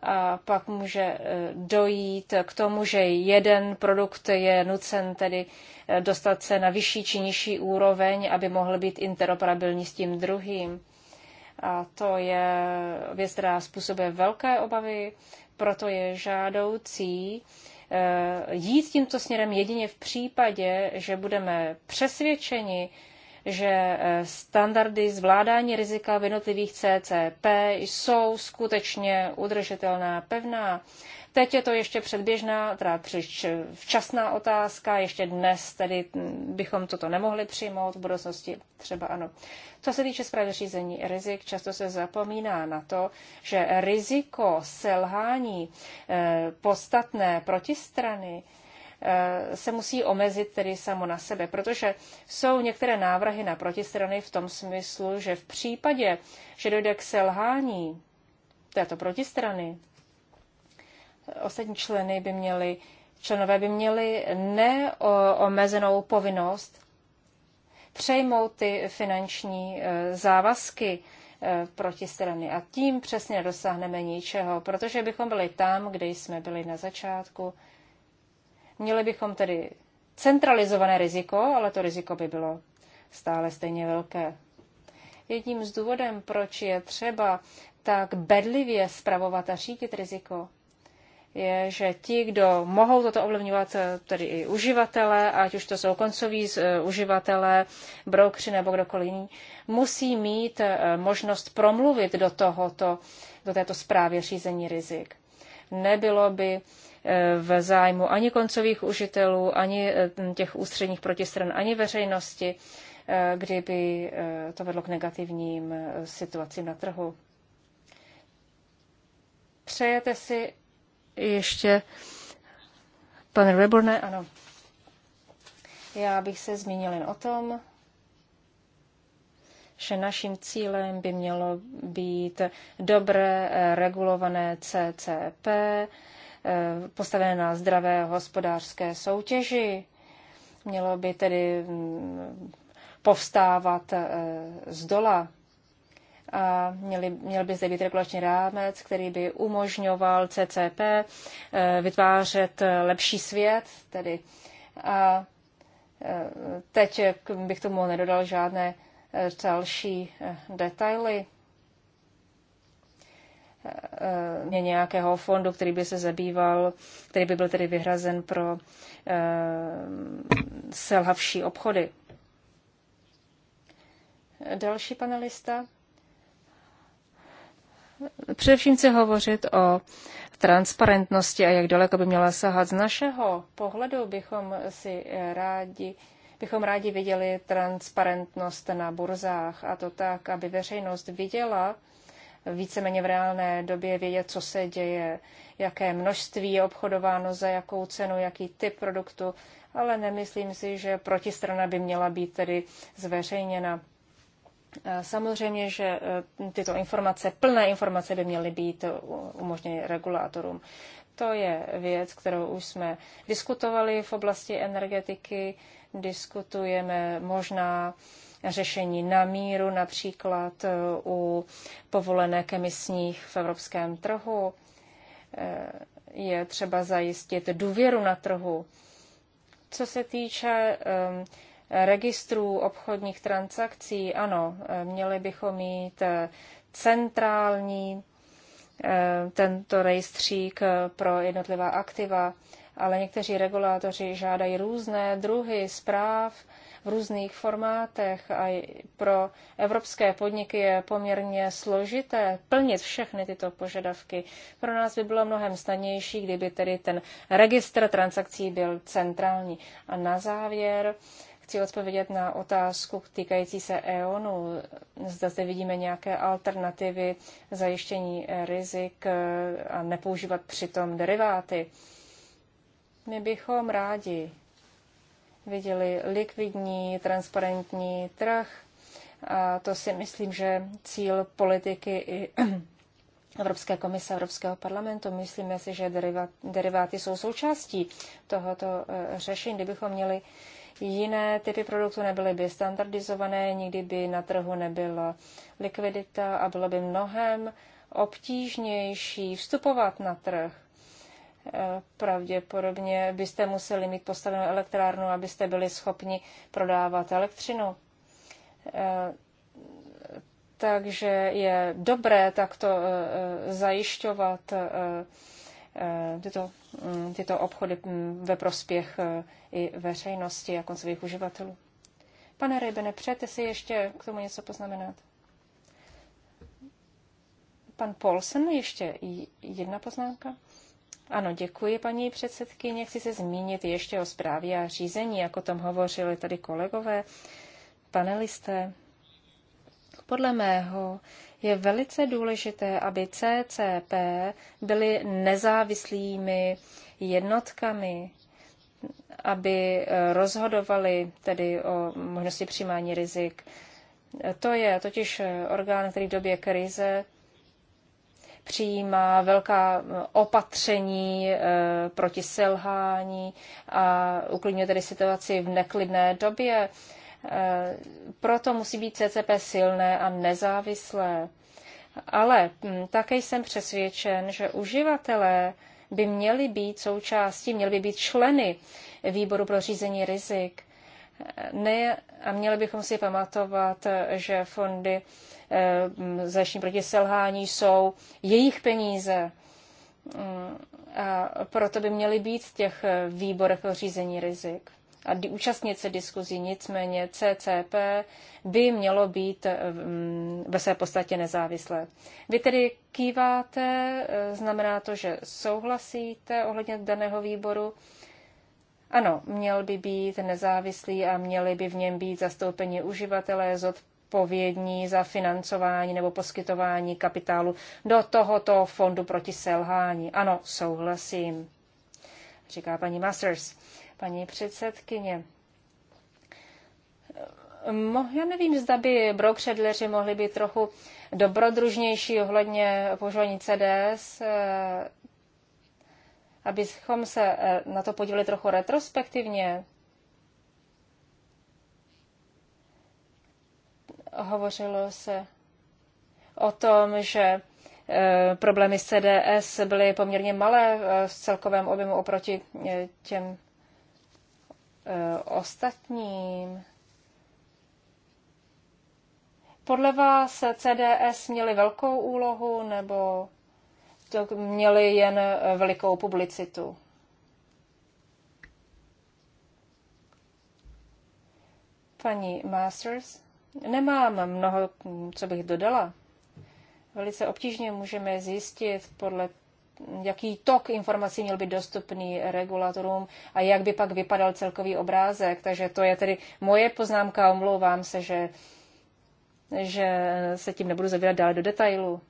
A pak může eh, dojít k tomu, že jeden produkt je nucen tedy eh, dostat se na vyšší či nižší úroveň, aby mohl být interoperabilní s tím druhým. A to je věc, která způsobuje velké obavy, proto je žádoucí eh, jít tímto směrem jedině v případě, že budeme přesvědčeni, že eh, standardy zvládání rizika v jednotlivých CCP jsou skutečně udržitelná, pevná. Teď je to ještě předběžná, teda přič, včasná otázka, ještě dnes tedy hm, bychom toto nemohli přijmout, v budoucnosti třeba ano. Co se týče zprávy řízení rizik, často se zapomíná na to, že riziko selhání eh, podstatné protistrany Eh, se musí omezit tedy samo na sebe, protože jsou některé návrhy na protistrany v tom smyslu, že v případě, že dojde k selhání této protistrany, ostatní členy by měli, členové by měli neomezenou povinnost přejmout ty finanční eh, závazky eh, protistrany. A tím přesně dosáhneme ničeho, protože bychom byli tam, kde jsme byli na začátku, Měli bychom tedy centralizované riziko, ale to riziko by bylo stále stejně velké. Jedním z důvodem, proč je třeba tak bedlivě spravovat a řídit riziko, je, že ti, kdo mohou toto ovlivňovat, tedy i uživatelé, ať už to jsou koncoví eh, uživatelé, brokři nebo kdokoliv jiný, musí mít eh, možnost promluvit do, tohoto, do této zprávy řízení rizik. Nebylo by v zájmu ani koncových užitelů, ani eh, těch ústředních protistran, ani veřejnosti, eh, kdyby eh, to vedlo k negativním situacím na trhu. Přejete si ještě, pane Reborne, ano. Já bych se zmínil jen o tom, že naším cílem by mělo být dobré regulované CCP, Eh, postavené na zdravé hospodářské soutěži. Mělo by tedy mm, povstávat eh, z dola. A měli, měl by zde být regulační rámec, který by umožňoval CCP eh, vytvářet lepší svět, tedy a Teď bych tomu nedodal žádné další detaily. Eh, nějakého fondu, který by se zabýval, který by byl tedy vyhrazen pro eh, selhavší obchody. Další panelista. Především chci hovořit o transparentnosti a jak daleko by měla sahat. Z našeho pohledu bychom si rádi bychom rádi viděli transparentnost na burzách a to tak, aby veřejnost viděla, víceméně v reálné době vědět, co se děje, jaké množství je obchodováno, za jakou cenu, jaký typ produktu, ale nemyslím si, že protistrana by měla být tedy zveřejněna. Samozřejmě, že e, tyto informace, plné informace by měly být umožněny regulátorům. To je věc, kterou už jsme diskutovali v oblasti energetiky, diskutujeme možná řešení na míru, například eh, u povolenek emisních v evropském trhu. Eh, je třeba zajistit důvěru na trhu. Co se týče eh, registrů obchodních transakcí, ano, měli bychom mít centrální tento rejstřík pro jednotlivá aktiva, ale někteří regulátoři žádají různé druhy zpráv, v různých formátech a pro evropské podniky je poměrně složité plnit všechny tyto požadavky. Pro nás by bylo mnohem snadnější, kdyby tedy ten registr transakcí byl centrální. A na závěr chci odpovědět na otázku týkající se EONu. Zda zde vidíme nějaké alternativy zajištění rizik a nepoužívat přitom deriváty. My bychom rádi viděli likvidní, transparentní trh. A to si myslím, že cíl politiky i Evropské komise Evropského parlamentu. Myslíme si, že deriváty jsou součástí tohoto e, řešení. Kdybychom měli jiné typy produktů, nebyly by standardizované, nikdy by na trhu nebyla likvidita a bylo by mnohem obtížnější vstupovat na trh pravděpodobně byste museli mít postavenou elektrárnu, abyste byli schopni prodávat elektřinu. Eh, takže je dobré takto eh, eh, zajišťovat tyto, mm, tyto obchody mm, ve prospěch i veřejnosti a koncových uživatelů. Pane Rybene, přejete si ještě k tomu něco poznamenat? Pan Polsen, ještě jedna poznámka. Ano, děkuji, paní předsedkyně. Chci se zmínit ještě o zprávě a řízení, jako tam hovořili tady kolegové, panelisté. Podle mého je velice důležité, aby CCP byly nezávislými jednotkami, aby eh, rozhodovali tedy o možnosti přijímání rizik. To je totiž eh, orgán, který v době krize přijímá velká eh, opatření eh, proti selhání a uklidňuje tedy situaci v neklidné době. Eh, proto musí být CCP silné a nezávislé. Ale hm, také jsem přesvědčen, že uživatelé by měli být součástí, měli by být členy výboru pro řízení rizik. Ne, a měli bychom si pamatovat, že fondy Eh, zajištění proti selhání jsou jejich peníze. Mm, a proto by měly být v těch eh, výborech o řízení rizik a účastnit se diskuzí. Nicméně CCP by mělo být eh, mm, ve své podstatě nezávislé. Vy tedy kýváte, znamená to, že souhlasíte ohledně daného výboru. Ano, měl by být nezávislý a měli by v něm být zastoupeni uživatelé, zodpovědní zodpovědní za financování nebo poskytování kapitálu do tohoto fondu proti selhání. Ano, souhlasím, říká paní Masters, paní předsedkyně. Já nevím, zda by brokšedleři mohli být trochu dobrodružnější ohledně používání CDS, eh, abychom se eh, na to podívali trochu retrospektivně. Hovořilo se o tom, že e, problémy s CDS byly poměrně malé e, v celkovém objemu oproti e, těm ostatním. Podle vás CDS měly velkou úlohu nebo to měly jen velikou publicitu? Paní Masters? Nemám mnoho, co bych dodala. Velice obtížně můžeme zjistit, podle jaký tok informací měl být dostupný regulatorům a jak by pak vypadal celkový obrázek. Takže to je tedy moje poznámka, omlouvám se, že, že se tím nebudu zavírat dále do detailu.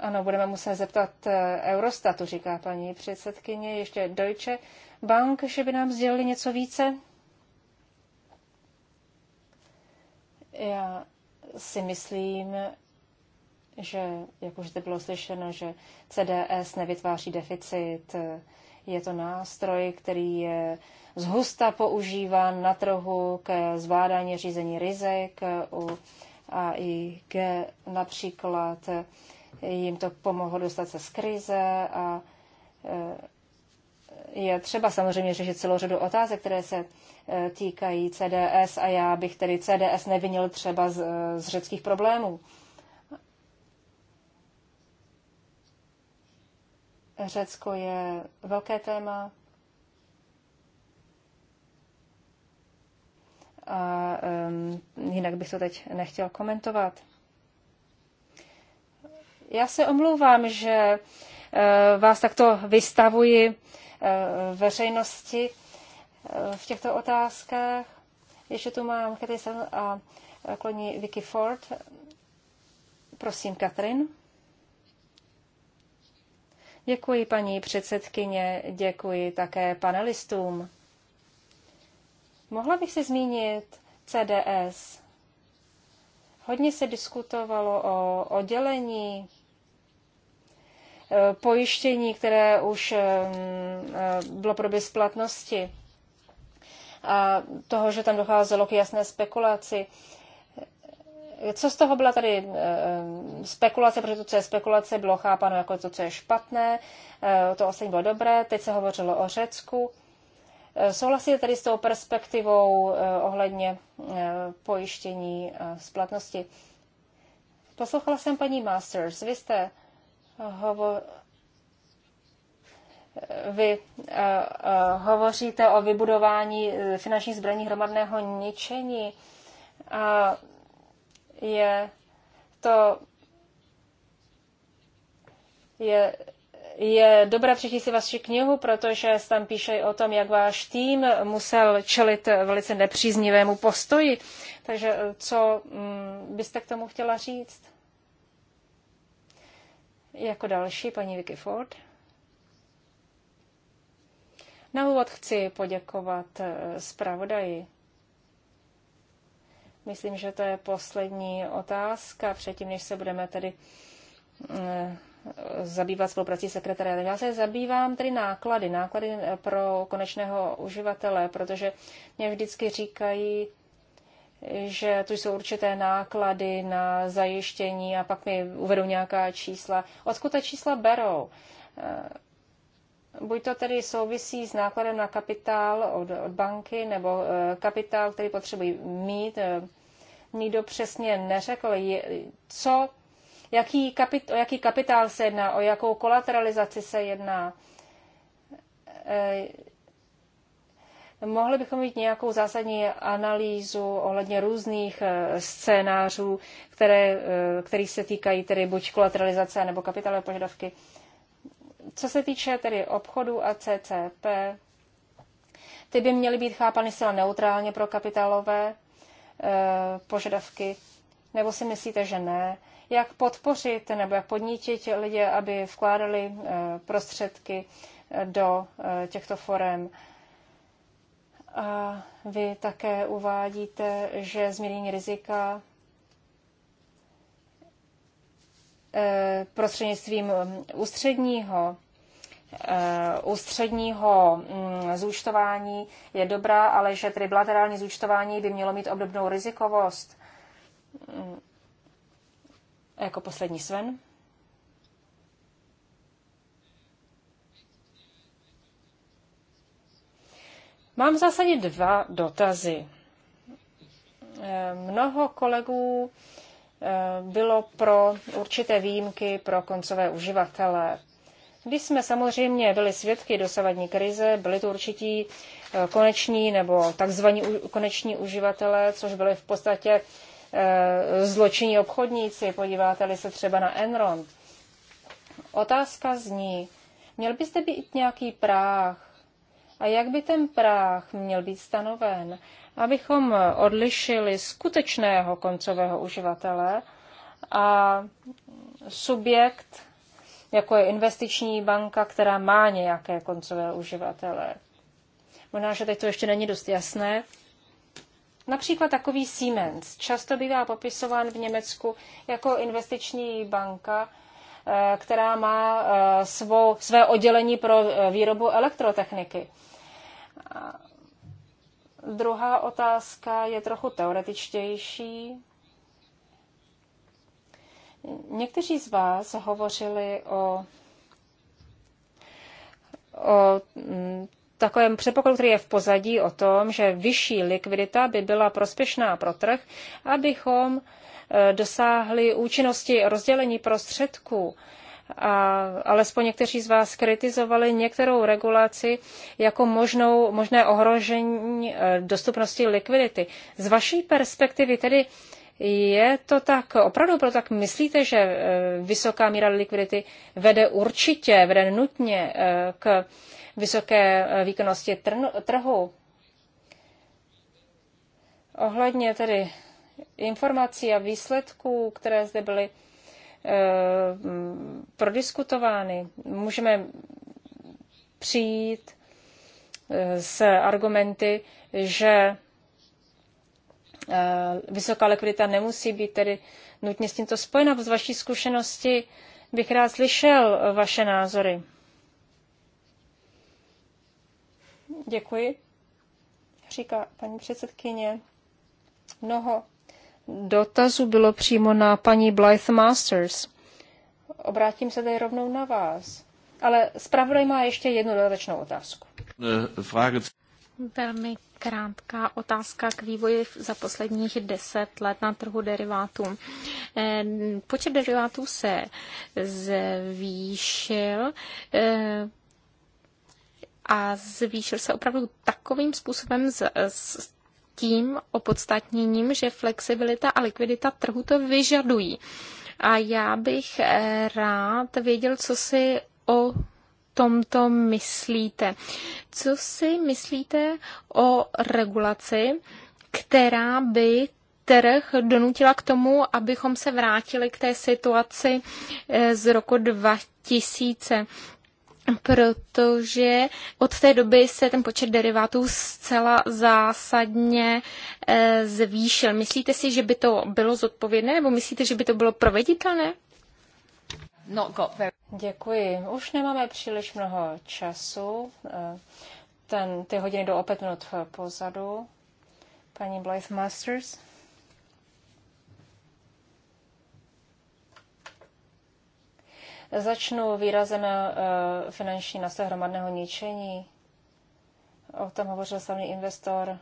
Ano, budeme muset zeptat eh, Eurostatu, říká paní předsedkyně, ještě Deutsche Bank, že by nám sdělili něco více. Já si myslím, že, jak už zde bylo slyšeno, že CDS nevytváří deficit. Je to nástroj, který je zhusta používán na trhu k zvládání řízení rizik u AIG například. Jim to pomohlo dostat se z krize a e, je třeba samozřejmě řešit celou řadu otázek, které se e, týkají CDS a já bych tedy CDS nevinil třeba z, e, z řeckých problémů. Řecko je velké téma. A um, jinak bych to teď nechtěl komentovat. Já se omlouvám, že uh, vás takto vystavuji Eh, veřejnosti eh, v těchto otázkách. Ještě tu mám Katrin a kloní Vicky Ford. Prosím, Katrin. Děkuji paní předsedkyně, děkuji také panelistům. Mohla bych si zmínit CDS. Hodně se diskutovalo o oddělení pojištění, které už eh, eh, bylo pro splatnosti a toho, že tam docházelo k jasné spekulaci. Co z toho byla tady eh, spekulace, protože to, co je spekulace, bylo chápáno jako to, co je špatné, to ostatní bylo dobré, teď se hovořilo o Řecku. Souhlasíte tady s tou perspektivou ohledně pojištění splatnosti? Poslouchala jsem paní Masters. Vy jste hovo- vy uh, uh, hovoříte o vybudování eh, finanční zbraní hromadného ničení. A je to je, je dobré přečíst si vaši knihu, protože tam píše o tom, jak váš tým musel čelit velice nepříznivému postoji. Takže co mm, byste k tomu chtěla říct? Jako další paní Vicky Ford. Na úvod chci poděkovat eh, zpravodaji. Myslím, že to je poslední otázka, předtím, než se budeme tedy eh, zabývat spoluprací sekretariátu. Já se zabývám tedy náklady, náklady eh, pro konečného uživatele, protože mě vždycky říkají, že tu jsou určité náklady na zajištění a pak mi uvedou nějaká čísla. Odkud ta čísla berou? Eh, buď to tedy souvisí s nákladem na kapitál od, od banky, nebo eh, kapitál, který potřebují mít. Eh, nikdo přesně neřekl, co, jaký kapit, o jaký kapitál se jedná, o jakou kolateralizaci se jedná Mohli bychom mít nějakou zásadní analýzu ohledně různých eh, scénářů, které, eh, který se týkají tedy buď kolateralizace nebo kapitalové požadavky. Co se týče tedy obchodu a CCP, ty by měly být chápany zcela neutrálně pro kapitalové eh, požadavky, nebo si myslíte, že ne? Jak podpořit nebo jak podnítit lidi, aby vkládali prostředky do těchto forem? A vy také uvádíte, že zmírnění rizika eh, prostřednictvím mm, ústředního eh, ústředního mm, zúčtování je dobrá, ale že tedy bilaterální zúčtování by mělo mít obdobnou rizikovost. Mm, jako poslední Sven. Mám v zásadě dva dotazy. Eh, mnoho kolegů eh, bylo pro určité výjimky pro koncové uživatele. Když jsme samozřejmě byli svědky dosavadní krize, byli to určití eh, koneční nebo takzvaní koneční uživatelé, což byli v podstatě zločinní obchodníci, podíváte-li se třeba na Enron. Otázka zní, měl byste být nějaký práh a jak by ten práh měl být stanoven, abychom odlišili skutečného koncového uživatele a subjekt, jako je investiční banka, která má nějaké koncové uživatele. Možná, že teď to ještě není dost jasné. Například takový Siemens často bývá popisován v Německu jako investiční banka, eh, která má eh, svou, své oddělení pro eh, výrobu elektrotechniky. Druhá otázka je trochu teoretičtější. Někteří z vás hovořili o, o mm, takovém předpokladu, který je v pozadí, o tom, že vyšší likvidita by byla prospěšná pro trh, abychom e, dosáhli účinnosti rozdělení prostředků a alespoň někteří z vás kritizovali některou regulaci jako možnou, možné ohrožení eh, dostupnosti likvidity. Z vaší perspektivy tedy je to tak opravdu, proto tak myslíte, že eh, vysoká míra likvidity vede určitě, vede nutně eh, k vysoké výkonnosti trhu? Ohledně tedy informací a výsledků, které zde byly Eh, prodiskutovány. Můžeme přijít eh, s argumenty, že eh, vysoká likvidita nemusí být tedy nutně s tímto spojena. Z vaší zkušenosti bych rád slyšel vaše názory. Děkuji, říká paní předsedkyně. Mnoho Dotazu bylo přímo na paní Blythe Masters. Obrátím se tady rovnou na vás. Ale zpravodaj má ještě jednu dodatečnou otázku. Eh, Velmi krátká otázka k vývoji za posledních deset let na trhu derivátů. Eh, počet derivátů se zvýšil eh, a zvýšil se opravdu takovým způsobem, tím opodstatněním, že flexibilita a likvidita trhu to vyžadují. A já bych eh, rád věděl, co si o tomto myslíte. Co si myslíte o regulaci, která by trh donutila k tomu, abychom se vrátili k té situaci eh, z roku 2000 protože od té doby se ten počet derivátů zcela zásadně eh, zvýšil. Myslíte si, že by to bylo zodpovědné, nebo myslíte, že by to bylo proveditelné? Děkuji. Už nemáme příliš mnoho času. Eh, ten, ty hodiny jdou opět minut pozadu. Paní Blythe Masters. začnu výrazem eh, finanční nástroj hromadného ničení. O tom hovořil samý investor,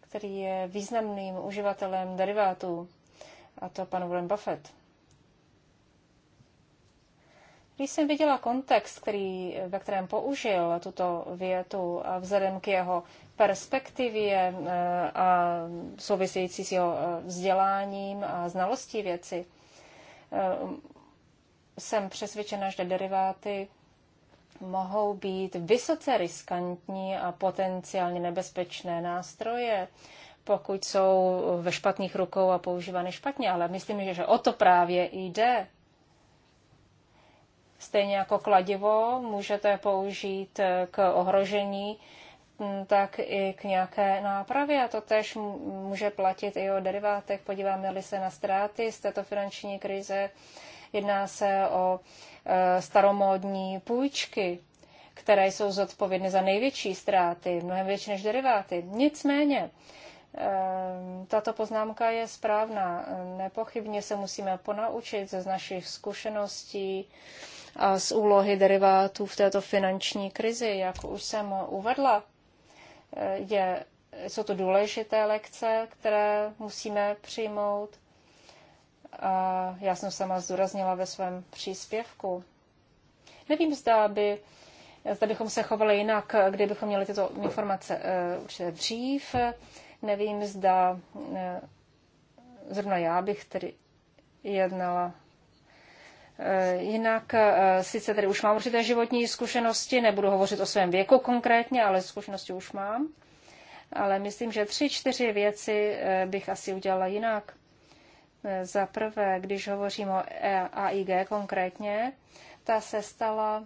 který je významným uživatelem derivátů, a to pan Warren Buffett. Když jsem viděla kontext, který, ve kterém použil tuto větu a vzhledem k jeho perspektivě eh, a související s jeho eh, vzděláním a znalostí věci, eh, jsem přesvědčena, že deriváty mohou být vysoce riskantní a potenciálně nebezpečné nástroje, pokud jsou ve špatných rukou a používány špatně. Ale myslím, že o to právě jde Stejně jako kladivo můžete použít k ohrožení, mm, tak i k nějaké nápravě. A to tež může platit i o derivátech. Podíváme-li se na ztráty z této finanční krize, jedná se o e, staromódní půjčky, které jsou zodpovědné za největší ztráty, mnohem větší než deriváty. Nicméně, e, tato poznámka je správná. Nepochybně se musíme ponaučit z našich zkušeností a z úlohy derivátů v této finanční krizi. Jak už jsem uvedla, je, jsou to důležité lekce, které musíme přijmout. A já jsem sama zdůraznila ve svém příspěvku. Nevím, zda, by, zda bychom se chovali jinak, kdybychom měli tyto informace eh, určitě dřív. Nevím, zda eh, zrovna já bych tedy jednala Eh, jinak eh, sice tedy už mám určité životní zkušenosti, nebudu hovořit o svém věku konkrétně, ale zkušenosti už mám. Ale myslím, že tři, čtyři věci eh, bych asi udělala jinak. Za prvé, když hovořím o AIG konkrétně, ta se stala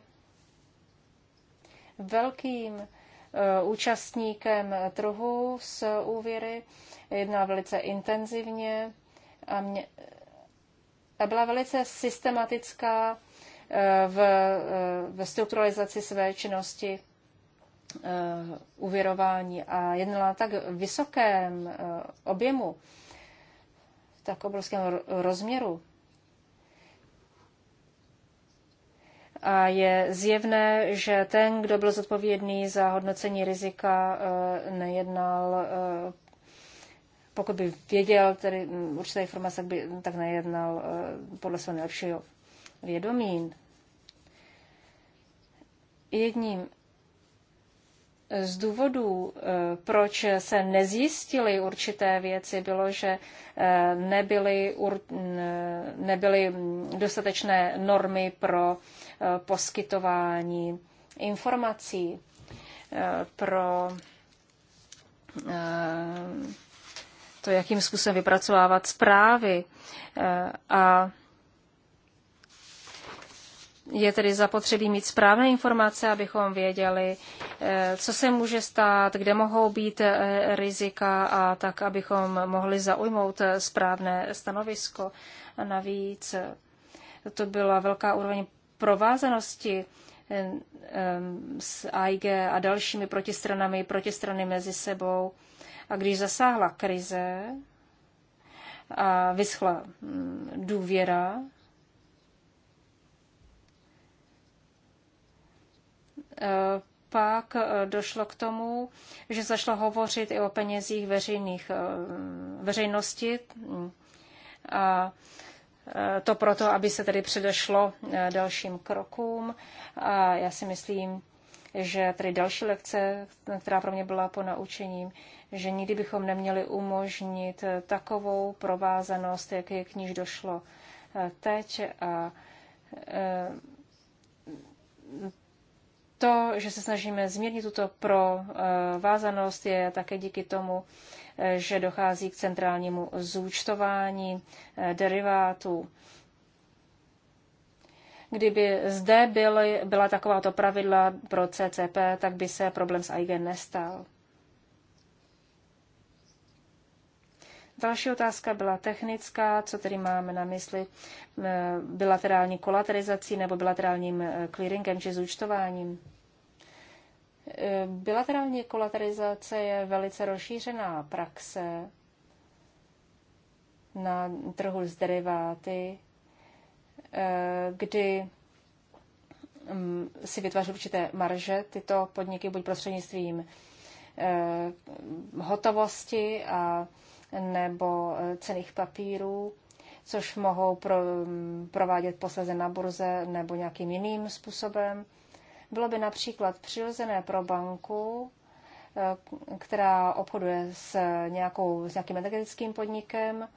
velkým účastníkem trhu s úvěry, jedná velice intenzivně a mě, byla velice systematická eh, v, eh, ve strukturalizaci své činnosti eh, uvěrování a jednala tak vysokém objemu, tak obrovském rozměru. A je zjevné, že ten, kdo byl zodpovědný za hodnocení rizika, nejednal pokud by věděl tedy mm, určité informace, tak, by, tak nejednal eh, podle svého nejlepšího vědomí. Jedním z důvodů, eh, proč se nezjistily určité věci, bylo, že eh, nebyly, mm, nebyly mm, dostatečné normy pro poskytování informací pro to, jakým způsobem vypracovávat zprávy. Eh, a je tedy zapotřebí mít správné informace, abychom věděli, eh, co se může stát, kde mohou být eh, rizika a tak, abychom mohli zaujmout správné stanovisko. A navíc to byla velká úroveň provázanosti s AIG a dalšími protistranami, protistrany mezi sebou. A když zasáhla krize a vyschla mm, důvěra, eh, pak eh, došlo k tomu, že zašlo hovořit i o penězích veřejných, eh, veřejnosti. A to proto, aby se tedy předešlo dalším krokům. A já si myslím, že tady další lekce, která pro mě byla po naučením, že nikdy bychom neměli umožnit takovou provázanost, jak je k níž došlo eh, teď. A eh, to, že se snažíme zmírnit tuto provázanost, je také díky tomu, eh, že dochází k centrálnímu zúčtování derivátů. Kdyby zde byly, byla takováto pravidla pro CCP, tak by se problém s IG nestal. Další otázka byla technická, co tedy máme na mysli eh, bilaterální kolaterizací nebo bilaterálním eh, clearingem či zúčtováním. Eh, bilaterální kolaterizace je velice rozšířená praxe na trhu s deriváty, kdy mm, si vytváří určité marže tyto podniky buď prostřednictvím hotovosti a nebo eh, cených papírů, což mohou pro, mm, provádět posleze na burze nebo nějakým jiným způsobem. Bylo by například přirozené pro banku, eh, která obchoduje s, nějakou, s nějakým energetickým podnikem,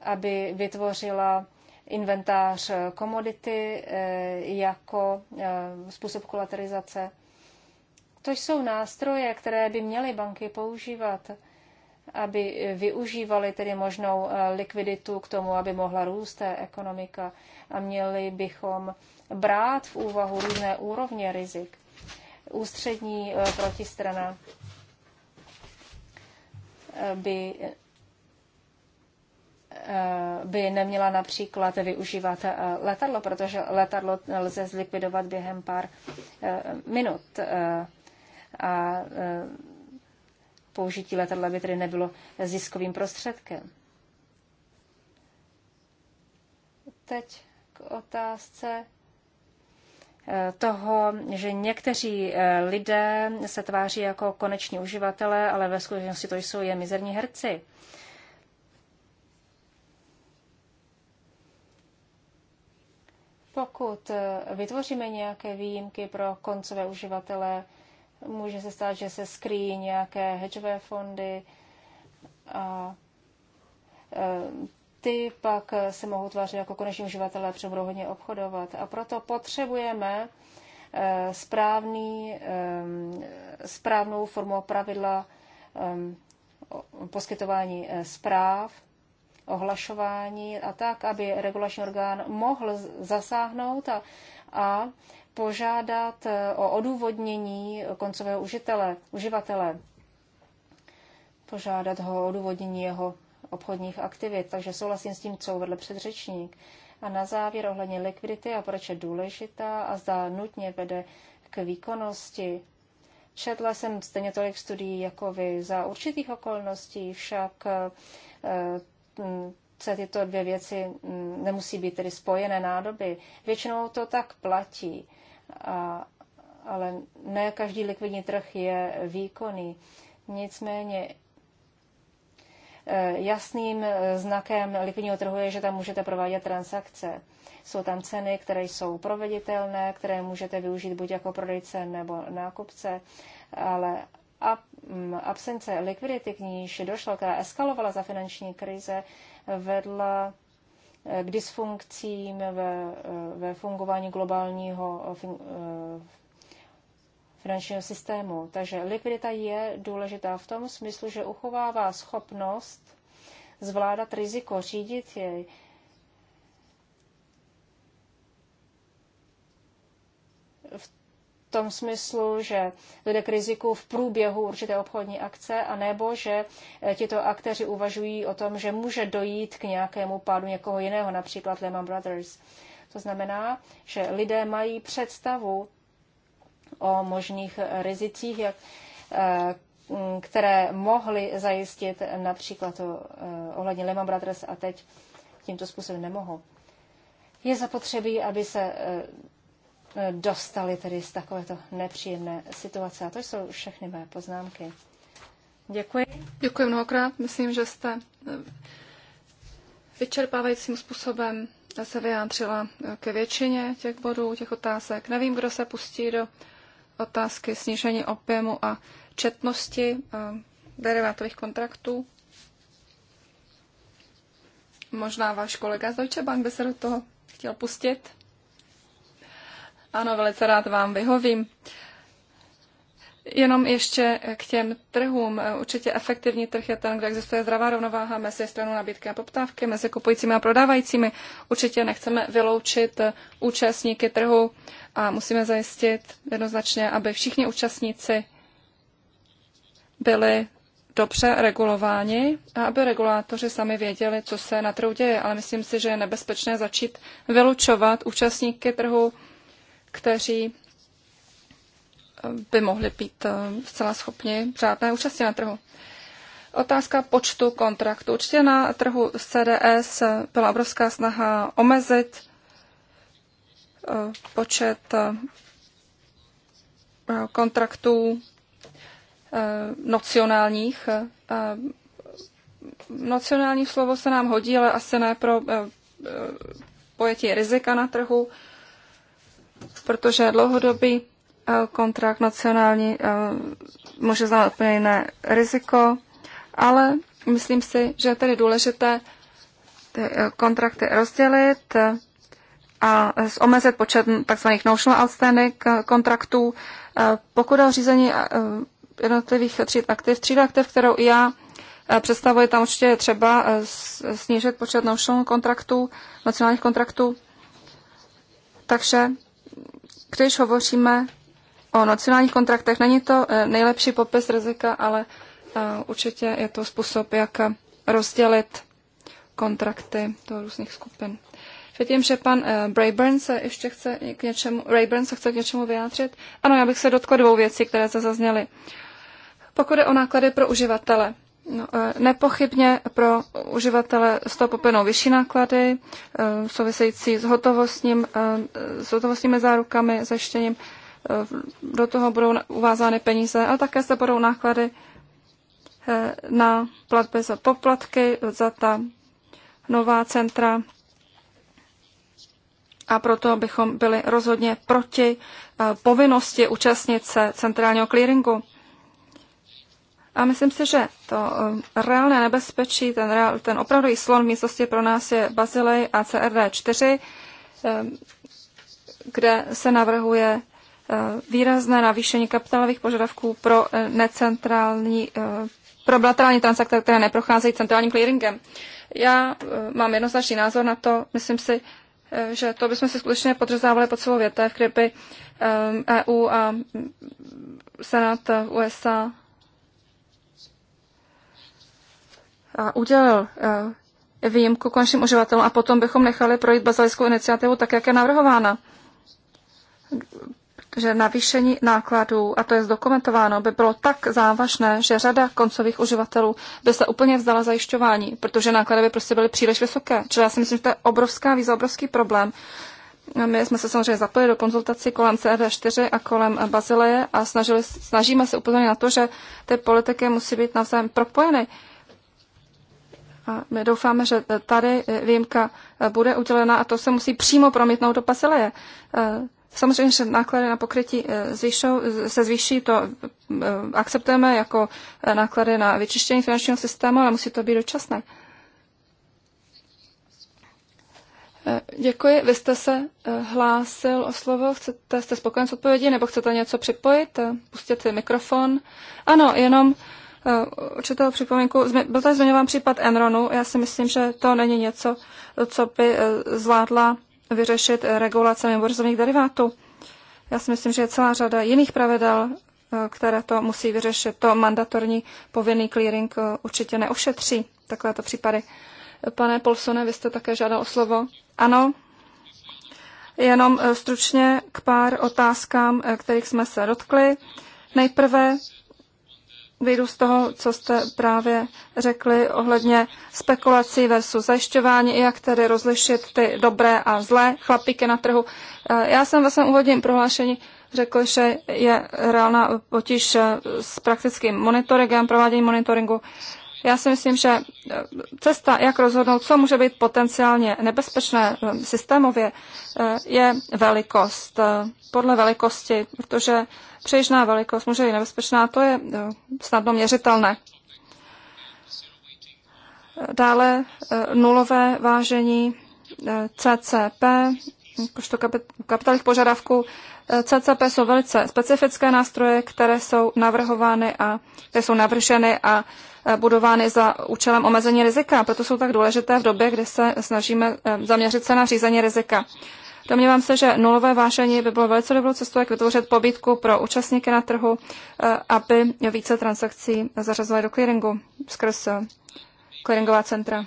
aby vytvořila inventář komodity eh, jako způsob kolaterizace. To jsou nástroje, které by měly banky používat aby využívali tedy možnou eh, likviditu k tomu, aby mohla růst té ekonomika a měli bychom brát v úvahu různé úrovně rizik. Ústřední eh, protistrana eh, by by neměla například využívat letadlo, protože letadlo lze zlikvidovat během pár minut. A použití letadla by tedy nebylo ziskovým prostředkem. Teď k otázce eh, toho, že někteří eh, lidé se tváří jako koneční uživatelé, ale ve skutečnosti to jsou jen mizerní herci. Pokud eh, vytvoříme nějaké výjimky pro koncové uživatele, Může se stát, že se skryjí nějaké hedžové fondy a e, ty pak se mohou tvářit jako koneční uživatelé, protože budou hodně obchodovat. A proto potřebujeme e, správný, e, správnou formu pravidla poskytování zpráv, ohlašování a tak, aby regulační orgán mohl zasáhnout a, a požádat eh, o odůvodnění koncového užitele, uživatele, požádat ho o odůvodnění jeho obchodních aktivit. Takže souhlasím s tím, co uvedl předřečník. A na závěr ohledně likvidity a proč je důležitá a zda nutně vede k výkonnosti. Četla jsem stejně tolik studií jako vy. Za určitých okolností však eh, mm, se tyto dvě věci mm, nemusí být tedy spojené nádoby. Většinou to tak platí a, ale ne každý likvidní trh je výkonný. Nicméně e, jasným e, znakem likvidního trhu je, že tam můžete provádět transakce. Jsou tam ceny, které jsou proveditelné, které můžete využít buď jako prodejce nebo nákupce, ale absence likvidity, k níž došlo, která eskalovala za finanční krize, vedla k dysfunkcím ve, ve fungování globálního eh, eh, finančního systému. Takže likvidita je důležitá v tom smyslu, že uchovává schopnost zvládat riziko, řídit jej, v tom smyslu, že dojde k riziku v průběhu určité obchodní akce, anebo že eh, tito akteři uvažují o tom, že může dojít k nějakému pádu někoho jiného, například Lehman Brothers. To znamená, že lidé mají představu o možných eh, rizicích, jak, eh, které mohly zajistit například to, ohledně Lehman Brothers a teď tímto způsobem nemohou. Je zapotřebí, aby se Eh, dostali tedy z takovéto nepříjemné situace. A to jsou všechny mé poznámky. Děkuji. Děkuji mnohokrát. Myslím, že jste eh, vyčerpávajícím způsobem se vyjádřila eh, ke většině těch bodů, těch otázek. Nevím, kdo se pustí do otázky snížení objemu a četnosti derivátových kontraktů. Možná váš kolega z Deutsche Bank by se do toho chtěl pustit. Ano, velice rád vám vyhovím. Jenom ještě k těm trhům. Určitě efektivní trh je ten, kde existuje zdravá rovnováha mezi stranou nabídky a poptávky, mezi kupujícími a prodávajícími. Určitě nechceme vyloučit účastníky trhu a musíme zajistit jednoznačně, aby všichni účastníci byli dobře regulováni a aby regulátoři sami věděli, co se na trhu děje. Ale myslím si, že je nebezpečné začít vylučovat účastníky trhu kteří by mohli být eh, zcela schopni řádné účasti na trhu. Otázka počtu kontraktů. Určitě na trhu s CDS byla obrovská snaha omezit eh, počet eh, kontraktů nocionálních. Nocionální slovo se nám hodí, ale asi ne pro pojetí rizika na trhu protože dlouhodobý eh, kontrakt nacionální eh, může znamenat úplně jiné riziko, ale myslím si, že je tedy důležité ty eh, kontrakty rozdělit a omezit počet tzv. notional outstanding kontraktů. Pokud o řízení jednotlivých tříd aktiv, tříd aktiv, kterou i já představuji, tam určitě je třeba snížit počet notional kontraktů, nacionálních kontraktů. Takže když hovoříme o nacionálních kontraktech, není to eh, nejlepší popis rizika, ale eh, určitě je to způsob, jak rozdělit kontrakty do různých skupin. Vidím, že pan eh, Rayburn se ještě chce k něčemu, Rayburn se chce k něčemu vyjádřit. Ano, já bych se dotkl dvou věcí, které se zazněly. Pokud je o náklady pro uživatele, No, e, nepochybně pro uživatele z toho poplynou vyšší náklady e, související s, hotovostním, e, s hotovostními zárukami, zajištěním. Do toho budou uvázány peníze, ale také se budou náklady na platby za poplatky, za ta nová centra. A proto bychom byli rozhodně proti povinnosti účastnit se centrálního clearingu. A myslím si, že to um, reálné nebezpečí, ten, reál, ten opravdový slon v místnosti pro nás je Bazilej a CRD4, um, kde se navrhuje uh, výrazné navýšení kapitálových požadavků pro uh, necentrální, uh, pro bilaterální transakce, které neprocházejí centrálním clearingem. Já mám jednoznačný názor na to. Myslím si, že to bychom si skutečně podřezávali pod celou větev, kdyby um, EU a mm, Senát USA udělil eh, výjimku konečným uživatelům a potom bychom nechali projít bazilickou iniciativu tak, jak je navrhována. Že navýšení nákladů, a to je zdokumentováno, by bylo tak závažné, že řada koncových uživatelů by se úplně vzdala zajišťování, protože náklady by prostě byly příliš vysoké. Čili já si myslím, že to je obrovská výzva, obrovský problém. My jsme se samozřejmě zapojili do konzultací kolem CD4 a kolem Bazileje a snažili, snažíme se upozornit na to, že ty politiky musí být navzájem propojeny a my doufáme, že tady výjimka bude udělena a to se musí přímo promítnout do pasileje. Samozřejmě, že náklady na pokrytí e, zvýšou, e, se zvýší, to e, akceptujeme jako náklady na vyčištění finančního systému, ale musí to být dočasné. Děkuji. Vy jste se hlásil o slovo. Chcete, jste spokojen s odpovědí nebo chcete něco připojit? Pustěte mikrofon. Ano, jenom Eh, určitou připomínku. Byl tady zmiňován případ Enronu. Já si myslím, že to není něco, co by eh, zvládla vyřešit eh, regulace burzovních derivátů. Já si myslím, že je celá řada jiných pravidel, které to musí vyřešit. To mandatorní povinný clearing určitě neošetří takovéto případy. Pane Polsone, vy jste také žádal o slovo. Ano, jenom stručně k pár otázkám, kterých jsme se dotkli. Nejprve vyjdu z toho, co jste právě řekli ohledně spekulací versus zajišťování, jak tedy rozlišit ty dobré a zlé chlapíky na trhu. Eh, já jsem ve svém úvodním prohlášení řekl, že je reálná potíž eh, s praktickým monitoringem, provádění monitoringu já si myslím, že eh, cesta, jak rozhodnout, co může být potenciálně nebezpečné eh, systémově, eh, je velikost. Podle velikosti, protože přílišná velikost může být nebezpečná, to je snadno měřitelné. Dále nulové vážení CCP jakožto kapitálních požadavků. Eh, CCP jsou velice specifické nástroje, které jsou navrhovány a které jsou navrženy a eh, budovány za účelem omezení rizika. Proto jsou tak důležité v době, kdy se snažíme eh, zaměřit se na řízení rizika. Domnívám se, že nulové vážení by bylo velice dobrou cestou, jak vytvořit pobídku pro účastníky na trhu, aby více transakcí zařazovali do clearingu skrz clearingová centra.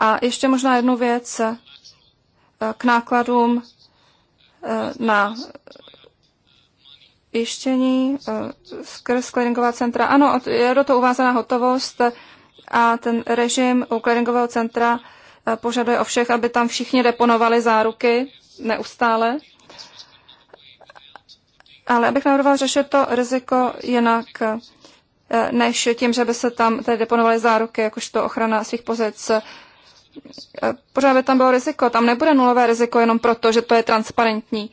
A ještě možná jednu věc eh, k nákladům eh, na jištění eh, skrz clearingová centra. Ano, je do toho uvázaná hotovost a ten režim u clearingového centra požaduje o všech, aby tam všichni deponovali záruky neustále. Ale abych navrhoval řešit to riziko jinak, než tím, že by se tam tady deponovaly záruky, jakožto ochrana svých pozic pořád by tam bylo riziko. Tam nebude nulové riziko jenom proto, že to je transparentní.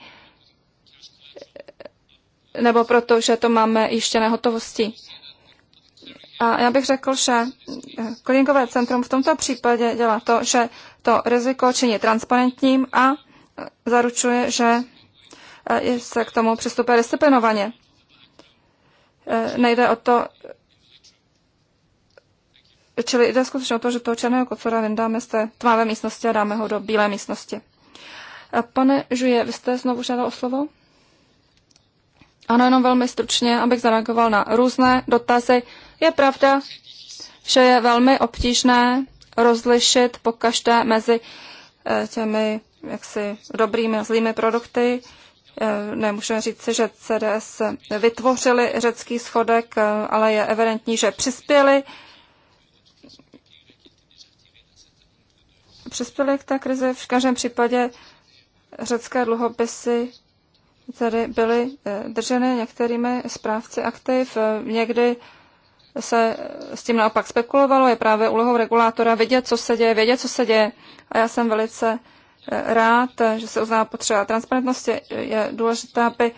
Nebo proto, že to máme ještě nehotovosti. A já bych řekl, že klinikové centrum v tomto případě dělá to, že to riziko činí transparentním a zaručuje, že se k tomu přistupuje disciplinovaně. Nejde o to, Čili jde skutečně o to, že toho černého kocora vyndáme z té tmavé místnosti a dáme ho do bílé místnosti. A pane Žuje, vy jste znovu žádal o slovo? Ano, jenom velmi stručně, abych zareagoval na různé dotazy. Je pravda, že je velmi obtížné rozlišit po každé mezi eh, těmi jaksi dobrými a zlými produkty. Eh, nemůžeme říct, že CDS vytvořili řecký schodek, eh, ale je evidentní, že přispěli přispěly k té krizi. V každém případě řecké dluhopisy tedy byly eh, drženy některými správci aktiv. Někdy se s tím naopak spekulovalo, je právě úlohou regulátora vědět, co se děje, vědět, co se děje. A já jsem velice eh, rád, že se uzná potřeba transparentnosti. Je důležité, aby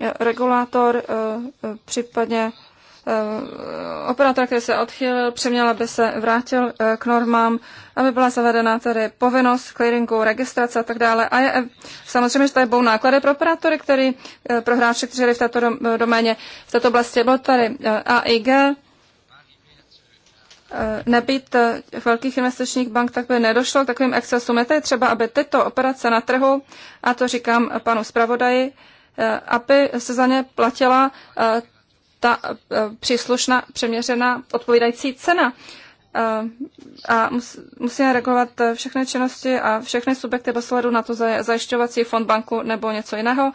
eh, regulátor, případně Eh, operátor, který se odchýlil, přeměl, by se vrátil eh, k normám, aby byla zavedena tedy povinnost clearingu, registrace a tak dále. A je eh, samozřejmě, že tady budou náklady pro operátory, který, pro hráče, kteří v této doméně, v této oblasti bylo tady AIG, nebýt velkých investičních bank, tak by nedošlo k takovým excesům. Je tady třeba, aby tyto operace na trhu, a to říkám panu zpravodaji, aby se za ně platila ta e, příslušná přeměřená odpovídající cena. E, a musíme regulovat všechny činnosti a všechny subjekty bez na to zajišťovací fond banku nebo něco jiného.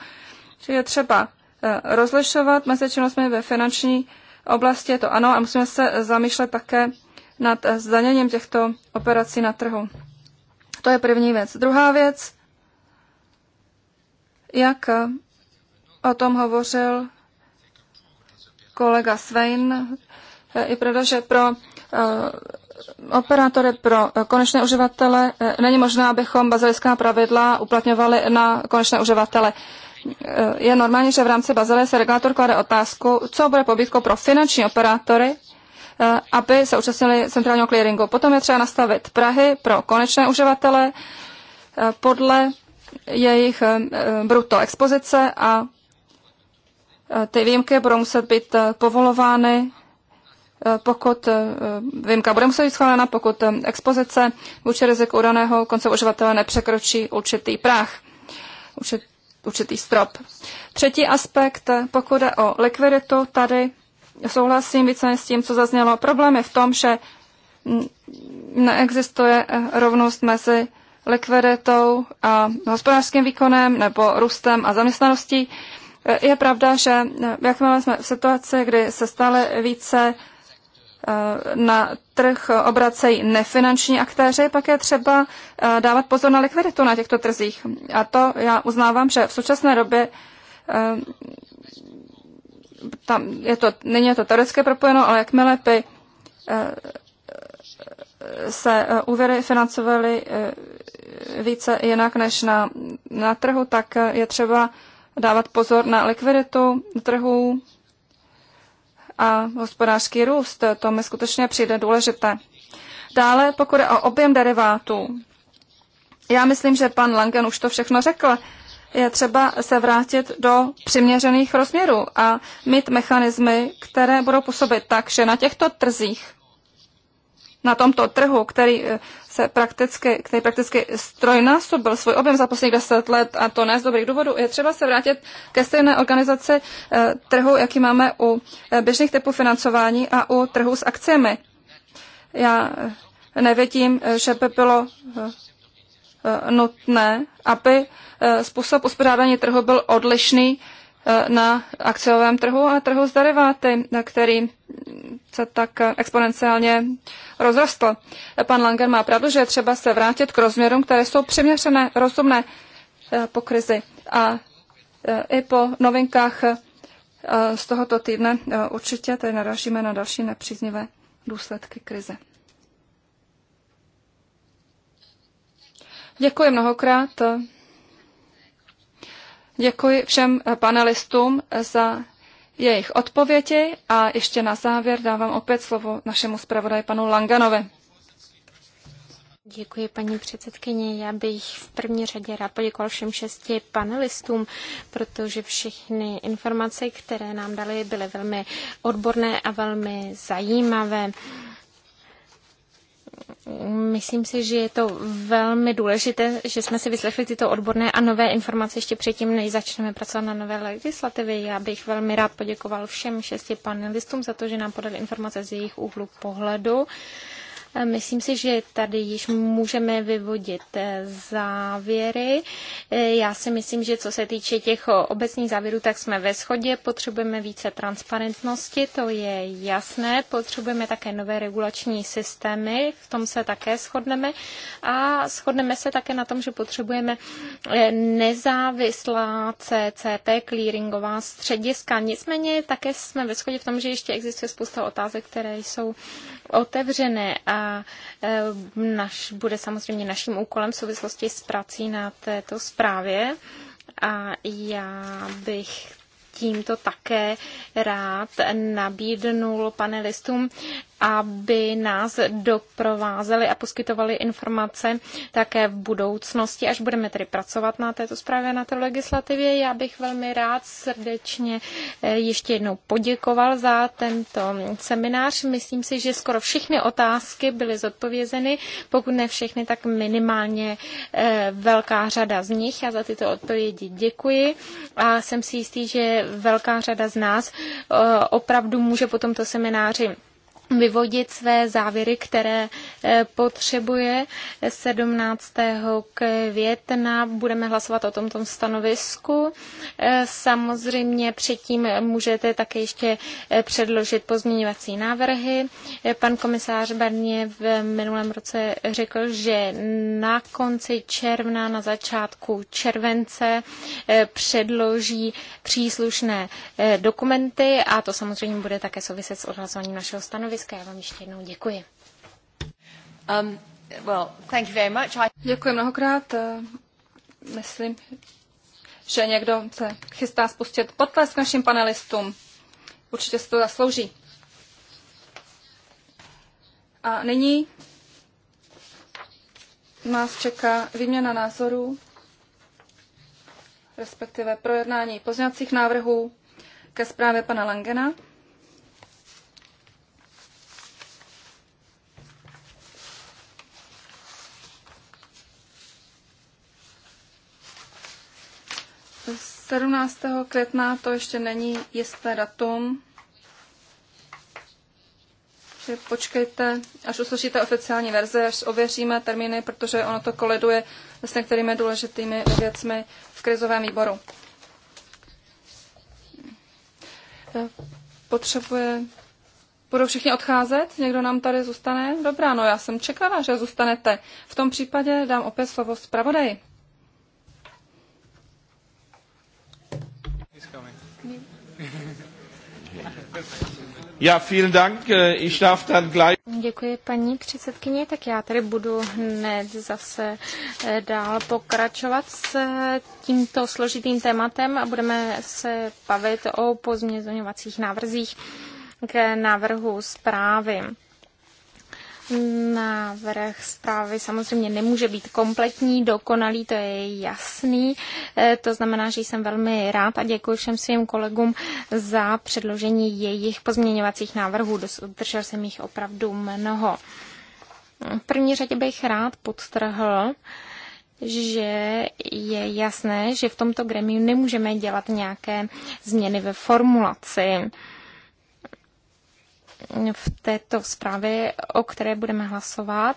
Čili je třeba e, rozlišovat mezi činnostmi ve finanční oblasti, je to ano, a musíme se zamýšlet také nad zdaněním těchto operací na trhu. To je první věc. Druhá věc, jak o tom hovořil kolega Svein, eh, je pravda, že pro eh, operátory, pro eh, konečné uživatele není možné, abychom bazilická pravidla uplatňovali na konečné uživatele. Je normální, že v rámci Bazile se regulátor klade otázku, co bude pobytko pro finanční operátory, aby se účastnili centrálního clearingu. Potom je třeba nastavit Prahy pro konečné uživatele podle jejich bruto expozice a Eh, ty výjimky budou muset být eh, povolovány, eh, pokud výjimka bude muset být schválena, pokud expozice vůči riziku daného konce uživatele nepřekročí určitý práh, určitý strop. Třetí aspekt, pokud je o likviditu, tady souhlasím více s tím, co zaznělo. Problém je v tom, že neexistuje rovnost mezi likviditou a hospodářským výkonem nebo růstem a zaměstnaností. Je pravda, že eh, jakmile jsme v situaci, kdy se stále více eh, na trh obracejí nefinanční aktéři, pak je třeba eh, dávat pozor na likviditu na těchto trzích. A to já uznávám, že v současné době tam je to, není to teoreticky propojeno, ale jakmile by se úvěry financovaly více jinak než na, na trhu, tak je třeba dávat pozor na likviditu trhů a hospodářský růst. To mi skutečně přijde důležité. Dále, pokud je o objem derivátů, já myslím, že pan Langen už to všechno řekl. Je třeba se vrátit do přiměřených rozměrů a mít mechanismy, které budou působit tak, že na těchto trzích na tomto trhu, který eh, se prakticky, který prakticky strojnásobil svůj objem za posledních deset let, a to ne z dobrých důvodů, je třeba se vrátit ke stejné organizaci eh, trhu, jaký máme u eh, běžných typů financování a u trhu s akcemi. Já nevidím, že by bylo nutné, aby způsob uspořádání trhu byl odlišný na akciovém trhu a trhu s deriváty, který se tak exponenciálně rozrostl. Pan Langer má pravdu, že je třeba se vrátit k rozměrům, které jsou přiměřené, rozumné eh, po krizi. A eh, i po novinkách eh, z tohoto týdne určitě tady narážíme na další nepříznivé důsledky krize. Děkuji mnohokrát. Děkuji všem panelistům za jejich odpovědi a ještě na závěr dávám opět slovo našemu zpravodaji panu Langanovi. Děkuji, paní předsedkyně. Já bych v první řadě rád poděkoval všem šesti panelistům, protože všechny informace, které nám dali, byly velmi odborné a velmi zajímavé. Myslím si, že je to velmi důležité, že jsme si vyslechli tyto odborné a nové informace ještě předtím, než začneme pracovat na nové legislativě. Já bych velmi rád poděkoval všem šesti panelistům za to, že nám podali informace z jejich úhlu pohledu. Myslím si, že tady již můžeme vyvodit eh, závěry. Eh, já si myslím, že co se týče těch eh, obecných závěrů, tak jsme ve shodě. Potřebujeme více transparentnosti, to je jasné. Potřebujeme také nové regulační systémy, v tom se také shodneme. A shodneme se také na tom, že potřebujeme nezávislá CCP, clearingová střediska. Nicméně také jsme ve shodě v tom, že ještě existuje spousta otázek, které jsou otevřené a eh, naš, bude samozřejmě naším úkolem v souvislosti s prací na této zprávě. A já bych tímto také rád nabídnul panelistům aby nás doprovázeli a poskytovali informace také v budoucnosti, až budeme tedy pracovat na této zprávě, na té legislativě. Já bych velmi rád srdečně eh, ještě jednou poděkoval za tento seminář. Myslím si, že skoro všechny otázky byly zodpovězeny, pokud ne všechny, tak minimálně eh, velká řada z nich. Já za tyto odpovědi děkuji a jsem si jistý, že velká řada z nás eh, opravdu může po tomto semináři vyvodit své závěry, které eh, potřebuje. 17. května budeme hlasovat o tomto stanovisku. Eh, samozřejmě předtím můžete také ještě eh, předložit pozměňovací návrhy. Pan komisář Barně v minulém roce řekl, že na konci června, na začátku července předloží příslušné dokumenty a to samozřejmě bude také souviset s odhlasováním našeho stanoviska. Já vám ještě jednou děkuji. Um, well, thank you very much. I... Děkuji mnohokrát. Myslím, že někdo se chystá spustit potlesk našim panelistům. Určitě se to zaslouží. A nyní nás čeká výměna názorů, respektive projednání pozněcích návrhů ke zprávě pana Langena. 17. května to ještě není jisté datum, že počkejte, až uslyšíte oficiální verze, až ověříme termíny, protože ono to koliduje s některými důležitými věcmi v krizovém výboru. Potřebuje... Budou všichni odcházet? Někdo nám tady zůstane? Dobrá, no já jsem čekala, že zůstanete. V tom případě dám opět slovo zpravodaji. vielen Dank. Äh, ich darf dann gleich... Děkuji, paní předsedkyně. Tak já tady budu hned zase eh, dál pokračovat s eh, tímto složitým tématem a budeme se bavit o pozměňovacích návrzích k návrhu zprávy. Návrh zprávy samozřejmě nemůže být kompletní, dokonalý, to je jasný. E, to znamená, že jsem velmi rád a děkuji všem svým kolegům za předložení jejich pozměňovacích návrhů. Držel jsem jich opravdu mnoho. V první řadě bych rád podtrhl, že je jasné, že v tomto gremiu nemůžeme dělat nějaké změny ve formulaci v této zprávě, o které budeme hlasovat.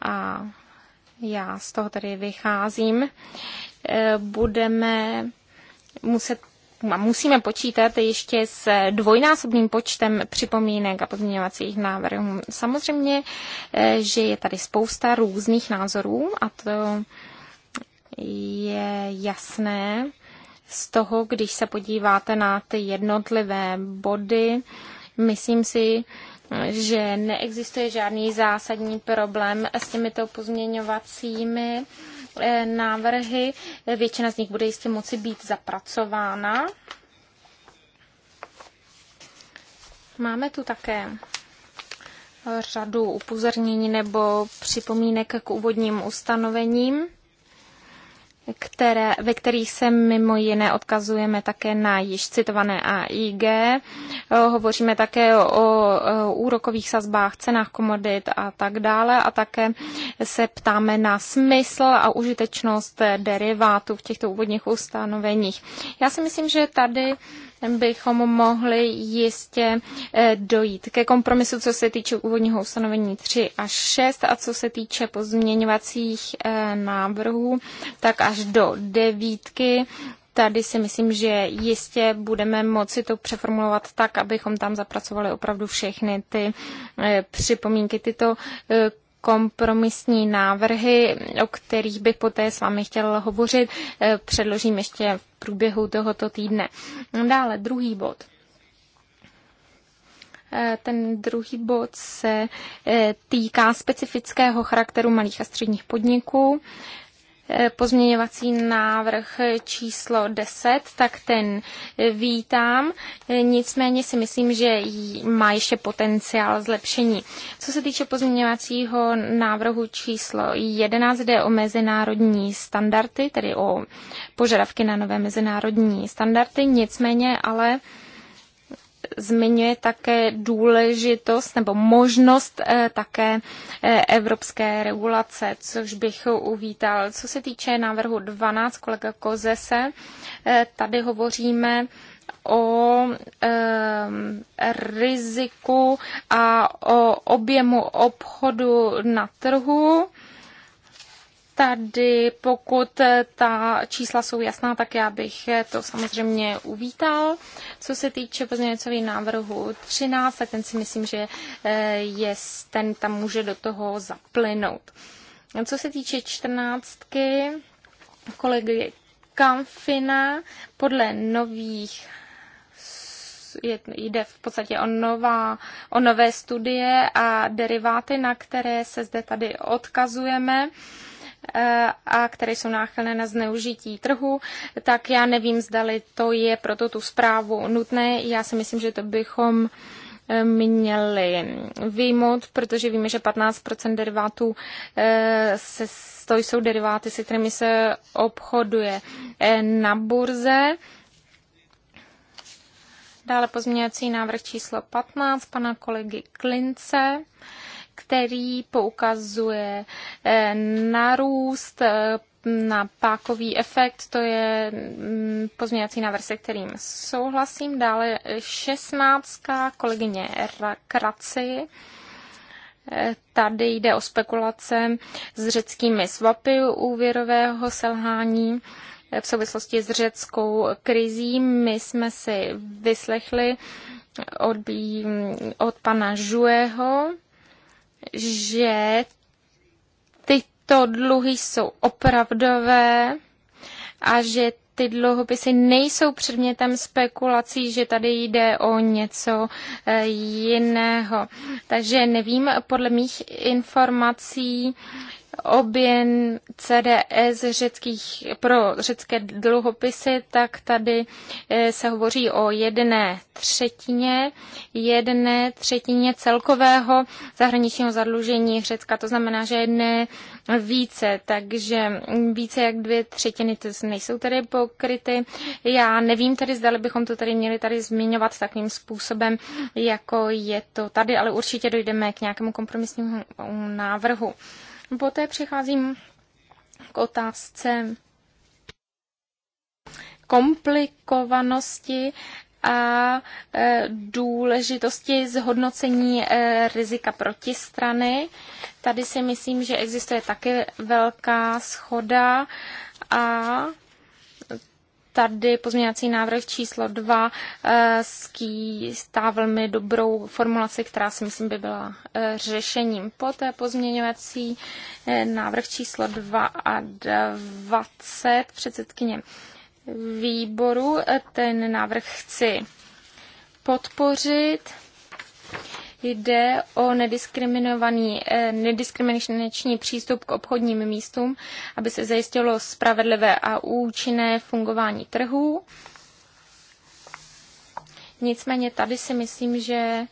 A já z toho tady vycházím. E, budeme muset musíme počítat ještě s dvojnásobným počtem připomínek a pozměňovacích návrhů. Samozřejmě, e, že je tady spousta různých názorů a to je jasné z toho, když se podíváte na ty jednotlivé body, Myslím si, že neexistuje žádný zásadní problém s těmito pozměňovacími eh, návrhy. Většina z nich bude jistě moci být zapracována. Máme tu také řadu upozornění nebo připomínek k úvodním ustanovením které, ve kterých se mimo jiné odkazujeme také na již citované AIG. Eh, hovoříme také o, o úrokových sazbách, cenách komodit a tak dále a také se ptáme na smysl a užitečnost derivátů v těchto úvodních ustanoveních. Já si myslím, že tady bychom mohli jistě eh, dojít ke kompromisu, co se týče úvodního ustanovení 3 až 6 a co se týče pozměňovacích eh, návrhů, tak až do devítky. Tady si myslím, že jistě budeme moci to přeformulovat tak, abychom tam zapracovali opravdu všechny ty eh, připomínky, tyto kompromisní návrhy, o kterých bych poté s vámi chtěl hovořit, předložím ještě průběhu tohoto týdne. Dále druhý bod. Eh, ten druhý bod se eh, týká specifického charakteru malých a středních podniků pozměňovací návrh číslo 10, tak ten vítám. Nicméně si myslím, že má ještě potenciál zlepšení. Co se týče pozměňovacího návrhu číslo 11, jde o mezinárodní standardy, tedy o požadavky na nové mezinárodní standardy. Nicméně ale zmiňuje také důležitost nebo možnost eh, také eh, evropské regulace, což bych uvítal. Co se týče návrhu 12 kolega Kozese, eh, tady hovoříme o e, riziku a o objemu obchodu na trhu tady, pokud ta čísla jsou jasná, tak já bych to samozřejmě uvítal. Co se týče pozměňovacího návrhu 13, tak ten si myslím, že eh, je, ten tam může do toho zaplynout. Co se týče čtrnáctky, kolegy Kamfina, podle nových je, jde v podstatě o, nová, o nové studie a deriváty, na které se zde tady odkazujeme. Eh, a které jsou náchylné na zneužití trhu, tak já nevím, zdali to je proto tu zprávu nutné. Já si myslím, že to bychom eh, měli výjmout, protože víme, že 15% derivátů eh, se, to jsou deriváty, se kterými se obchoduje na burze. Dále pozměňovací návrh číslo 15 pana kolegy Klince který poukazuje eh, na růst eh, na pákový efekt, to je mm, pozměňovací návrh, se kterým souhlasím. Dále 16. kolegyně Kraci. Eh, tady jde o spekulace s řeckými svapy úvěrového selhání v souvislosti s řeckou krizí. My jsme si vyslechli od, mm, od pana Žueho, že tyto dluhy jsou opravdové a že ty dluhopisy nejsou předmětem spekulací, že tady jde o něco eh, jiného. Takže nevím, podle mých informací objem CDS e řeckých, pro řecké dluhopisy, tak tady e, se hovoří o jedné třetině, jedné třetině celkového zahraničního zadlužení Řecka. To znamená, že jedné více, takže více jak dvě třetiny to nejsou tady pokryty. Já nevím tedy, zdali bychom to tady měli tady zmiňovat takovým způsobem, jako je to tady, ale určitě dojdeme k nějakému kompromisnímu návrhu. Poté přecházím k otázce komplikovanosti a e, důležitosti zhodnocení e, rizika protistrany. Tady si myslím, že existuje také velká schoda a tady pozměňovací návrh číslo 2 eh, skýstá velmi dobrou formulaci, která si myslím by byla eh, řešením. Poté pozměňovací eh, návrh číslo 2 a 20 předsedkyně výboru. Ten návrh chci podpořit jde o nediskriminovaný, eh, nediskriminační přístup k obchodním místům, aby se zajistilo spravedlivé a účinné fungování trhů. Nicméně tady si myslím, že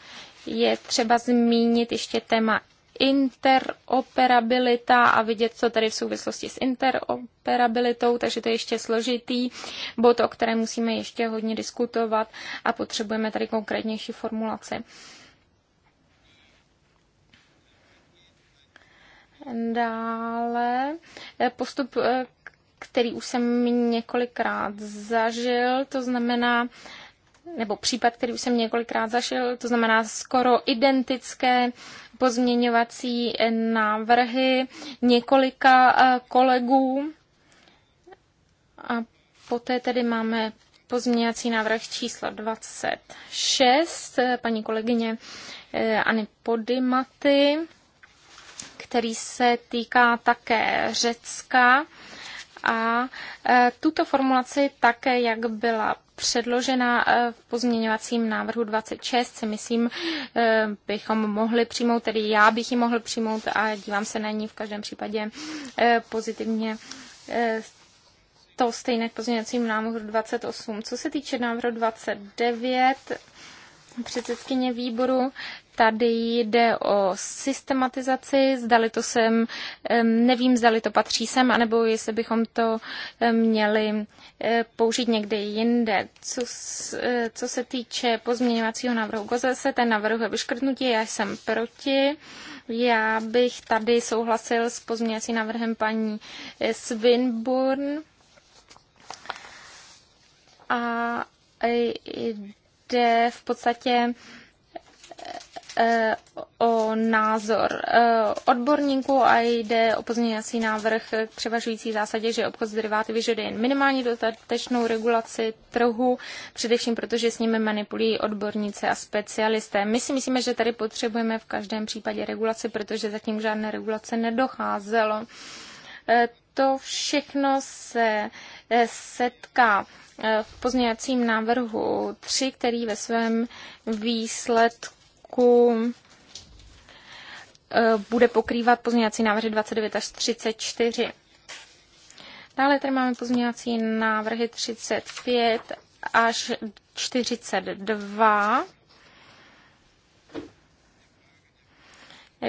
je třeba zmínit ještě téma interoperabilita a vidět, co tady v souvislosti s interoperabilitou, takže to je ještě složitý bod, o kterém musíme ještě hodně diskutovat a potřebujeme tady konkrétnější formulace. Dále eh, postup, eh, který už jsem několikrát zažil, to znamená, nebo případ, který už jsem několikrát zažil to znamená skoro identické pozměňovací eh, návrhy několika kolegů. A poté tedy máme pozměňovací návrh číslo 26, paní kolegyně Ani Podimaty který se týká také Řecka. A e, tuto formulaci také, jak byla předložena e, v pozměňovacím návrhu 26, si myslím, e, bychom mohli přijmout, tedy já bych ji mohl přijmout a dívám se na ní v každém případě pozitivně to stejné k pozměňovacím návrhu 28. Co se týče návrhu 29, předsedkyně výboru. Tady jde o systematizaci, zdali to sem, nevím, zdali to patří sem, anebo jestli bychom to měli e, použít někde jinde. Co, e, co se týče pozměňovacího návrhu Gozese, ten je vyškrtnutí, já jsem proti. Já bych tady souhlasil s pozměňovacím návrhem paní e, Swinburne. A jde v podstatě eh, eh, o názor eh, odborníků a jde o pozměňovací návrh k převažující zásadě, že obchod s deriváty vyžaduje jen minimální dostatečnou regulaci trhu, především protože s nimi manipulují odborníci a specialisté. My si myslíme, že tady potřebujeme v každém případě regulaci, protože zatím žádné regulace nedocházelo. To všechno se Eh, setká eh, v pozměňovacím návrhu 3, který ve svém výsledku eh, bude pokrývat pozměňovací návrhy 29 až 34. Dále tady máme pozměňovací návrhy 35 až 42.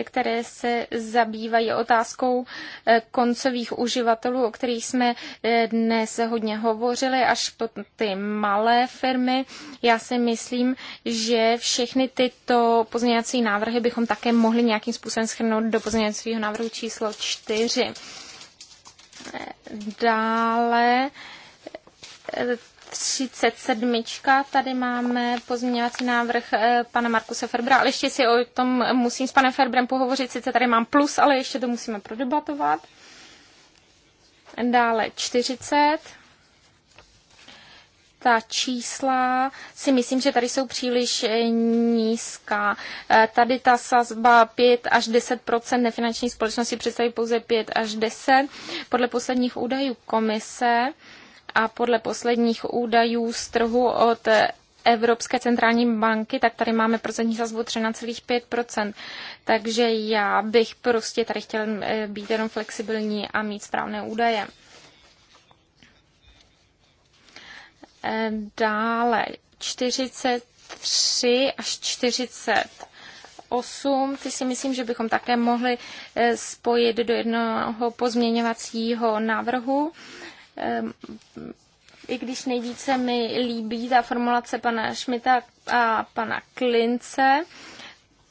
které se zabývají otázkou eh, koncových uživatelů, o kterých jsme eh, dnes hodně hovořili, až po ty malé firmy. Já si myslím, že všechny tyto pozměňovací návrhy bychom také mohli nějakým způsobem schrnout do pozměňovacího návrhu číslo 4. Eh, dále 37. Tady máme pozměňovací návrh eh, pana Markuse Ferbra, ale ještě si o tom musím s panem Ferbrem pohovořit. Sice tady mám plus, ale ještě to musíme prodebatovat. Dále 40. Ta čísla si myslím, že tady jsou příliš eh, nízká. Eh, tady ta sazba 5 až 10 nefinanční společnosti představí pouze 5 až 10 podle posledních údajů komise a podle posledních údajů z trhu od Evropské centrální banky, tak tady máme procentní sazbu 13,5%. Takže já bych prostě tady chtěl eh, být jenom flexibilní a mít správné údaje. Eh, dále 43 až 40 8, ty si myslím, že bychom také mohli eh, spojit do jednoho pozměňovacího návrhu. Ehm, i když nejvíce mi líbí ta formulace pana Šmita a pana Klince,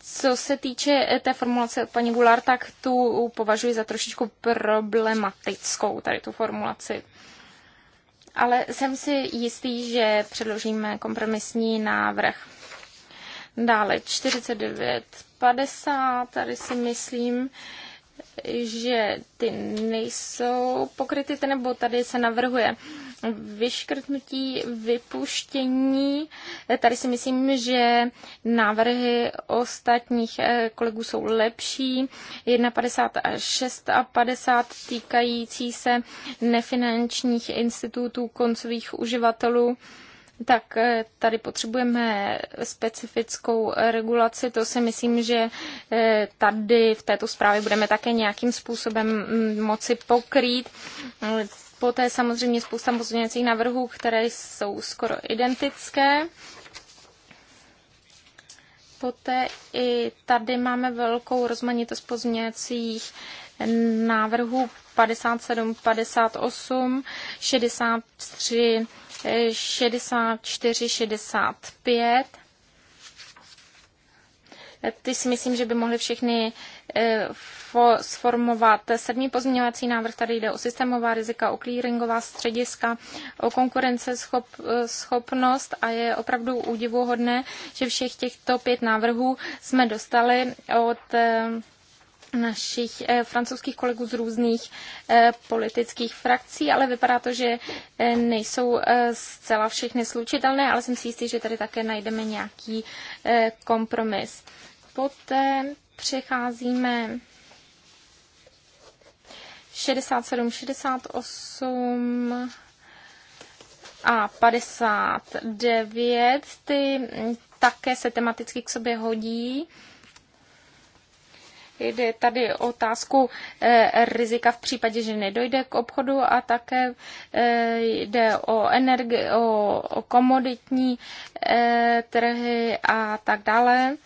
co se týče eh, té formulace od paní Gular, tak tu považuji za trošičku problematickou, tady tu formulaci. Ale jsem si jistý, že předložíme kompromisní návrh. Dále 49, 50, tady si myslím, že ty nejsou pokryty, nebo tady se navrhuje vyškrtnutí, vypuštění. Tady si myslím, že návrhy ostatních eh, kolegů jsou lepší. 1,50 a 50 týkající se nefinančních institutů koncových uživatelů tak eh, tady potřebujeme specifickou regulaci. To si myslím, že eh, tady v této zprávě budeme také nějakým způsobem mm, moci pokrýt. Eh, poté samozřejmě spousta pozměňovacích návrhů, které jsou skoro identické. Poté i tady máme velkou rozmanitost pozměňovacích návrhů 57, 58, 63, 64, 65. Ty si myslím, že by mohly všechny eh, sformovat. Sedmý pozměňovací návrh, tady jde o systémová rizika, o clearingová střediska, o konkurenceschopnost eh, a je opravdu údivuhodné, že všech těchto pět návrhů jsme dostali od eh, našich eh, francouzských kolegů z různých eh, politických frakcí, ale vypadá to, že eh, nejsou zcela všechny slučitelné, ale jsem si jistý, že tady také najdeme nějaký kompromis. Poté přecházíme 67, 68 a 59. Ty také se tematicky k sobě hodí. Jde tady o otázku eh, rizika v případě, že nedojde k obchodu a také eh, jde o, energi- o, o komoditní eh, trhy a tak dále.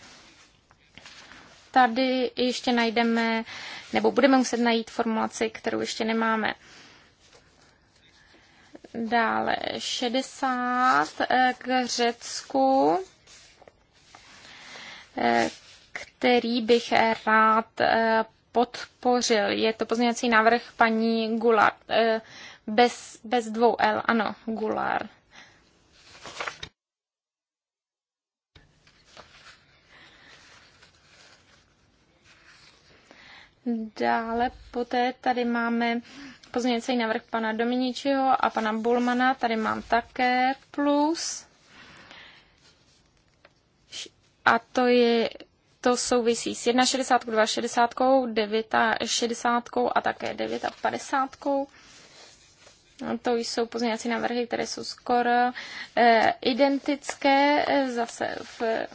Tady ještě najdeme, nebo budeme muset najít formulaci, kterou ještě nemáme. Dále 60 k Řecku který bych rád eh, podpořil. Je to pozměňovací návrh paní Gular. Eh, bez, bez dvou L, ano, Gular. Dále poté tady máme pozměňovací návrh pana Dominičiho a pana Bulmana. Tady mám také plus. A to je to souvisí s 61, 62, 9, a také 9 To jsou pozměňovací návrhy, které jsou skoro eh, identické, eh, zase v, eh,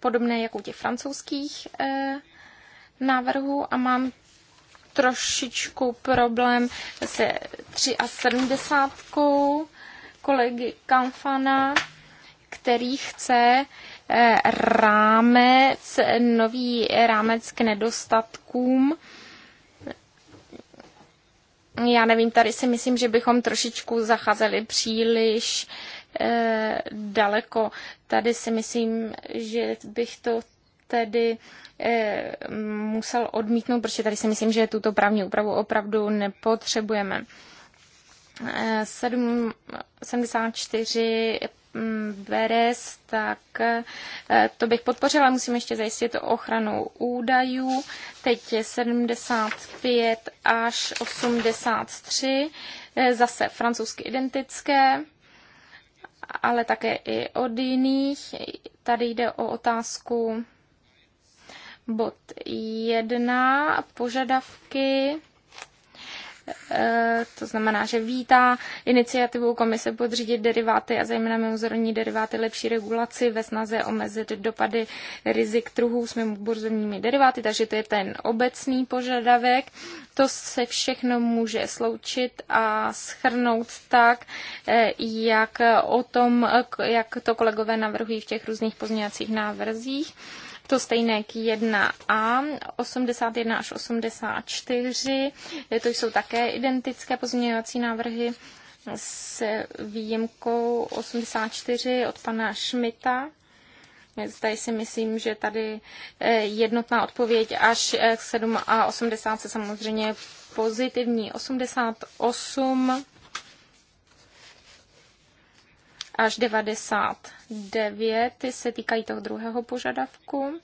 podobné jako u těch francouzských eh, návrhů a mám trošičku problém se 73 kolegy Kamfana, který chce eh, rámec, nový rámec k nedostatkům. Já nevím, tady si myslím, že bychom trošičku zacházeli příliš eh, daleko. Tady si myslím, že bych to tedy eh, musel odmítnout, protože tady si myslím, že tuto právní úpravu opravdu nepotřebujeme. 74 mm, Beres, tak e, to bych podpořila. Musím ještě zajistit ochranu údajů. Teď je 75 až 83, e, zase francouzsky identické, ale také i od jiných. Tady jde o otázku bod 1, požadavky Eh, to znamená, že vítá iniciativu komise podřídit deriváty a zejména mimozorní deriváty lepší regulaci ve snaze omezit dopady rizik trhů s mimoburzovními deriváty, takže to je ten obecný požadavek. To se všechno může sloučit a schrnout tak, eh, jak o tom, jak to kolegové navrhují v těch různých pozměňovacích návrzích to stejné k 1a, 81 až 84, to jsou také identické pozměňovací návrhy s výjimkou 84 od pana Šmita. Zde si myslím, že tady eh, jednotná odpověď až eh, k 7 a 80 se samozřejmě pozitivní. 88 až 99, ty se týkají toho druhého požadavku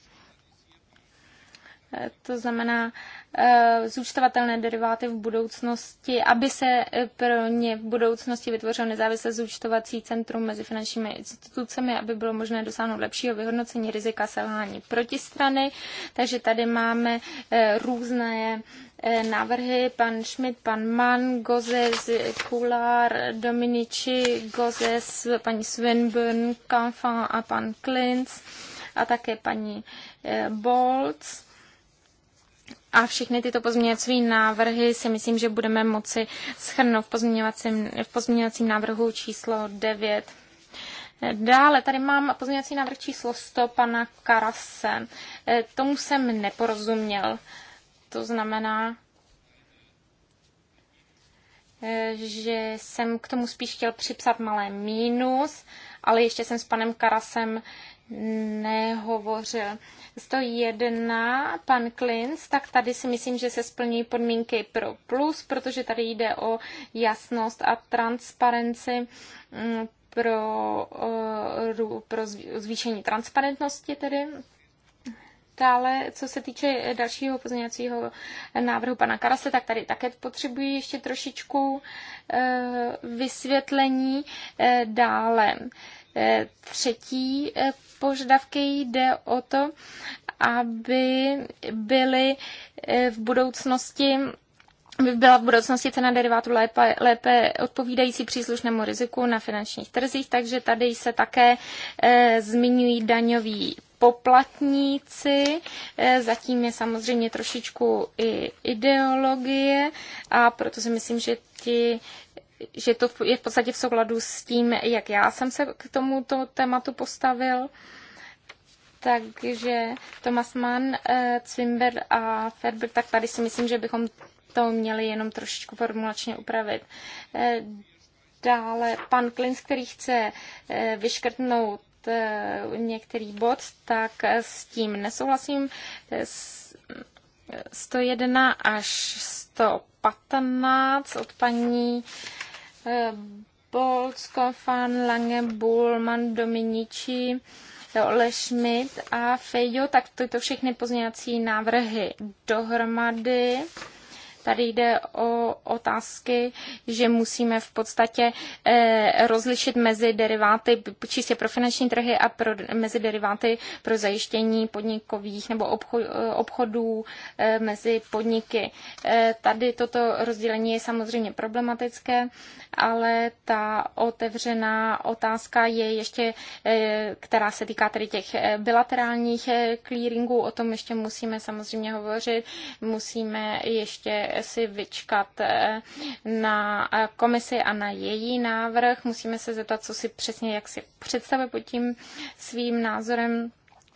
to znamená eh, zúčtovatelné deriváty v budoucnosti, aby se eh, pro ně v budoucnosti vytvořil nezávislé zúčtovací centrum mezi finančními institucemi, aby bylo možné dosáhnout lepšího vyhodnocení rizika selhání protistrany. Takže tady máme eh, různé návrhy, pan Schmidt, pan Mann, Gozes, Kular, Dominici, Gozes, paní Swinburne, Kamfan a pan Klintz a také paní Bolts. A všechny tyto pozměňovací návrhy si myslím, že budeme moci schrnout v pozměňovacím, v pozměňovacím návrhu číslo 9. Dále tady mám pozměňovací návrh číslo 100 pana Karase. E, tomu jsem neporozuměl. To znamená, e, že jsem k tomu spíš chtěl připsat malé mínus, ale ještě jsem s panem Karasem nehovořil. 101, pan Klins, tak tady si myslím, že se splní podmínky pro plus, protože tady jde o jasnost a transparenci mm, pro, eh, pro zvýšení transparentnosti tedy. Dále, co se týče dalšího pozměňovacího návrhu pana Karase, tak tady také potřebuji ještě trošičku eh, vysvětlení eh, dále. Eh, třetí eh, požadavky jde o to, aby byly eh, v budoucnosti by byla v budoucnosti cena derivátu lépe, lépe odpovídající příslušnému riziku na finančních trzích, takže tady se také e, zmiňují daňoví poplatníci, e, zatím je samozřejmě trošičku i ideologie a proto si myslím, že ti že to je v podstatě v souladu s tím, jak já jsem se k tomuto tématu postavil. Takže Thomas Mann, Cwimber eh, a Ferber, tak tady si myslím, že bychom to měli jenom trošičku formulačně upravit. Eh, dále pan Klins, který chce eh, vyškrtnout některý bod, tak s tím nesouhlasím. 101 až 115 od paní eh, Bolc, Konfan, Lange, Bullman, Dominici, eh, Ole Schmidt a Fejo, tak to to všechny pozměňovací návrhy dohromady. Tady jde o otázky, že musíme v podstatě eh, rozlišit mezi deriváty čistě pro finanční trhy a pro, mezi deriváty pro zajištění podnikových nebo obchod, eh, obchodů eh, mezi podniky. Tady toto rozdělení je samozřejmě problematické, ale ta otevřená otázka je ještě, která se týká tedy těch bilaterálních clearingů, o tom ještě musíme samozřejmě hovořit, musíme ještě si vyčkat eh, na eh, komisi a na její návrh. Musíme se zeptat, co si přesně, jak si představuje pod tím svým názorem.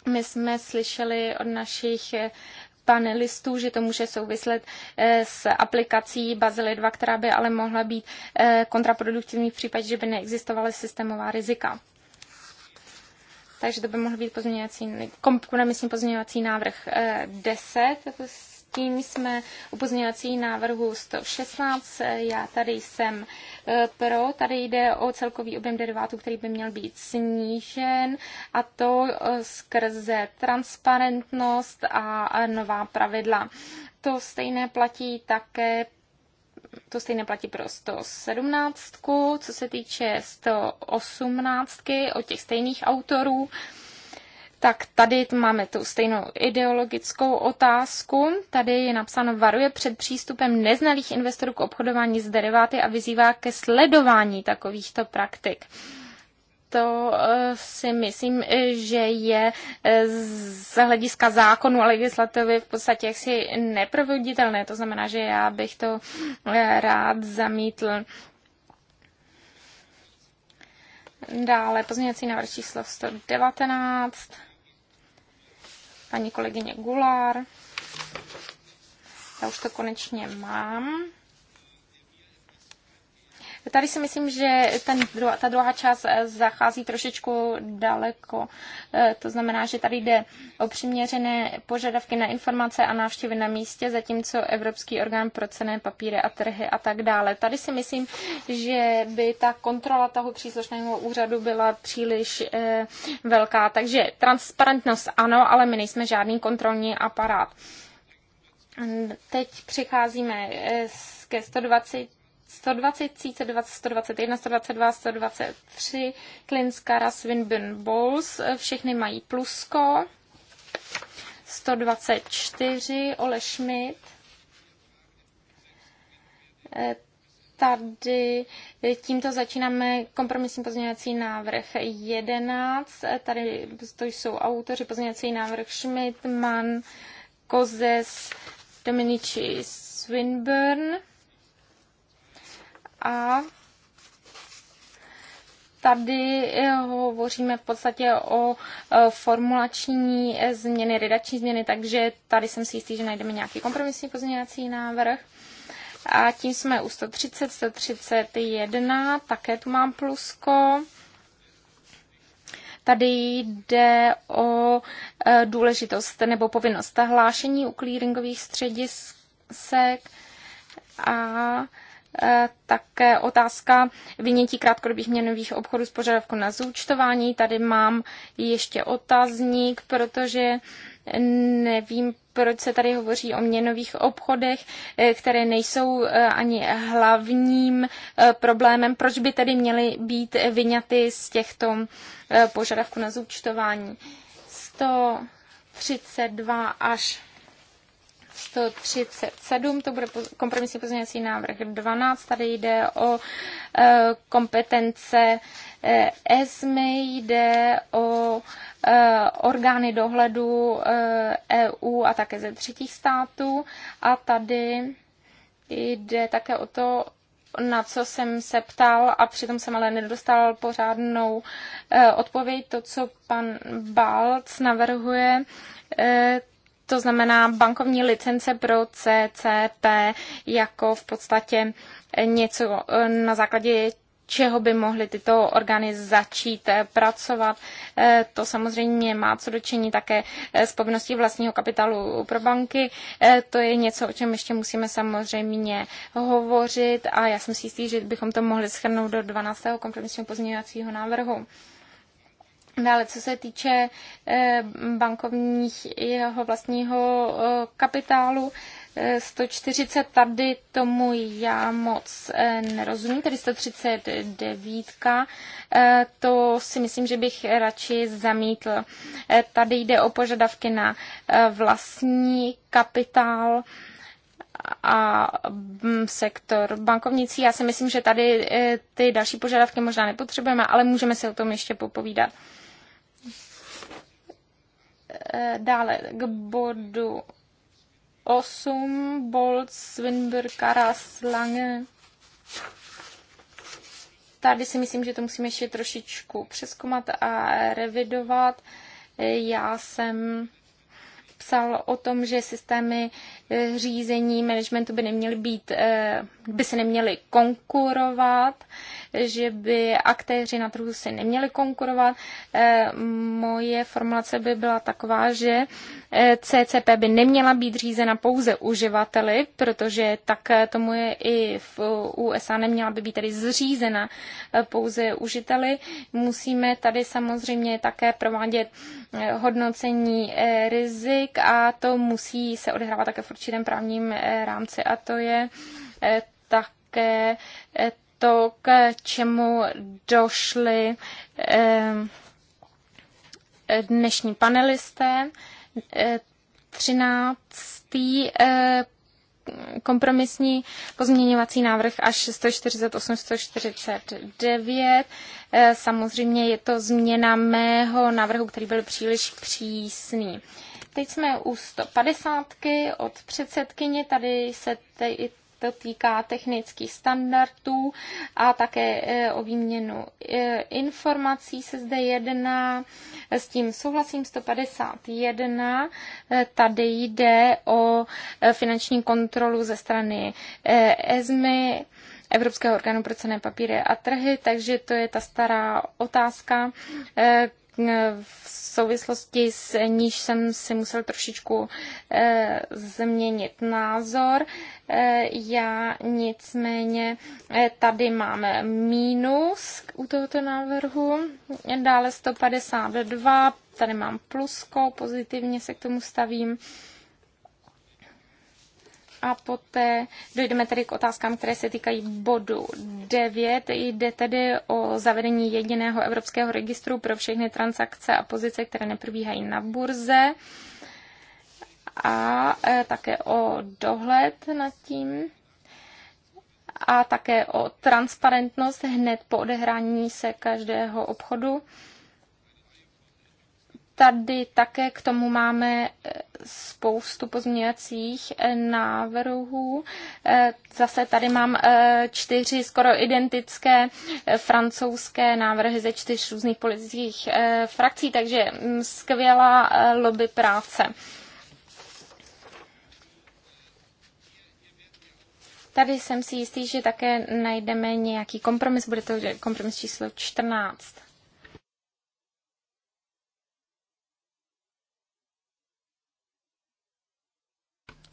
My jsme slyšeli od našich eh, panelistů, že to může souvislet s aplikací Bazily 2, která by ale mohla být kontraproduktivní v případě, že by neexistovaly systémová rizika. Takže to by mohl být pozměňovací, kompromisní pozměňovací návrh 10, tím jsme u pozměňovací návrhu 116. Já tady jsem e, pro. Tady jde o celkový objem derivátů, který by měl být snížen a to e, skrze transparentnost a nová pravidla. To stejné platí také to stejně platí pro 117, co se týče 118, od těch stejných autorů. Uh, tak tady máme tu stejnou ideologickou otázku. Tady je napsáno varuje před přístupem neznalých investorů k obchodování s deriváty a vyzývá ke sledování takovýchto praktik to eh, si myslím, eh, že je eh, z hlediska zákonu a legislativy v podstatě jaksi neproveditelné. To znamená, že já bych to rád zamítl. Dále pozměňovací návrh číslo 119 paní kolegyně Gular, Já už to konečně mám. Tady si myslím, že ten, ta druhá část eh, zachází trošičku daleko. Eh, to znamená, že tady jde o přiměřené požadavky na informace a návštěvy na místě, zatímco Evropský orgán pro cené papíry a trhy a tak dále. Tady si myslím, že by ta kontrola toho příslušného úřadu byla příliš eh, velká. Takže transparentnost ano, ale my nejsme žádný kontrolní aparát. Teď přicházíme ke 120 120, 121, 122, 123, Klinskara, Swinburne, Bowles, všechny mají plusko. 124, Ole Schmidt. Tady tímto začínáme kompromisní pozměňovací návrh 11. Tady to jsou autoři pozměňovací návrh Schmidt, Mann, Kozes, Dominici Swinburne a tady eh, hovoříme v podstatě o eh, formulační eh, změny, redační změny, takže tady jsem si jistý, že najdeme nějaký kompromisní pozměňovací návrh. A tím jsme u 130, 131, také tu mám plusko. Tady jde o důležitost nebo povinnost hlášení u clearingových středisek a Eh, také otázka vynětí krátkodobých měnových obchodů z požadavku na zúčtování. Tady mám ještě otazník, protože nevím, proč se tady hovoří o měnových obchodech, eh, které nejsou eh, ani hlavním problémem. Proč by tedy měly být vyňaty z těchto požadavků na zúčtování? 132 až 137, to bude kompromisní pozměňovací návrh 12, tady jde o e, kompetence e, ESMY, jde o e, orgány dohledu EU a také ze třetích států a tady jde také o to, na co jsem se ptal a přitom jsem ale nedostal pořádnou odpověď. To, co pan Balc navrhuje, to znamená bankovní licence pro CCP jako v podstatě něco eh, na základě čeho by mohly tyto orgány začít eh, pracovat. Eh, to samozřejmě má co dočení také s povinností vlastního kapitálu pro banky. To je něco, o čem ještě musíme samozřejmě hovořit a já jsem si jistý, že bychom to mohli schrnout do 12. kompromisního pozměňovacího návrhu. Dále, no, co se týče eh, bankovních jeho vlastního eh, kapitálu, 140 eh, tady tomu já moc nerozumím, tedy 139, to si myslím, že bych radši zamítl. Tady jde o požadavky na vlastní kapitál a mm, sektor bankovnicí. Já si myslím, že tady ty další požadavky možná nepotřebujeme, ale můžeme si o tom ještě popovídat. Eh, dále k bodu 8, Bolt, Swinburne, Karas, Lange. Tady si myslím, že to musíme ještě trošičku přeskomat a revidovat. Eh, já jsem psal o tom, že systémy e, řízení managementu by neměly být, e, by se neměly konkurovat, že by aktéři na trhu si neměli konkurovat. E, moje formulace by byla taková, že Eh, CCP by neměla být řízena pouze uživateli, protože tak eh, tomu je i v USA, neměla by být tedy zřízena eh, pouze užiteli. Musíme tady samozřejmě také provádět hodnocení rizik a to musí se odehrávat také v určitém právním rámci a to je také to, k čemu došli dnešní panelisté. 13. Eh, kompromisní pozměňovací návrh až 148, 149. Eh, samozřejmě je to změna mého návrhu, který byl příliš přísný. Teď jsme u 150 od předsedkyně, tady se to týká technických standardů a také e, o výměnu e, informací se zde jedná. S tím souhlasím 151. E, tady jde o finanční kontrolu ze strany ESMY. Evropského orgánu pro cené papíry a trhy, takže to je ta stará otázka, Eh, v souvislosti s níž jsem si musel trošičku e, změnit názor. E, já nicméně e, tady máme mínus u tohoto návrhu, dále 152, tady mám plusko, pozitivně se k tomu stavím. E, a poté dojdeme tedy k otázkám, které se týkají bodu 9. Jde tedy o zavedení jediného evropského registru pro všechny transakce a pozice, které neprobíhají na burze a e, také o dohled nad tím a také o transparentnost hned po odehrání se každého obchodu. Tady také k tomu máme eh, spoustu pozměňovacích eh, návrhů. Eh, zase tady mám čtyři skoro identické francouzské návrhy ze čtyř různých politických frakcí, takže mm, skvělá lobby práce. Tady jsem si jistý, že také najdeme nějaký kompromis, bude to kompromis číslo 14.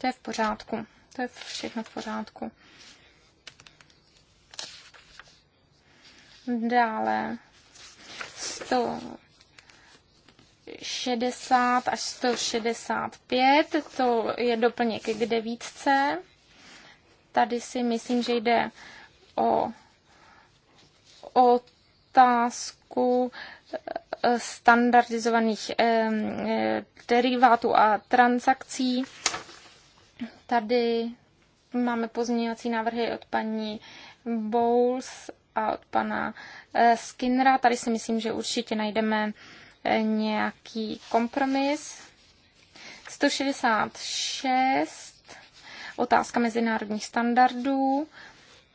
To je v pořádku. To je všechno v pořádku. Dále 160 až 165, to je doplněk k devítce. Tady si myslím, že jde o otázku eh, standardizovaných eh, eh, derivátů a transakcí. Tady máme pozměňovací návrhy od paní Bowles a od pana eh, Skinnera. Tady si myslím, že určitě najdeme eh, nějaký kompromis. 166, otázka mezinárodních standardů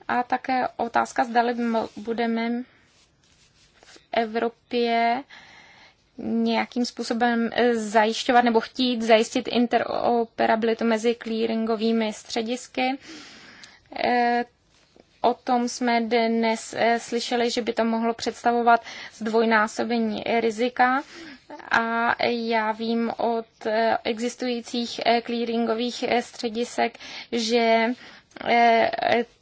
a také otázka, zda budeme v Evropě nějakým způsobem eh, zajišťovat nebo chtít zajistit interoperabilitu mezi clearingovými středisky. Eh, o tom jsme dnes eh, slyšeli, že by to mohlo představovat zdvojnásobení rizika a já vím od existujících clearingových středisek, že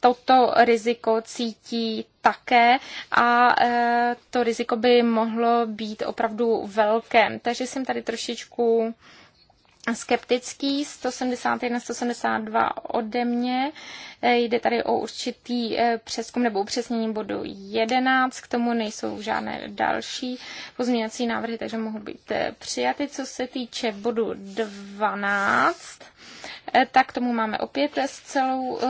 toto riziko cítí také a e, to riziko by mohlo být opravdu velké. Takže jsem tady trošičku skeptický, 171, 172 ode mě. Eh, jde tady o určitý eh, přeskum nebo upřesnění bodu 11. K tomu nejsou žádné další pozměňovací návrhy, takže mohou být eh, přijaty. Co se týče bodu 12, tak tomu máme opět z celou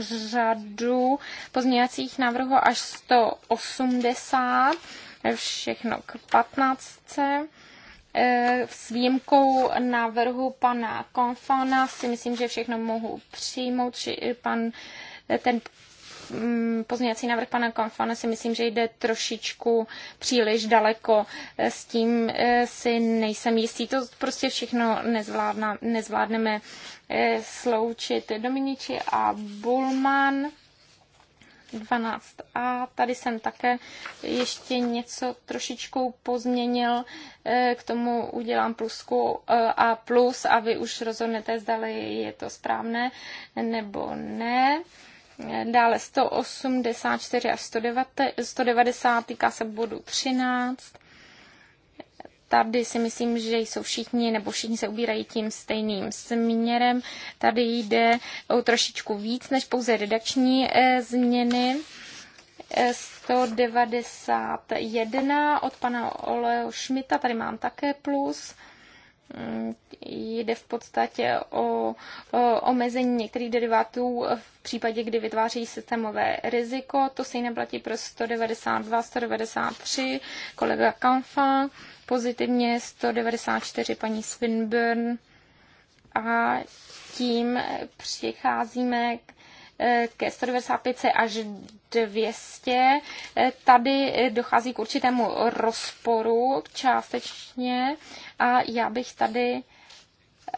řadu pozměňovacích návrhů až 180, všechno k 15. Eh, s výjimkou návrhu pana Konfana si myslím, že všechno mohu přijmout. Eh, pan, eh, ten mm, pozměňovací návrh pana Konfana si myslím, že jde trošičku příliš daleko. S tím si nejsem jistý. To prostě všechno nezvládneme sloučit Dominiči a Bulman. 12. A tady jsem také ještě něco trošičku pozměnil, eh, k tomu udělám plusku eh, a plus a vy už rozhodnete, zda je to správné nebo ne. Eh, dále 184 190, 190, týká se bodu 13 tady si myslím, že jsou všichni, nebo všichni se ubírají tím stejným směrem. Tady jde o trošičku víc než pouze redakční eh, změny. 191 eh, od pana Oleo Šmita, tady mám také plus. Mm, jde v podstatě o, o omezení některých derivátů v případě, kdy vytváří systémové riziko. To se neplatí pro 192, 193, kolega Kanfa, pozitivně 194, paní Swinburne. A tím přicházíme k Eh, ke 195 až 200. Eh, tady eh, dochází k určitému rozporu částečně a já bych tady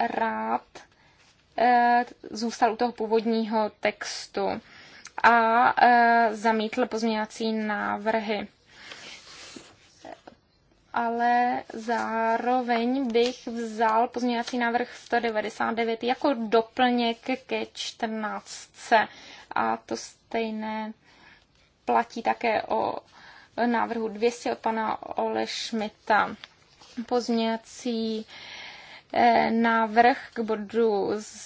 rád zůstal u toho původního textu a zamítl pozměňovací návrhy ale zároveň bych vzal pozměňovací návrh 199 jako doplněk ke 14. A to stejné platí také o návrhu 200 od pana Ole Schmidta. Pozměňovací eh, návrh k bodu z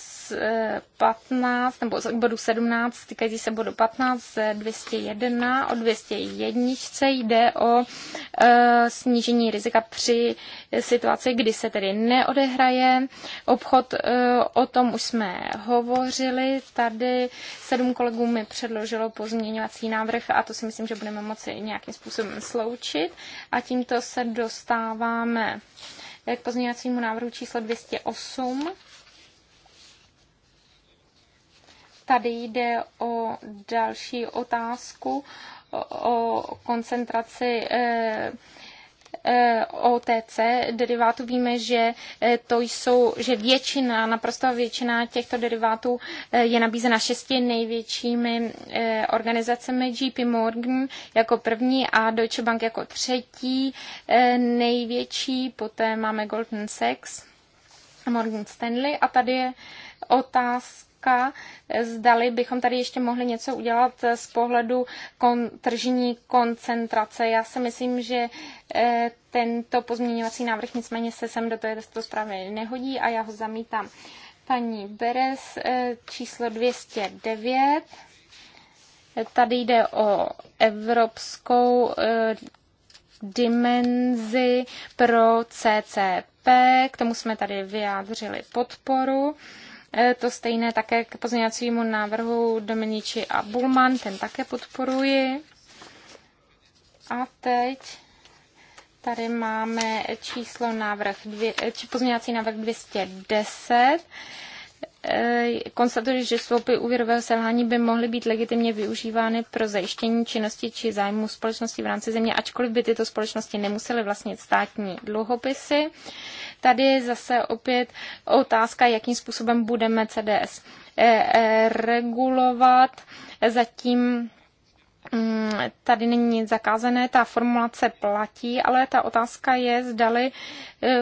15, nebo z bodu 17, týkající se bodu 15, 201. O 201 jde o e, snížení rizika při situaci, kdy se tedy neodehraje obchod. E, o tom už jsme hovořili. Tady sedm kolegů mi předložilo pozměňovací návrh a to si myslím, že budeme moci nějakým způsobem sloučit. A tímto se dostáváme k pozměňovacímu návrhu číslo 208. Tady jde o další otázku, o koncentraci eh, eh, OTC derivátů víme, že eh, to jsou, že většina, naprosto většina těchto derivátů je nabízena šesti největšími organizacemi GP Morgan jako první a Deutsche Bank jako třetí největší, poté máme Goldman Sachs, Morgan Stanley a tady je otázka, otázka, zdali bychom tady ještě mohli něco udělat z pohledu kon, tržní koncentrace. Já si myslím, že eh, tento pozměňovací návrh nicméně se sem do této zprávy nehodí a já ho zamítám. Paní Beres, eh, číslo 209. Tady jde o evropskou eh, dimenzi pro CCP, k tomu jsme tady vyjádřili podporu. Eh, to stejné také k pozměňovacímu návrhu Dominici a Bulman, ten také podporuji. A teď tady máme číslo návrh, dvě, eh, pozměňovací návrh 210. Eh, konstatuje, že sloupy úvěrového selhání by mohly být legitimně využívány pro zajištění činnosti či zájmu společnosti v rámci země, ačkoliv by tyto společnosti nemusely vlastnit státní dluhopisy. Tady zase opět otázka, jakým způsobem budeme CDS eh, eh, regulovat. Zatím mm, tady není nic zakázané, ta formulace platí, ale ta otázka je, zdali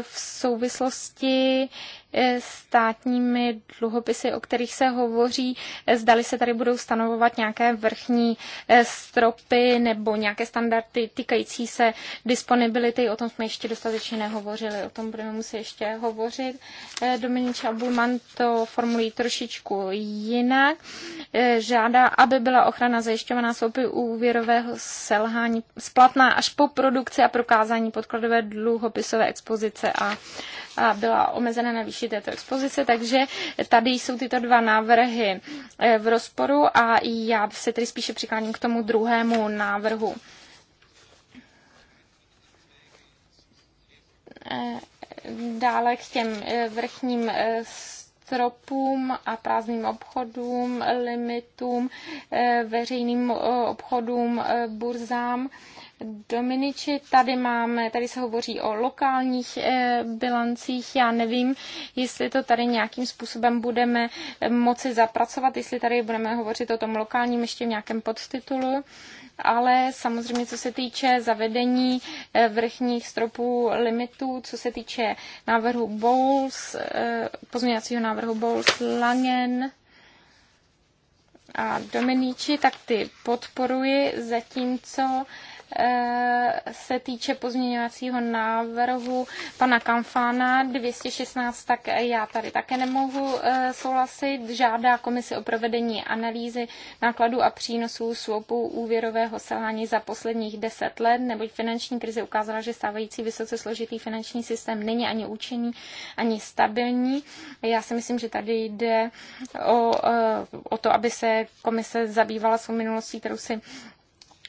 v souvislosti E, státními dluhopisy, o kterých se hovoří, e, zdali se tady budou stanovovat nějaké vrchní e, stropy nebo nějaké standardy týkající se disponibility. O tom jsme ještě dostatečně nehovořili, o tom budeme muset ještě hovořit. Dominič Abulman to formulí trošičku jinak. Žádá, aby byla ochrana zajišťovaná soupy úvěrového selhání splatná až po produkci a prokázání podkladové dluhopisové expozice a a byla omezena na výši této expozice, takže tady jsou tyto dva návrhy e, v rozporu a já se tedy spíše přikláním k tomu druhému návrhu. E, dále k těm e, vrchním stropům a prázdným obchodům, limitům, veřejným obchodům, burzám. Dominiči, tady máme, tady se hovoří o lokálních eh, bilancích. Já nevím, jestli to tady nějakým způsobem budeme eh, moci zapracovat, jestli tady budeme hovořit o tom lokálním ještě v nějakém podtitulu ale samozřejmě co se týče zavedení eh, vrchních stropů limitů, co se týče návrhu Bowles, pozměňovacího návrhu Bowles Langen a Dominici tak ty podporuji, zatímco Eh, se týče pozměňovacího návrhu pana Kamfána 216, tak já tady také nemohu eh, souhlasit. Žádá komisi o provedení analýzy nákladů a přínosů svopu úvěrového selhání za posledních deset let, neboť finanční krize ukázala, že stávající vysoce složitý finanční systém není ani účinný, ani stabilní. Já si myslím, že tady jde o, eh, o to, aby se komise zabývala svou minulostí, kterou si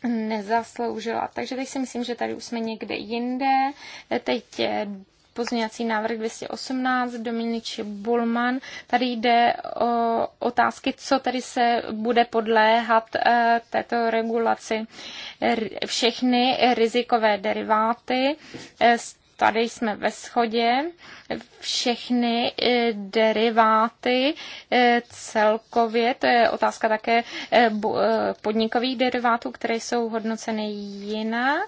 nezasloužila. Takže teď si myslím, že tady už jsme někde jinde. Teď pozměňací návrh 218 Dominiči Bulman. Tady jde o otázky, co tady se bude podléhat eh, této regulaci. Všechny rizikové deriváty s eh, Tady jsme ve schodě. Všechny eh, deriváty eh, celkově, to je otázka také eh, podnikových derivátů, které jsou hodnoceny jinak.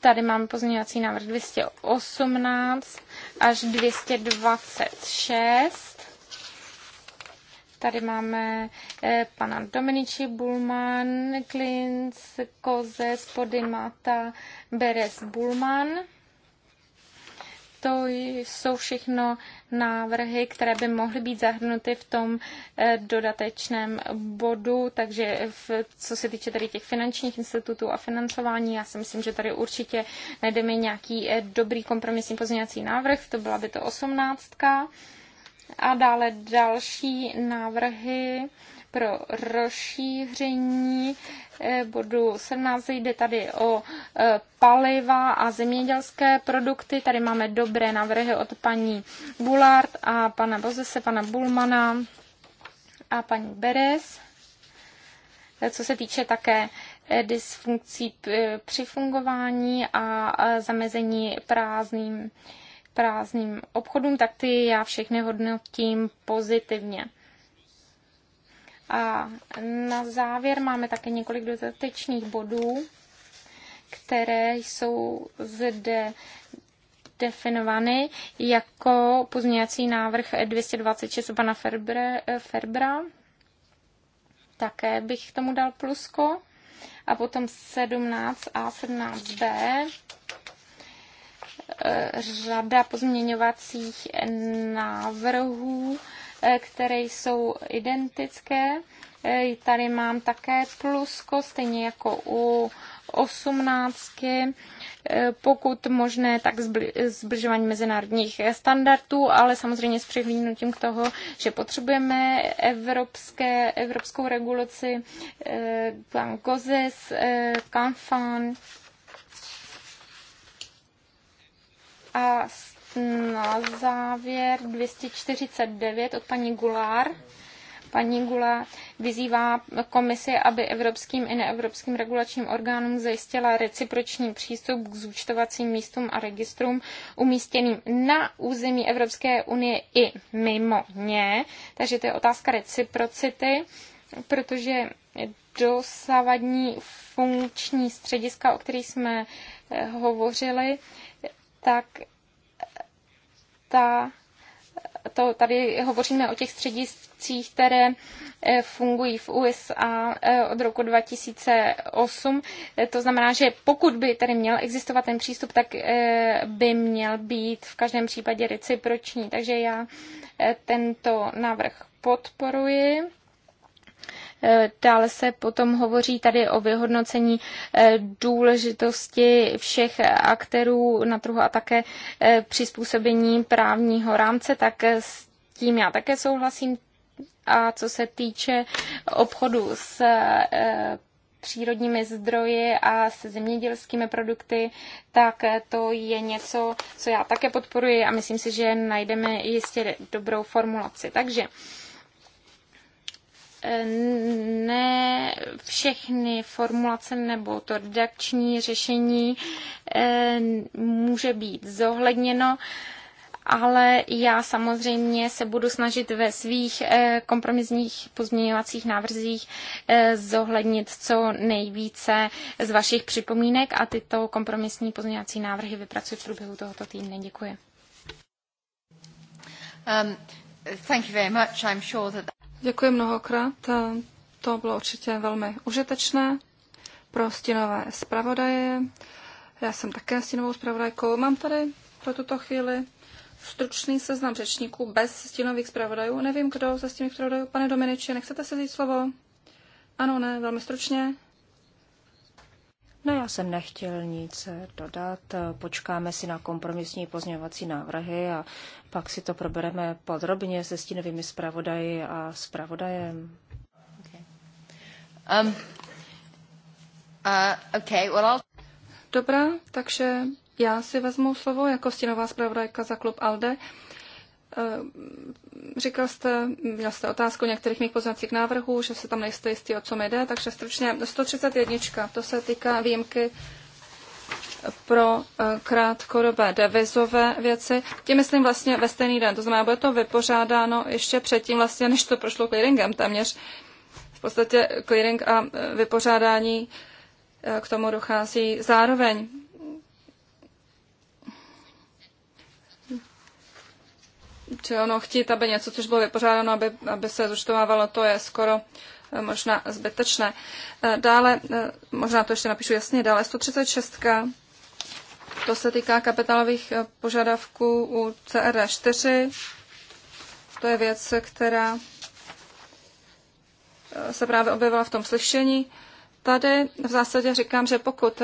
Tady mám pozměňovací návrh 218 až 226 Tady máme eh, pana Dominici Bulman, Klins, Koze, Spodimata, Beres Bulman. To jsou všechno návrhy, které by mohly být zahrnuty v tom eh, dodatečném bodu, takže v, co se týče tady těch finančních institutů a financování, já si myslím, že tady určitě najdeme nějaký eh, dobrý kompromisní pozměňovací návrh, to byla by to osmnáctka a dále další návrhy pro rozšíření eh, bodu 17. Jde tady o eh, paliva a zemědělské produkty. Tady máme dobré návrhy od paní Bulard a pana Bozese, pana Bulmana a paní Beres. Eh, co se týče také dysfunkcí při fungování a zamezení prázdným prázdným obchodům, tak ty já všechny hodnotím pozitivně. A na závěr máme také několik dodatečných bodů, které jsou zde definovány jako pozměňovací návrh 226 pana Ferbre, Ferbra. Také bych tomu dal plusko. A potom 17a, 17b řada pozměňovacích návrhů, eh, které jsou identické. Eh, tady mám také plusko, stejně jako u osmnáctky, eh, pokud možné, tak zbližování mezinárodních standardů, ale samozřejmě s přehlídnutím k toho, že potřebujeme evropské, evropskou regulaci, pan COSES, CANFAN, A na závěr 249 od paní Gulár. Paní Gula vyzývá komisi, aby evropským i neevropským regulačním orgánům zajistila reciproční přístup k zúčtovacím místům a registrům umístěným na území Evropské unie i mimo ně. Takže to je otázka reciprocity, protože dosavadní funkční střediska, o kterých jsme eh, hovořili, tak ta, to tady hovoříme o těch střediscích, které eh, fungují v USA eh, od roku 2008. Eh, to znamená, že pokud by tady měl existovat ten přístup, tak by měl být v každém případě reciproční. Takže já tento návrh podporuji. Eh, dále se potom hovoří tady o vyhodnocení eh, důležitosti všech aktérů na trhu a také eh, přizpůsobení právního rámce, tak s tím já také souhlasím. A co se týče obchodu s přírodními zdroji a se zemědělskými produkty, tak to je něco, co já také podporuji a myslím si, že najdeme jistě dobrou formulaci. Takže Eh, ne všechny formulace nebo to redakční řešení eh, může být zohledněno, ale já samozřejmě se budu snažit ve svých eh, kompromisních pozměňovacích návrzích zohlednit co nejvíce z vašich připomínek a tyto kompromisní pozměňovací návrhy vypracuji v průběhu tohoto týdne. Děkuji. Um, thank you very much. I'm sure that Děkuji mnohokrát. To bylo určitě velmi užitečné pro stínové zpravodaje. Já jsem také stínovou zpravodajkou. Mám tady pro tuto chvíli stručný seznam řečníků bez stínových zpravodajů. Nevím, kdo se stínových zpravodajů. Pane Dominiči, nechcete si vzít slovo? Ano, ne, velmi stručně. No já jsem nechtěl nic dodat. Počkáme si na kompromisní pozměňovací návrhy a pak si to probereme podrobně se stínovými zpravodaji a zpravodajem. Okay. Um, uh, okay, well Dobrá, takže já si vezmu slovo jako stínová zpravodajka za klub ALDE. Eh, říkal jste, měl jste otázku některých mých poznacích návrhů, že se tam nejste jistý, o co mi jde, takže stručně 131, to se týká výjimky pro eh, krátkodobé devizové věci. Tím myslím vlastně ve stejný den, to znamená, bude to vypořádáno ještě předtím, vlastně, než to prošlo clearingem téměř. V podstatě clearing a eh, vypořádání k tomu dochází zároveň. Či ono chtít, aby něco, což bylo vypořádáno, aby, aby se zúčtovávalo, to je skoro eh, možná zbytečné. Eh, dále, eh, možná to ještě napíšu jasně, dále 136. To se týká kapitálových požadavků u CRD4. To je věc, která se právě objevila v tom slyšení. Tady v zásadě říkám, že pokud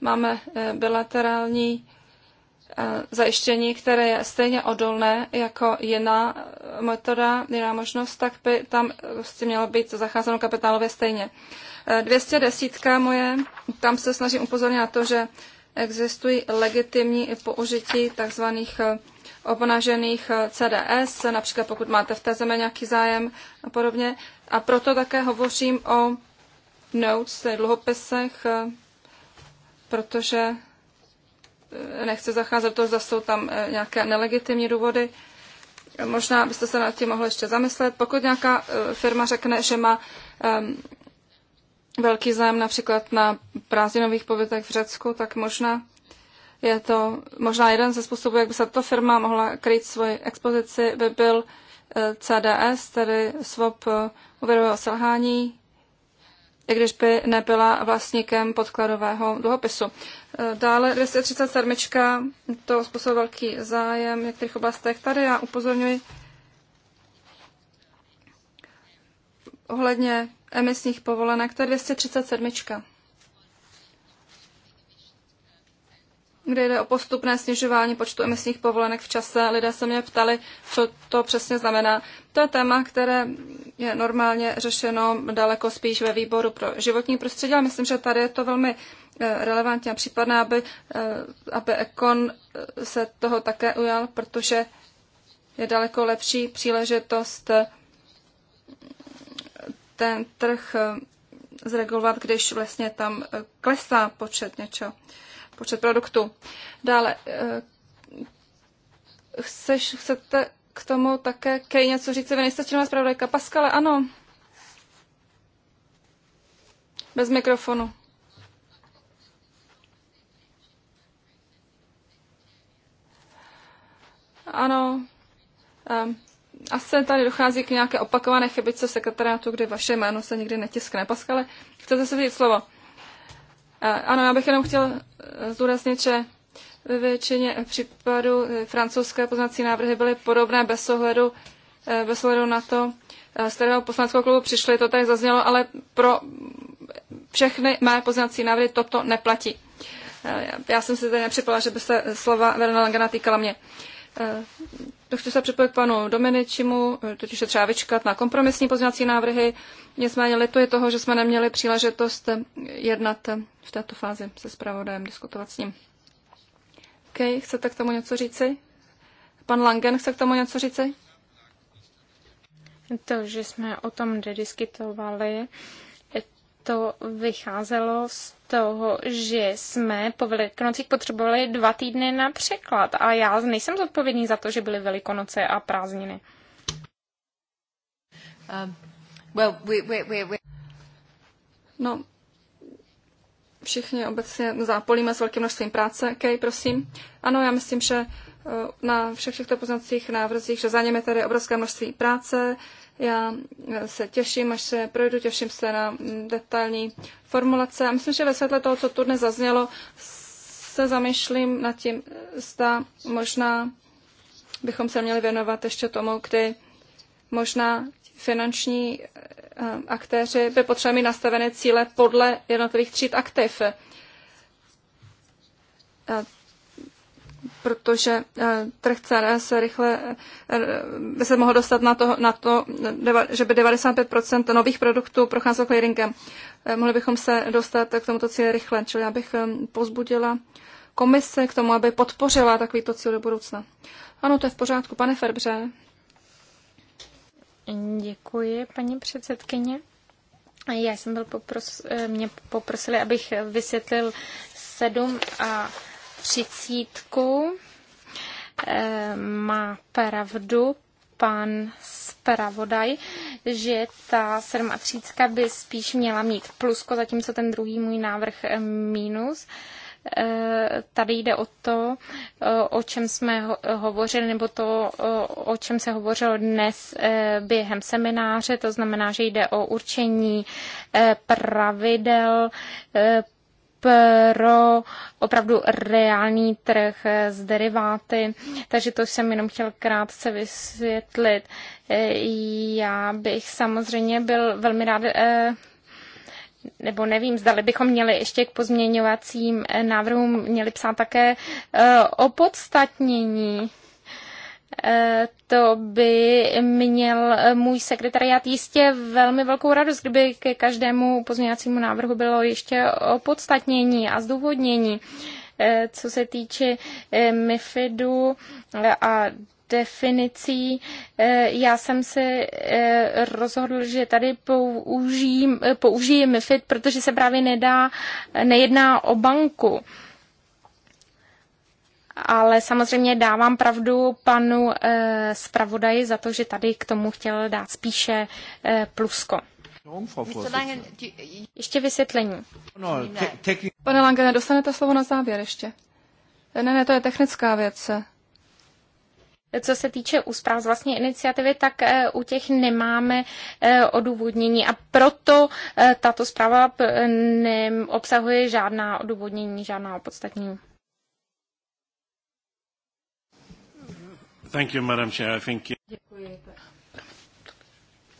máme bilaterální Eh, zajištění, které je stejně odolné jako jiná eh, metoda, jiná možnost, tak by tam prostě mělo být zacházeno kapitálově stejně. 210 eh, moje, tam se snažím upozornit na to, že existují legitimní použití tzv. obnažených CDS, například pokud máte v té zemi nějaký zájem a podobně. A proto také hovořím o notes, dluhopisech, protože nechci zacházet protože jsou tam eh, nějaké nelegitimní důvody. Možná byste se nad tím mohli ještě zamyslet. Pokud nějaká eh, firma řekne, že má ehm, velký zájem například na prázdninových pobytech v Řecku, tak možná je to možná jeden ze způsobů, jak by se tato firma mohla kryt svoji expozici, by byl eh, CDS, tedy swap úvěrového selhání, i když by nebyla vlastníkem podkladového dluhopisu. E, dále 237. To způsobil velký zájem v některých oblastech. Tady já upozorňuji ohledně emisních povolenek, to je 237. kde jde o postupné snižování počtu emisních povolenek v čase. Lidé se mě ptali, co to přesně znamená. To je téma, které je normálně řešeno daleko spíš ve výboru pro životní prostředí, ale myslím, že tady je to velmi eh, relevantní a případné, aby, eh, aby Ekon eh, se toho také ujal, protože je daleko lepší příležitost ten trh zregulovat, když vlastně tam klesá počet něčeho počet produktů. Dále, eh, chceš, chcete k tomu také Kej něco říct? Vy nejste členová zpravodajka. Paskale, ano. Bez mikrofonu. Ano. Um, asi tady dochází k nějaké opakované chybice sekretariátu, kdy vaše jméno se nikdy netiskne. Paskale, chcete se vzít slovo? Ano, já bych jenom chtěl eh, zdůraznit, že ve většině případů eh, francouzské poznací návrhy byly podobné bez ohledu, eh, bez ohledu na to, z kterého poslaneckého klubu přišli, to tak zaznělo, ale pro všechny mé poznací návrhy toto neplatí. Já jsem si tady nepřipala, že by se slova Verona Langana týkala mě. Chci se připojit k panu Dominičimu, totiž je třeba vyčkat na kompromisní pozměňovací návrhy. Nicméně lituji toho, že jsme neměli příležitost jednat v této fázi se zpravodajem, diskutovat s ním. OK, chcete k tomu něco říci? Pan Langen chce k tomu něco říci? To, že jsme o tom nediskutovali, to vycházelo z toho, že jsme po velikonocích potřebovali dva týdny na překlad a já nejsem zodpovědný za to, že byly velikonoce a prázdniny. Um, well, we, we, we, we... No, všichni obecně zápolíme s velkým množstvím práce. OK, prosím. Ano, já myslím, že eh, na všech těchto poznacích návrzích, že za němi tady obrovské množství práce, já se těším, až se projdu, těším se na detailní formulace. A myslím, že ve světle toho, co tu dnes zaznělo, se zamýšlím nad tím, zda možná bychom se měli věnovat ještě tomu, kdy možná finanční eh, aktéři by potřebovali mít nastavené cíle podle jednotlivých tříd aktiv. A protože eh, trh CR se rychle eh, by se mohl dostat na to, na to že by 95% nových produktů procházelo clearingem. Eh, mohli bychom se dostat k tomuto cíli rychle, čili já bych pozbudila komise k tomu, aby podpořila takovýto cíl do budoucna. Ano, to je v pořádku. Pane Ferbře. Děkuji, paní předsedkyně. Já jsem byl popros, mě poprosili, abych vysvětlil sedm a třicítku. Eh, má pravdu pan zpravodaj, že ta 37 by spíš měla mít plusko, zatímco ten druhý můj návrh eh, minus eh, tady jde o to, o čem jsme hovořili, nebo to, o čem se hovořilo dnes během semináře, to znamená, že jde o určení pravidel pro opravdu reálný trh s deriváty. Takže to jsem jenom chtěl krátce vysvětlit. Já bych samozřejmě byl velmi rád eh, nebo nevím, zdali bychom měli ještě k pozměňovacím eh, návrhům měli psát také eh, o podstatnění. E, to by měl můj sekretariát jistě velmi velkou radost, kdyby ke každému pozměňovacímu návrhu bylo ještě opodstatnění a zdůvodnění, e, co se týče e, MIFIDu a definicí. Já jsem se rozhodl, že tady použijím, použiji MIFID, protože se právě nedá, nejedná o banku ale samozřejmě dávám pravdu panu eh, zpravodaji za to, že tady k tomu chtěl dát spíše eh, plusko. Ještě vysvětlení. No, no, Pane Lange, nedostanete slovo na závěr ještě. Ne, ne, to je technická věc. Co se týče úspráv z vlastní iniciativy, tak eh, u těch nemáme eh, odůvodnění a proto eh, tato zpráva neobsahuje žádná odůvodnění, žádná opodstatnění. Děkuji.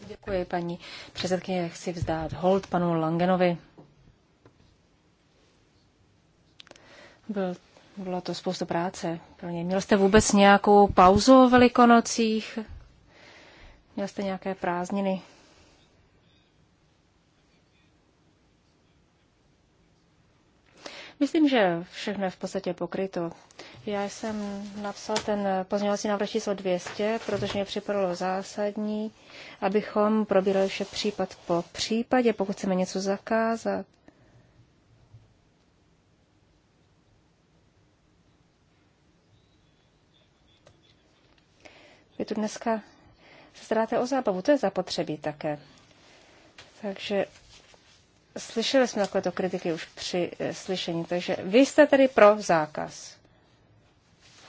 Děkuji, paní předsedkyně. Chci vzdát hold panu Langenovi. Byl, bylo to spoustu práce pro ně. Měl jste vůbec nějakou pauzu o Velikonocích? Měl jste nějaké prázdniny? Myslím, že všechno je v podstatě pokryto. Já jsem napsal ten pozměňovací návrh číslo 200, protože mě připadalo zásadní, abychom probírali vše případ po případě, pokud chceme něco zakázat. Vy tu dneska se staráte o zábavu, to je zapotřebí také. Takže slyšeli jsme takovéto kritiky už při eh, slyšení, takže vy jste tedy pro zákaz.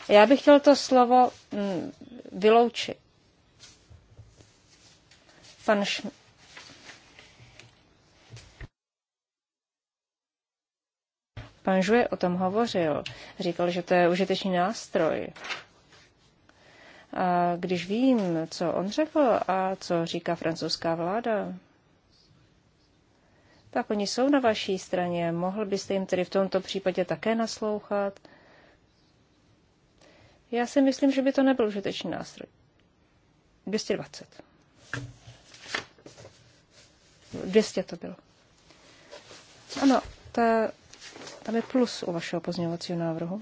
Já bych chtěl to slovo mm, vyloučit. Pan Šm... Pan Žuje o tom hovořil. Říkal, že to je užitečný nástroj. A když vím, co on řekl a co říká francouzská vláda, tak oni jsou na vaší straně. Mohl byste jim tedy v tomto případě také naslouchat? Já si myslím, že by to nebyl užitečný nástroj. 220. 200 to bylo. Ano, ta, tam je plus u vašeho pozměňovacího návrhu.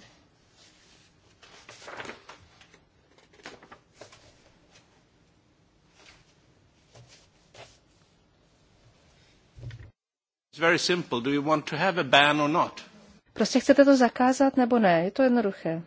very simple. Do you want to have a ban or not? Prostě chcete to zakázat nebo ne? Je to jednoduché.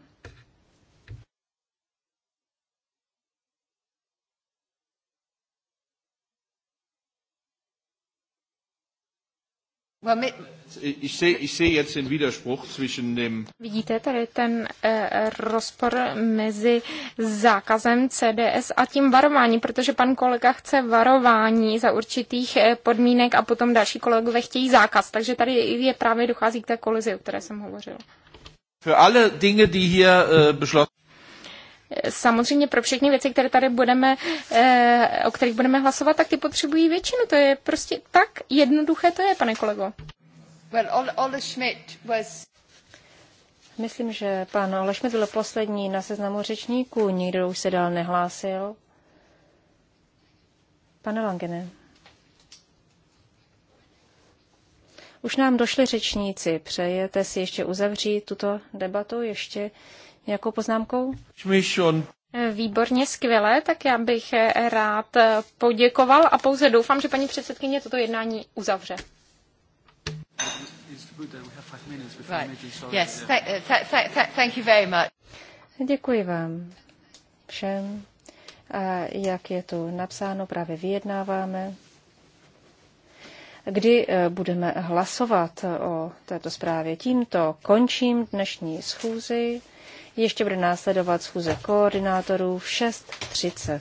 Vidíte tady ten eh, rozpor mezi zákazem CDS a tím varováním, protože pan kolega chce varování za určitých eh, podmínek a potom další kolegové chtějí zákaz. Takže tady je právě dochází k té kolizi, o které jsem hovořil. Für alle Dinge, die hier, eh, beschlossen samozřejmě pro všechny věci, které tady budeme, eh, o kterých budeme hlasovat, tak ty potřebují většinu. To je prostě tak jednoduché to je, pane kolego. Well, Ole Schmidt was... Myslím, že pan Ole Schmidt byl poslední na seznamu řečníků. Nikdo už se dál nehlásil. Pane Langene. Už nám došli řečníci. Přejete si ještě uzavřít tuto debatu? Ještě Jakou poznámkou? Výborně, skvěle, tak já bych rád poděkoval a pouze doufám, že paní předsedkyně toto jednání uzavře. Děkuji vám všem. A jak je tu napsáno, právě vyjednáváme. Kdy eh, budeme hlasovat o této zprávě? Tímto končím dnešní schůzi. Ještě bude následovat schůze koordinátorů v 6.30.